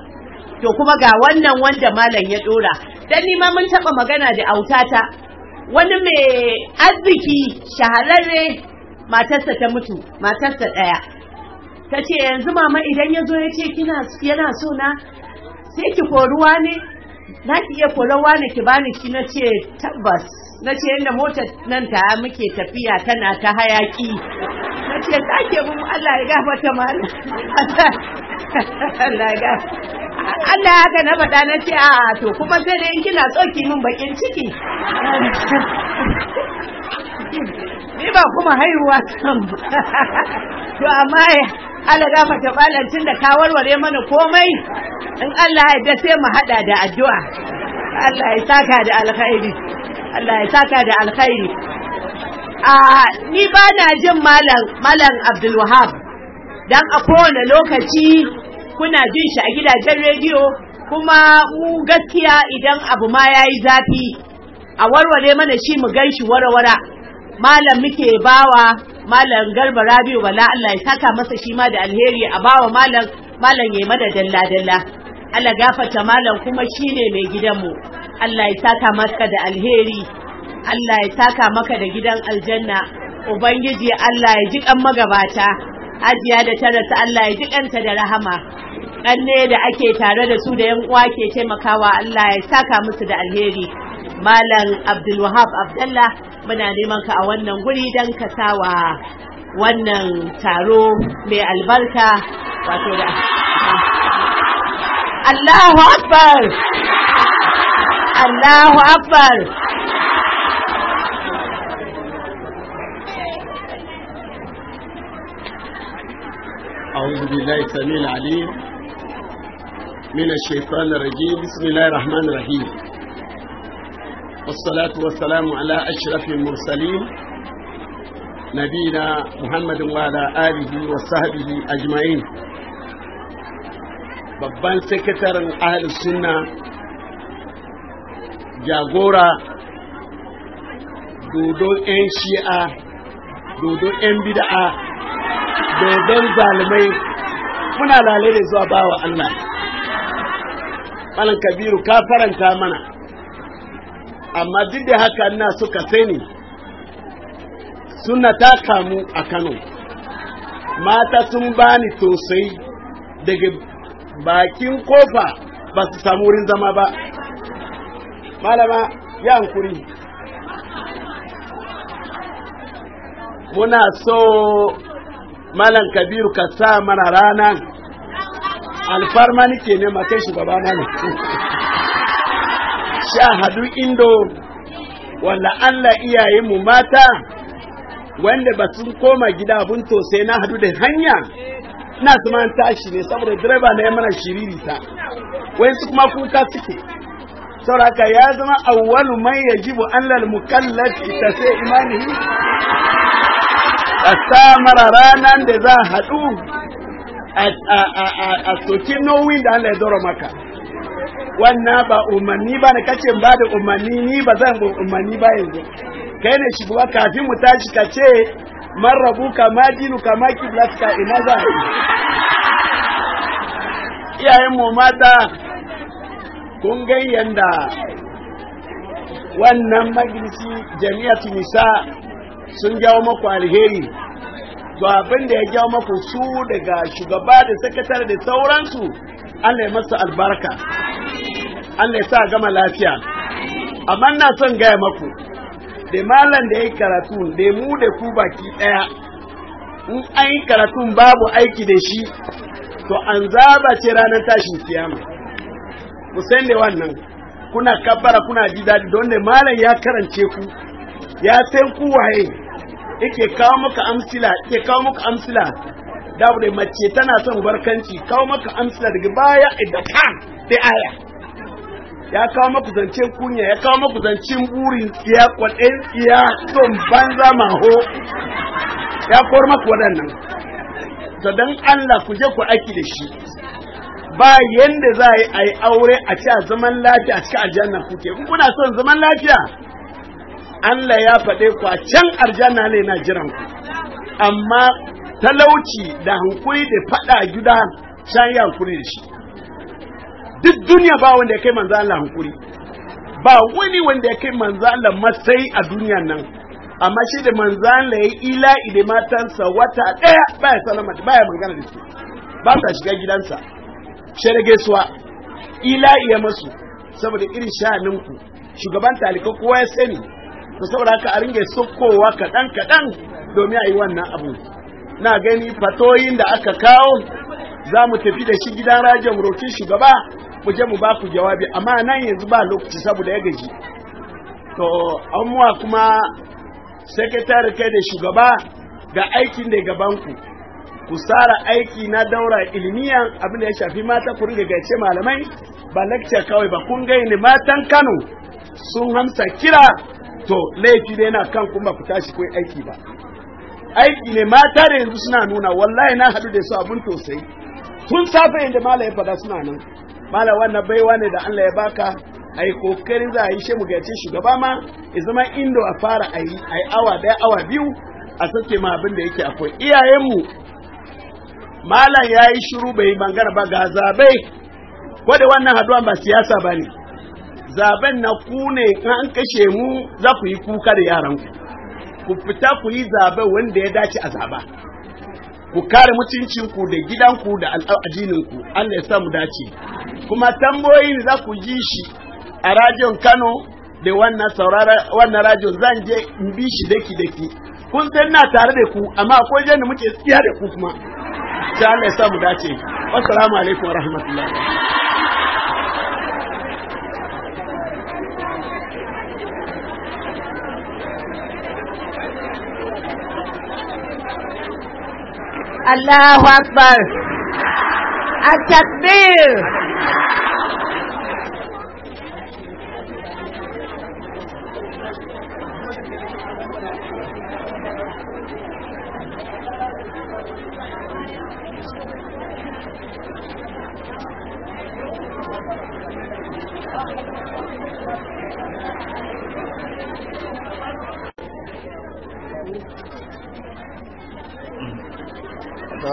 [SPEAKER 3] to kuma ga wannan wanda malam ya dora dan nima mun taba magana da autata wani mai arziki shahararre matarsa ta mutu matarsa daya ta ce yanzu mama idan ya zo ya ce kina yana so na sai ki koruwa ne na ki iya korawa ne ki bani ki na ce tabbas na ce yadda motar nan ta muke tafiya tana ta hayaki na ce sake mun Allah ya ta mana Allah ya Allah haka na faɗa na ce a to kuma sai dai in kina tsoki min bakin ciki ni ba kuma haihuwa to amma Allah gafa ta falancin da ka warware mana komai in Allah ya yarda sai mu hada da addu'a Allah ya saka da alkhairi Allah ya saka da alkhairi a ni ba na jin malam malam Abdul Wahab dan a kowane lokaci kuna jin shi a gidajen rediyo kuma mu gaskiya idan abu ma yayi zafi a warware mana shi mu gan shi wara-wara malam muke bawa malam garba rabiu bala Allah ya saka masa shi ma da alheri a bawa malam malam yayi mada dalla dalla Allah gafarta malam kuma shine mai gidanmu Allah ya saka maka da alheri Allah ya saka maka da gidan aljanna ubangiji Allah ya ji kan magabata ajiya da tarasa ta Allah ya ji kanta da rahama kanne da ake tare da su da yan uwa ke taimakawa Allah ya saka musu da alheri malam abdulwahab abdallah muna neman ka a wannan guri don ka sawa wannan taro mai albarka wato da Allahu akbar
[SPEAKER 2] Allahu akbar
[SPEAKER 5] أعوذ بالله السميع العليم من الشيطان الرجيم بسم الله الرحمن الرحيم والصلاة والسلام على أشرف المرسلين نبينا محمد وعلى آله وصحبه أجمعين babban sakataren ahalus sunna jagora dodon 'yan shi'a dodon 'yan bida'a dodon zalimai muna lalai da zuwa bawa Allah malam kabiru ka faranta mana amma duk da haka na suka sani suna ta kamu a kano mata sun bani tosai daga bakin kofa ba su samu wurin zama ba malama ya hankuri muna so malam kabiru ka sa mana rana alfarma nike ne kai shugabana ne sha hadu indo wala Allah mu mata wanda ba sun koma gida abun to sai na hadu da hanya na su tashi ne saboda direba na ya mana shiririta wai su kuma kuka suke sauraka ya zama awwalu mai yajibu an lal mukallaf ita sai imani
[SPEAKER 2] a samara rana
[SPEAKER 5] da za a haɗu a soki nauyin da Allah ya dora maka wannan ba umarni ba na kace ba da umarni ni ba zan ba umarni ba yanzu kai ne shugaba kafin mu tashi ka ce man ka ma ka ma kiblatka ina za iyayen mu mata kun ga yanda wannan majalisi jami'atu nisa sun jawo maku alheri to abin da ya ja maku su daga shugaba da sakatare da sauransu Allah ya masa albarka Allah ya sa gama lafiya amma na son gaya maku da malam da ya yi karatu da mu da ku baki ɗaya in an yi karatu. babu aiki da shi to an zaba ce ranar tashin kiyama ku san da wannan kuna kabbara kuna ji daɗi don da malam ya karance ku ya san ku waye yake kawo maka amsila yake kawo maka amsila da mace tana son barkanci kawo maka amsila daga baya idan ka da aya ya kawo maka zancen kunya ya kawo maka zancen burin tsiya kwaɗayin tsiya son banza maho ya kawo maka waɗannan to dan Allah ku je ku aiki da shi ba yanda za a yi aure a ci a zaman lafiya a cikin aljanna kuke kuna son zaman lafiya Allah ya faɗe ku a can arjana ne na jiran ku amma talauci da hankuri da faɗa gida can ya hankuri da shi duk duniya ba wanda ya kai manzo Allah hankuri ba wani wanda ya kai manzo Allah matsayi a duniyan nan amma shi da manzo Allah yi ila da matansa wata ɗaya baya salama baya magana da su ba ta shiga gidansa sharege suwa ila iya masu saboda irin sha'anin ku shugaban talika kowa ya sani to saboda haka a ringe sokowa kaɗan kaɗan domin a yi wannan abu na gani fatoyin da aka kawo za mu tafi da shi gidan rajin rokin shugaba mu je mu ba ku jawabi amma nan yanzu ba lokaci saboda ya gaji to amma kuma sekretary kai da shugaba ga aikin da gabanku ku tsara aiki na daura ilmiyan abin da ya shafi mata ku ringa gaice malamai ba lecture kawai ba kun gaini matan Kano sun hamsa kira to laifi ne yana kan kuma fita shi ku aiki ba aiki ne mata da yanzu suna nuna wallahi na hadu da su abun tosai tun safe inda mala ya fada suna nan mala wannan baiwa ne da Allah ya baka ai kokarin za a yi shemu gace shugaba ma ya zama indo a fara a yi awa daya awa biyu a sake ma abin da yake akwai iyayenmu malam ya yi shiru bai bangara ba ga zabe ko da wannan haduwa ba siyasa ba zaben na ku ne an kashe mu za ku yi kuka da yaran ku Ku fita ku yi zabe wanda ya dace a zaba ku kare mutuncin ku da ku da ku Allah ya sa mu dace kuma tambayoyin za ku ji shi a rajon Kano da wannan saurara wannan rajon zan je in bi shi daki daki kun san na tare da ku amma akwai jan da muke tsiya da ku kuma sai Allah ya sa mu dace assalamu alaikum wa rahmatullahi
[SPEAKER 3] Allahu Akbar.
[SPEAKER 2] التكبير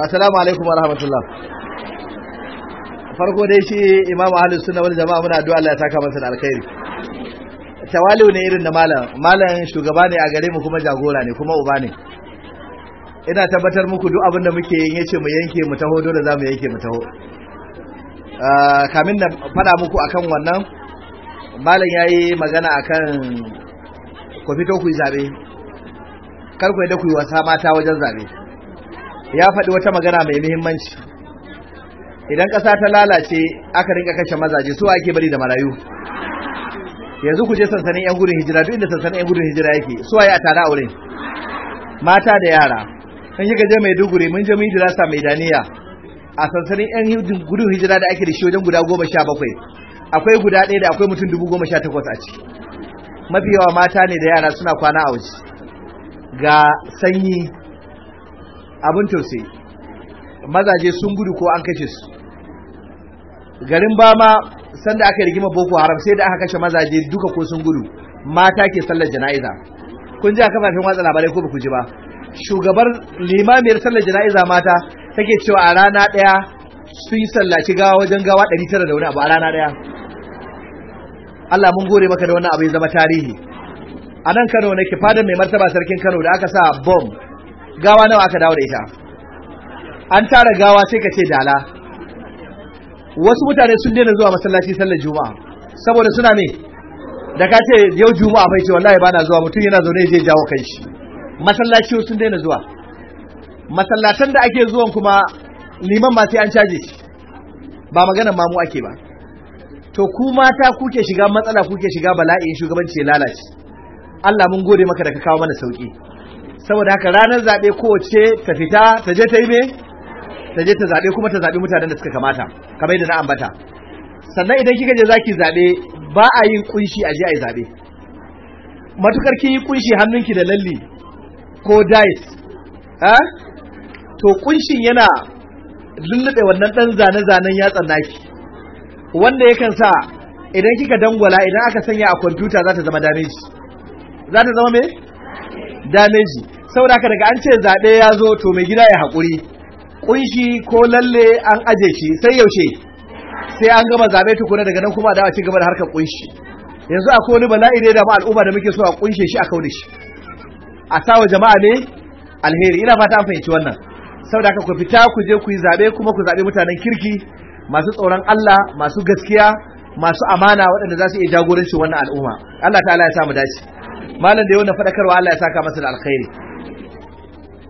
[SPEAKER 1] assalamu alaikum wa rahmatullah farko dai shi imam ahlus sunna wal jama'a muna addu'a Allah ya saka masa da alkhairi tawali'u ne irin da malam malam shugaba ne a gare mu kuma jagora ne kuma uba ne ina tabbatar muku duk abin da muke yin yace mu yanke mu taho dole za mu yanke mu taho ah, kamin na fada muku akan wannan malam yayi magana akan ku fito ku yi zabe kar ku da ku yi wasa mata wajen zabe ya faɗi wata magana mai muhimmanci idan ƙasa ta lalace aka rinka kashe mazaje su ake bari da marayu yanzu ku je sansanin yan gudun hijira duk inda sansanin yan gudun hijira yake su waye a tare a wurin mata da yara in gaje mai duguri mun je mun dirasa mai daniya a sansanin yan gudun hijira da ake da shi wajen guda goma sha bakwai akwai guda ɗaya da akwai mutum dubu goma sha takwas a ciki mafi yawa mata ne da yara suna kwana a waje ga sanyi abin tausayi mazaje sun gudu ko an kace su garin bama sanda aka rigima boko haram sai da aka kashe mazaje duka ko sun gudu mata ke sallar jana'iza kun ji a kafafen watsa labarai ko baku ji ba shugabar limamiyar sallar jana'iza mata take cewa a rana daya sun yi sallaci gawa wajen gawa 900 da wani abu a rana daya Allah mun gode maka da wannan abu ya zama tarihi a nan Kano nake fadar mai martaba sarkin Kano da aka sa bomb gawa nawa aka dawo da ita an tara gawa sai ka ce dala wasu mutane sun daina zuwa masallaci sallar juma'a saboda suna ne da ka ce yau juma'a bai ce wallahi bana zuwa mutum yana zaune zai jawo kai shi masallaci sun daina zuwa masallatan da ake zuwan kuma liman ma sai an caje shi ba magana mamu ake ba to ku mata kuke shiga matsala kuke shiga bala'i shugabanci ya lalace Allah mun gode maka da ka kawo mana sauki saboda haka ranar zaɓe kowace ta fita ta je ta yi me ta je ta zaɓe kuma ta zaɓi mutanen da suka kamata kamar yadda na ambata sannan idan kika je zaki zaɓe ba a yin kunshi a je a yi zaɓe matukar kin yi kunshi hannunki da lalli ko dice eh? to kunshin yana lullube wannan ɗan zane-zanen yatsan naki wanda yakan sa idan kika dangwala idan aka sanya a kwamfuta za ta zama damage za ta zama me? dameji saboda ka daga an ce zaɓe ya zo to mai gida ya haƙuri ƙunshi ko lalle an aje shi sai yaushe sai an gama zaɓe tukuna daga nan kuma dawa ci gaba da harkar ƙunshi, yanzu akwai wani bala'i ne da ma al'umma da muke so a ƙunshe shi a kaune shi a sawa jama'a ne alheri ina fata an fahimci wannan saboda haka ku fita ku je ku yi zaɓe kuma ku zaɓe mutanen kirki masu tsoron Allah masu gaskiya masu amana waɗanda za su iya jagorancin wannan al'umma Allah ta'ala ya samu dace malam da yau na faɗakarwa Allah ya saka masa da alkhairi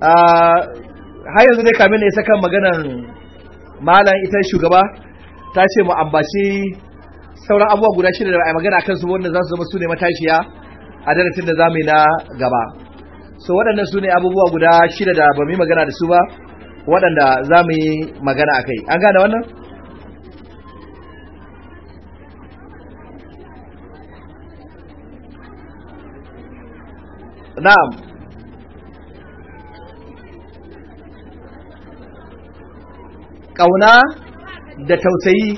[SPEAKER 1] har yanzu dai kamin na isa kan maganan malam ita shugaba ta ce mu ambaci sauran abubuwa guda shida da ba a magana kan su wanda za su zama su ne matashiya a darasin da za mu yi na gaba so waɗannan su ne abubuwa guda shida da ba mu yi magana da su ba waɗanda za mu yi magana a kai an gane wannan na'am ƙauna da tausayi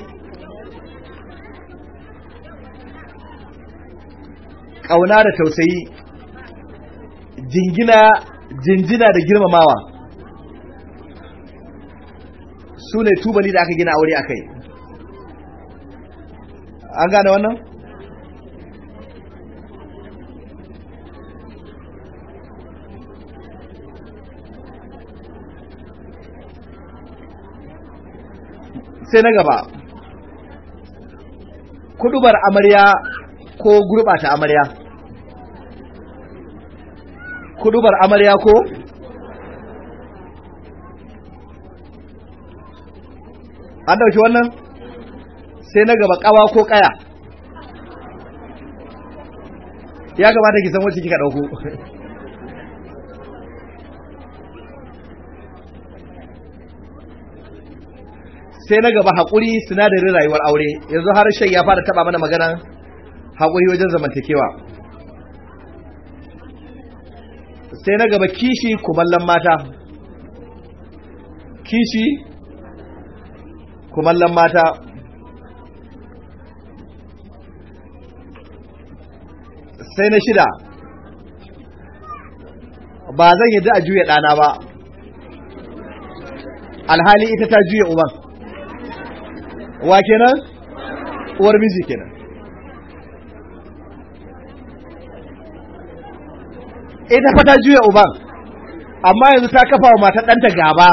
[SPEAKER 1] ƙauna da tausayi jingina jinjina da girmamawa sune tubali da aka gina aure a kai an gane wannan? sai na gaba kudubar amarya ko gurbata amarya kudubar amarya ko an dauki wannan sai na gaba kawa ko kaya ya gabata ki san wacce kika dauko sai na gaba haƙuri sinadarin rayuwar aure yanzu har shai ya fara taba mana magana haƙuri wajen zamantakewa sai na gaba kishi kumallon mata kishi kumallon mata sai na shida ba zan yi da a juya ɗana ba alhali ita ta juya uban wa kenan uwar miji kenan ita fata juya uban amma yanzu ta kafa wa matar ɗanta gaba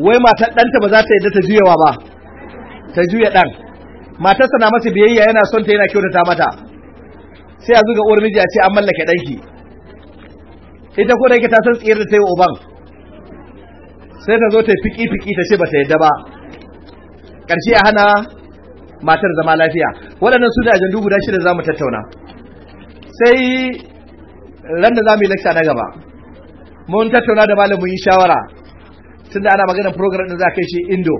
[SPEAKER 1] wai matar ɗanta ba za ta yadda ta juyawa ba ta juya ɗan matarsa na masa biyayya yana son ta yana kyautata mata sai a zuga uwar miji a ce an mallake ɗanki ita ko da ta san tsayar da ta yi uban sai ta zo ta fiki fiki ta ce ba ta yadda ba ƙarshe ya hana matar zama lafiya waɗannan su da ajandu guda shida za mu tattauna sai ran da za mu yi lakta na gaba mun tattauna da malamin shawara tun da ana maganar program ɗin za kai shi indo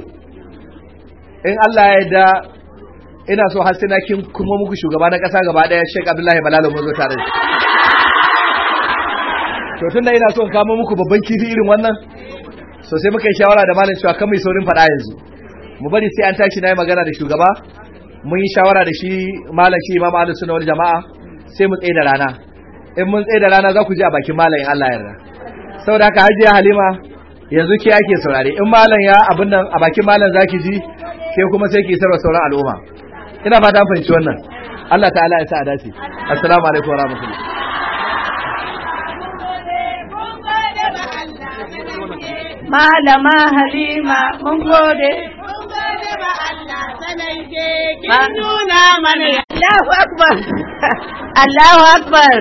[SPEAKER 1] in allah ya yarda ina so har na kin kuma muku shugaba na ƙasa gaba ɗaya shek abdullahi balalo mun zo tare to tun da ina so in kama muku babban kifi irin wannan so sai muka yi shawara da malam cewa kan mai saurin faɗa yanzu mu bari sai an tashi nayi magana da shugaba mun yi shawara da shi malam shi imam ahlus sunna wal jama'a sai mu tsaye da rana in mun tsaye da rana za ku ji a bakin malam Allah ya yarda saboda haka hajiya halima yanzu ke ake saurare in malam ya abin nan a bakin malam zaki ji ke kuma sai ki sarwa sauran al'umma ina fata fahimci wannan Allah ta'ala ya sa a dace assalamu alaikum wa rahmatullahi
[SPEAKER 3] malama halima mun gode alaike
[SPEAKER 2] nuna mana
[SPEAKER 3] Allahu akbar Allahu akbar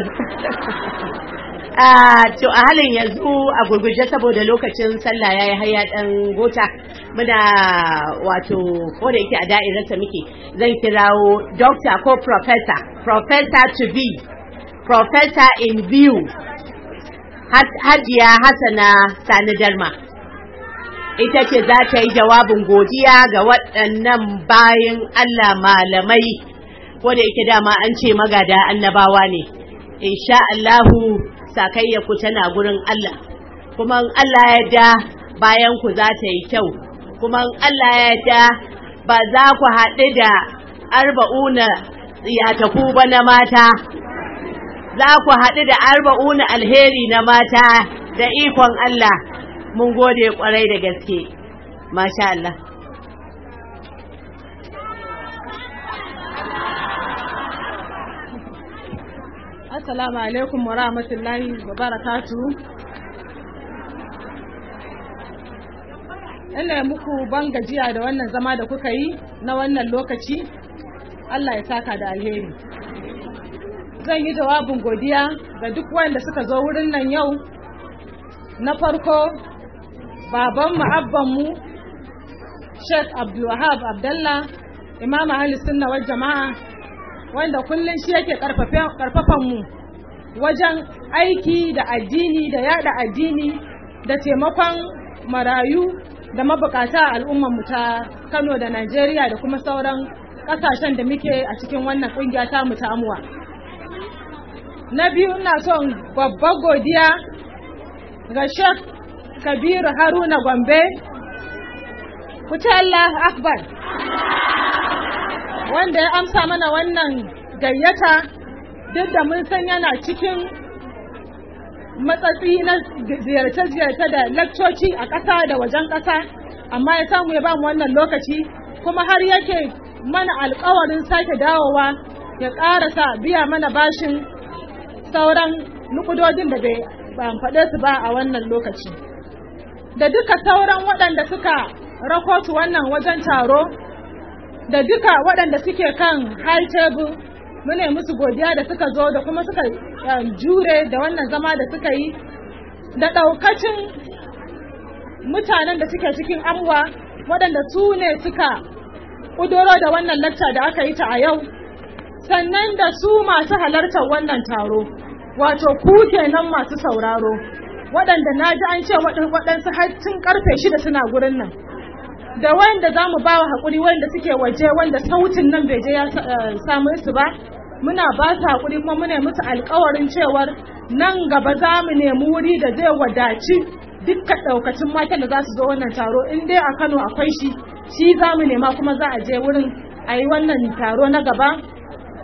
[SPEAKER 3] ah, to a halin yanzu a gurguje saboda lokacin sallah yayi har ya dan gota muna wato ko da yake a da'irarsa muke zan kirawo doctor ko professor professor to be professor in view Hadiya Hassana Sani Darma. ita ce za ta yi jawabin godiya ga waɗannan bayan Allah malamai da ita dama an ce magada annabawa ne insha Allahu sakayya ku tana gurin Allah kuma Allah ya da bayan ku za ta yi kyau kuma Allah ya da ba za ku haɗu da arba'una tsiyataku ba na mata za ku haɗu da arba'una alheri na mata da ikon Allah mun gode kwarai da gaske masha Allah
[SPEAKER 6] Assalamu alaikum wa rahmatullahi wa barakatuhu ina muku ban gajiya da wannan zama da kuka yi na wannan lokaci Allah ya saka da alheri zan yi jawabin godiya ga duk wanda suka zo wurin nan yau na farko baban mu abban mu Sheikh Abdulwahab Abdallah Imam Ahli Sunna wal Jama'a wanda kullum shi yake karfafan mu wajen aiki da addini da yada addini da taimakon marayu da mabukata al'ummar mu ta Kano da Najeriya da kuma sauran kasashen da muke a cikin wannan kungiya ta mu ta amuwa. Na biyu ina son babbar godiya ga Sheikh kabiru haruna gombe ku ce allah akbar wanda ya amsa mana wannan gayyata duk da mun san yana cikin matsatsi na ziyarce-ziyarce da lakcoci a ƙasa da wajen ƙasa amma ya samu ya ba mu wannan lokaci kuma har yake mana alkawarin sake dawowa ya ƙarasa biya mana bashin sauran nukudodin da bai faɗe su ba a wannan lokaci. da duka sauran waɗanda suka rakotu wannan wajen taro da duka waɗanda suke kan high table mune musu godiya da suka zo da kuma suka um, jure da wannan zama da suka yi da ɗaukacin mutanen da suke cikin amwa waɗanda su ne suka ƙudoro da wannan lacca da aka yi ta a yau sannan da su masu halartar wannan taro wato ku kenan masu sauraro waɗanda na ji an ce waɗansu har tun karfe shida suna gurin nan da wanda za mu ba wa haƙuri wanda suke waje wanda sautin nan bai je ya eh, samu su ba muna ba su haƙuri kuma muna musu alƙawarin cewar nan gaba za mu nemi wuri da zai wadaci dukkan ɗaukacin matan da za su zo wannan taro in dai a kano akwai shi shi za mu nema kuma za a je wurin a yi wannan taro na gaba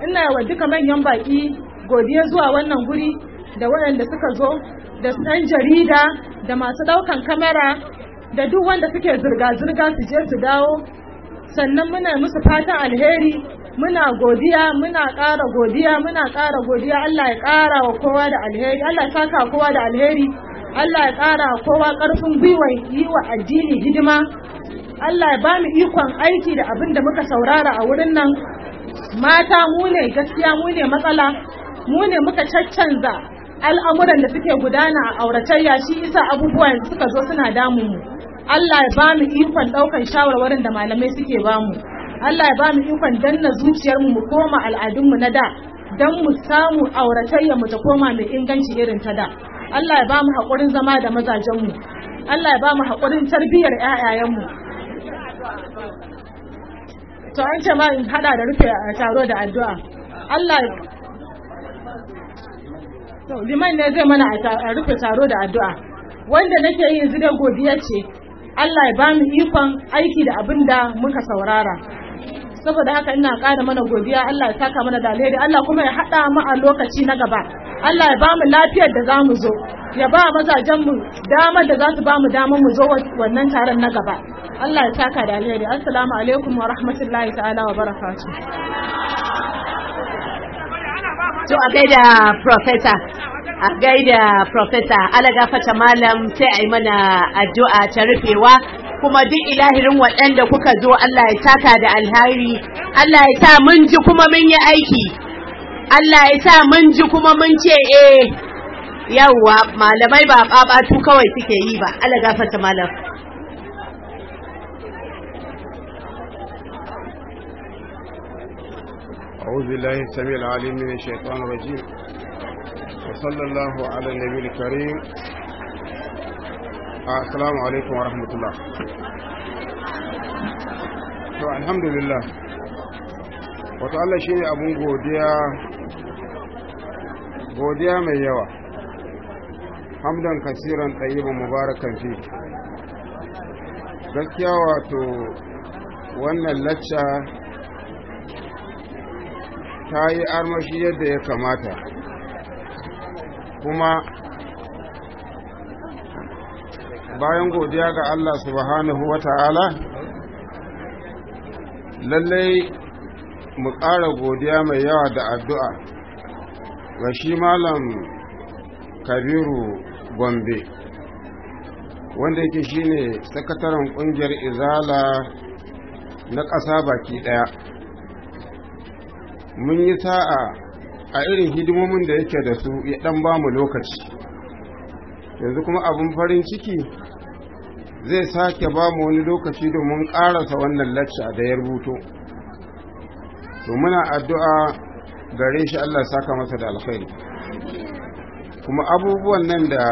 [SPEAKER 6] ina wa duka manyan baƙi godiya zuwa wannan guri da waɗanda suka zo da san jarida da masu ɗaukan kamera da duk wanda suke zirga-zirga su je su dawo sannan muna musu fatan alheri muna godiya muna ƙara godiya muna ƙara godiya Allah ya ƙara wa kowa da alheri Allah ya saka kowa da alheri Allah ya ƙara wa kowa ƙarfin gwiwa yi wa addini hidima Allah ya bamu ikon aiki da abin da muka saurara a wurin nan mata mu ne gaskiya mu ne matsala mu ne muka caccanza al'amuran da suke gudana a auratayya shi isa abubuwan yanzu suka zo suna damun mu Allah ya ba mu ikon ɗaukan shawarwarin da malamai suke ba mu Allah ya ba mu ikon danna zuciyar mu mu koma al'adun mu na da dan mu samu auratayya mu ta koma mai inganci irin ta da Allah ya ba mu haƙurin zama da mazajen mu Allah ya ba mu haƙurin tarbiyyar ƴaƴayen mu to an ce ma in hada da rufe taro da addu'a Allah to liman ne zai mana a rufe taro da addu'a wanda nake yi zidan godiya ce Allah ya ba mu ikon aiki da abin da muka saurara saboda haka ina ƙara mana godiya Allah ya saka mana da alheri Allah kuma ya haɗa mu a lokaci na gaba Allah ya ba mu lafiyar da za mu zo ya ba mazajen mu dama da za su ba mu damar mu zo wannan taron na gaba Allah ya saka da alheri assalamu alaikum wa rahmatullahi ta'ala wa
[SPEAKER 2] barakatuh to a gaida
[SPEAKER 3] profesa a gaida profesa alaga fata malam sai a yi mana addu'a ta rufewa kuma duk ilahirin waɗanda kuka zo Allah ya taka da alhari Allah ya sa mun ji kuma mun yi aiki Allah ya sa mun ji kuma mun ce eh yawwa malamai ba ɓaɓatu kawai suke yi ba alaga fata malam
[SPEAKER 7] أعوذ بالله السميع العليم من الشيطان الرجيم وصلى الله على النبي الكريم السلام عليكم ورحمة الله to alhamdulillah wato Allah shine abun godiya godiya mai yawa hamdan kasiran tayyiban mubarakan fi gaskiya wato wannan lacca ta yi armashi yadda ya kamata
[SPEAKER 2] kuma bayan godiya
[SPEAKER 7] ga Allah subhanahu wa ta'ala lallai mu ƙara godiya mai yawa da addu'a ga shi malam kabiru gombe wanda yake shine sakataren ƙungiyar izala na ƙasa baki ɗaya mun yi sa'a a irin hidimomin da yake da su ya dan ba mu lokaci yanzu kuma abin farin ciki zai sake ba mu wani lokaci domin ƙarasa wannan lacca da ya rubuto to muna addu'a gare shi Allah saka masa da alkhairi kuma abubuwan nan da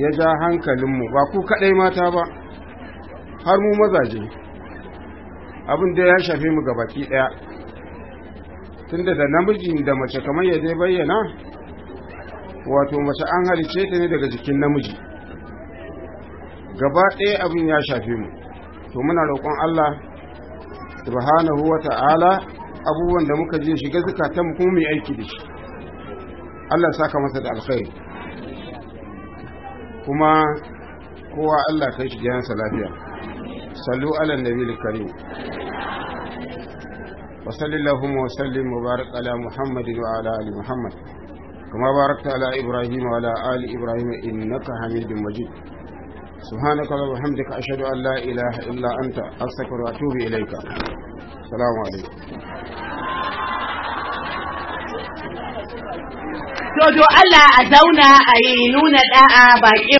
[SPEAKER 7] ya ja hankalin mu ba ku kaɗai mata ba har mu mazaje abin da ya shafe mu ga baki ɗaya tunda da namiji da mace kamar ya dai bayyana wato mace an halice ta ne daga jikin namiji gaba ɗaya abin ya shafe mu to muna roƙon Allah subhanahu wa ta'ala abubuwan da muka je shiga zukatan mu kuma mu aiki da shi Allah saka masa da alkhairi kuma kowa Allah kai shi gidansa lafiya sallu ala nabiyil karim وصل اللهم وسلم وبارك على محمد وعلى آل محمد كما باركت على إبراهيم وعلى آل إبراهيم إنك حميد مجيد سبحانك اللهم وبحمدك أشهد أن لا إله إلا أنت أستغفرك وأتوب إليك السلام عليكم
[SPEAKER 2] Dodo Allah a zauna a yi nuna ɗa'a baƙi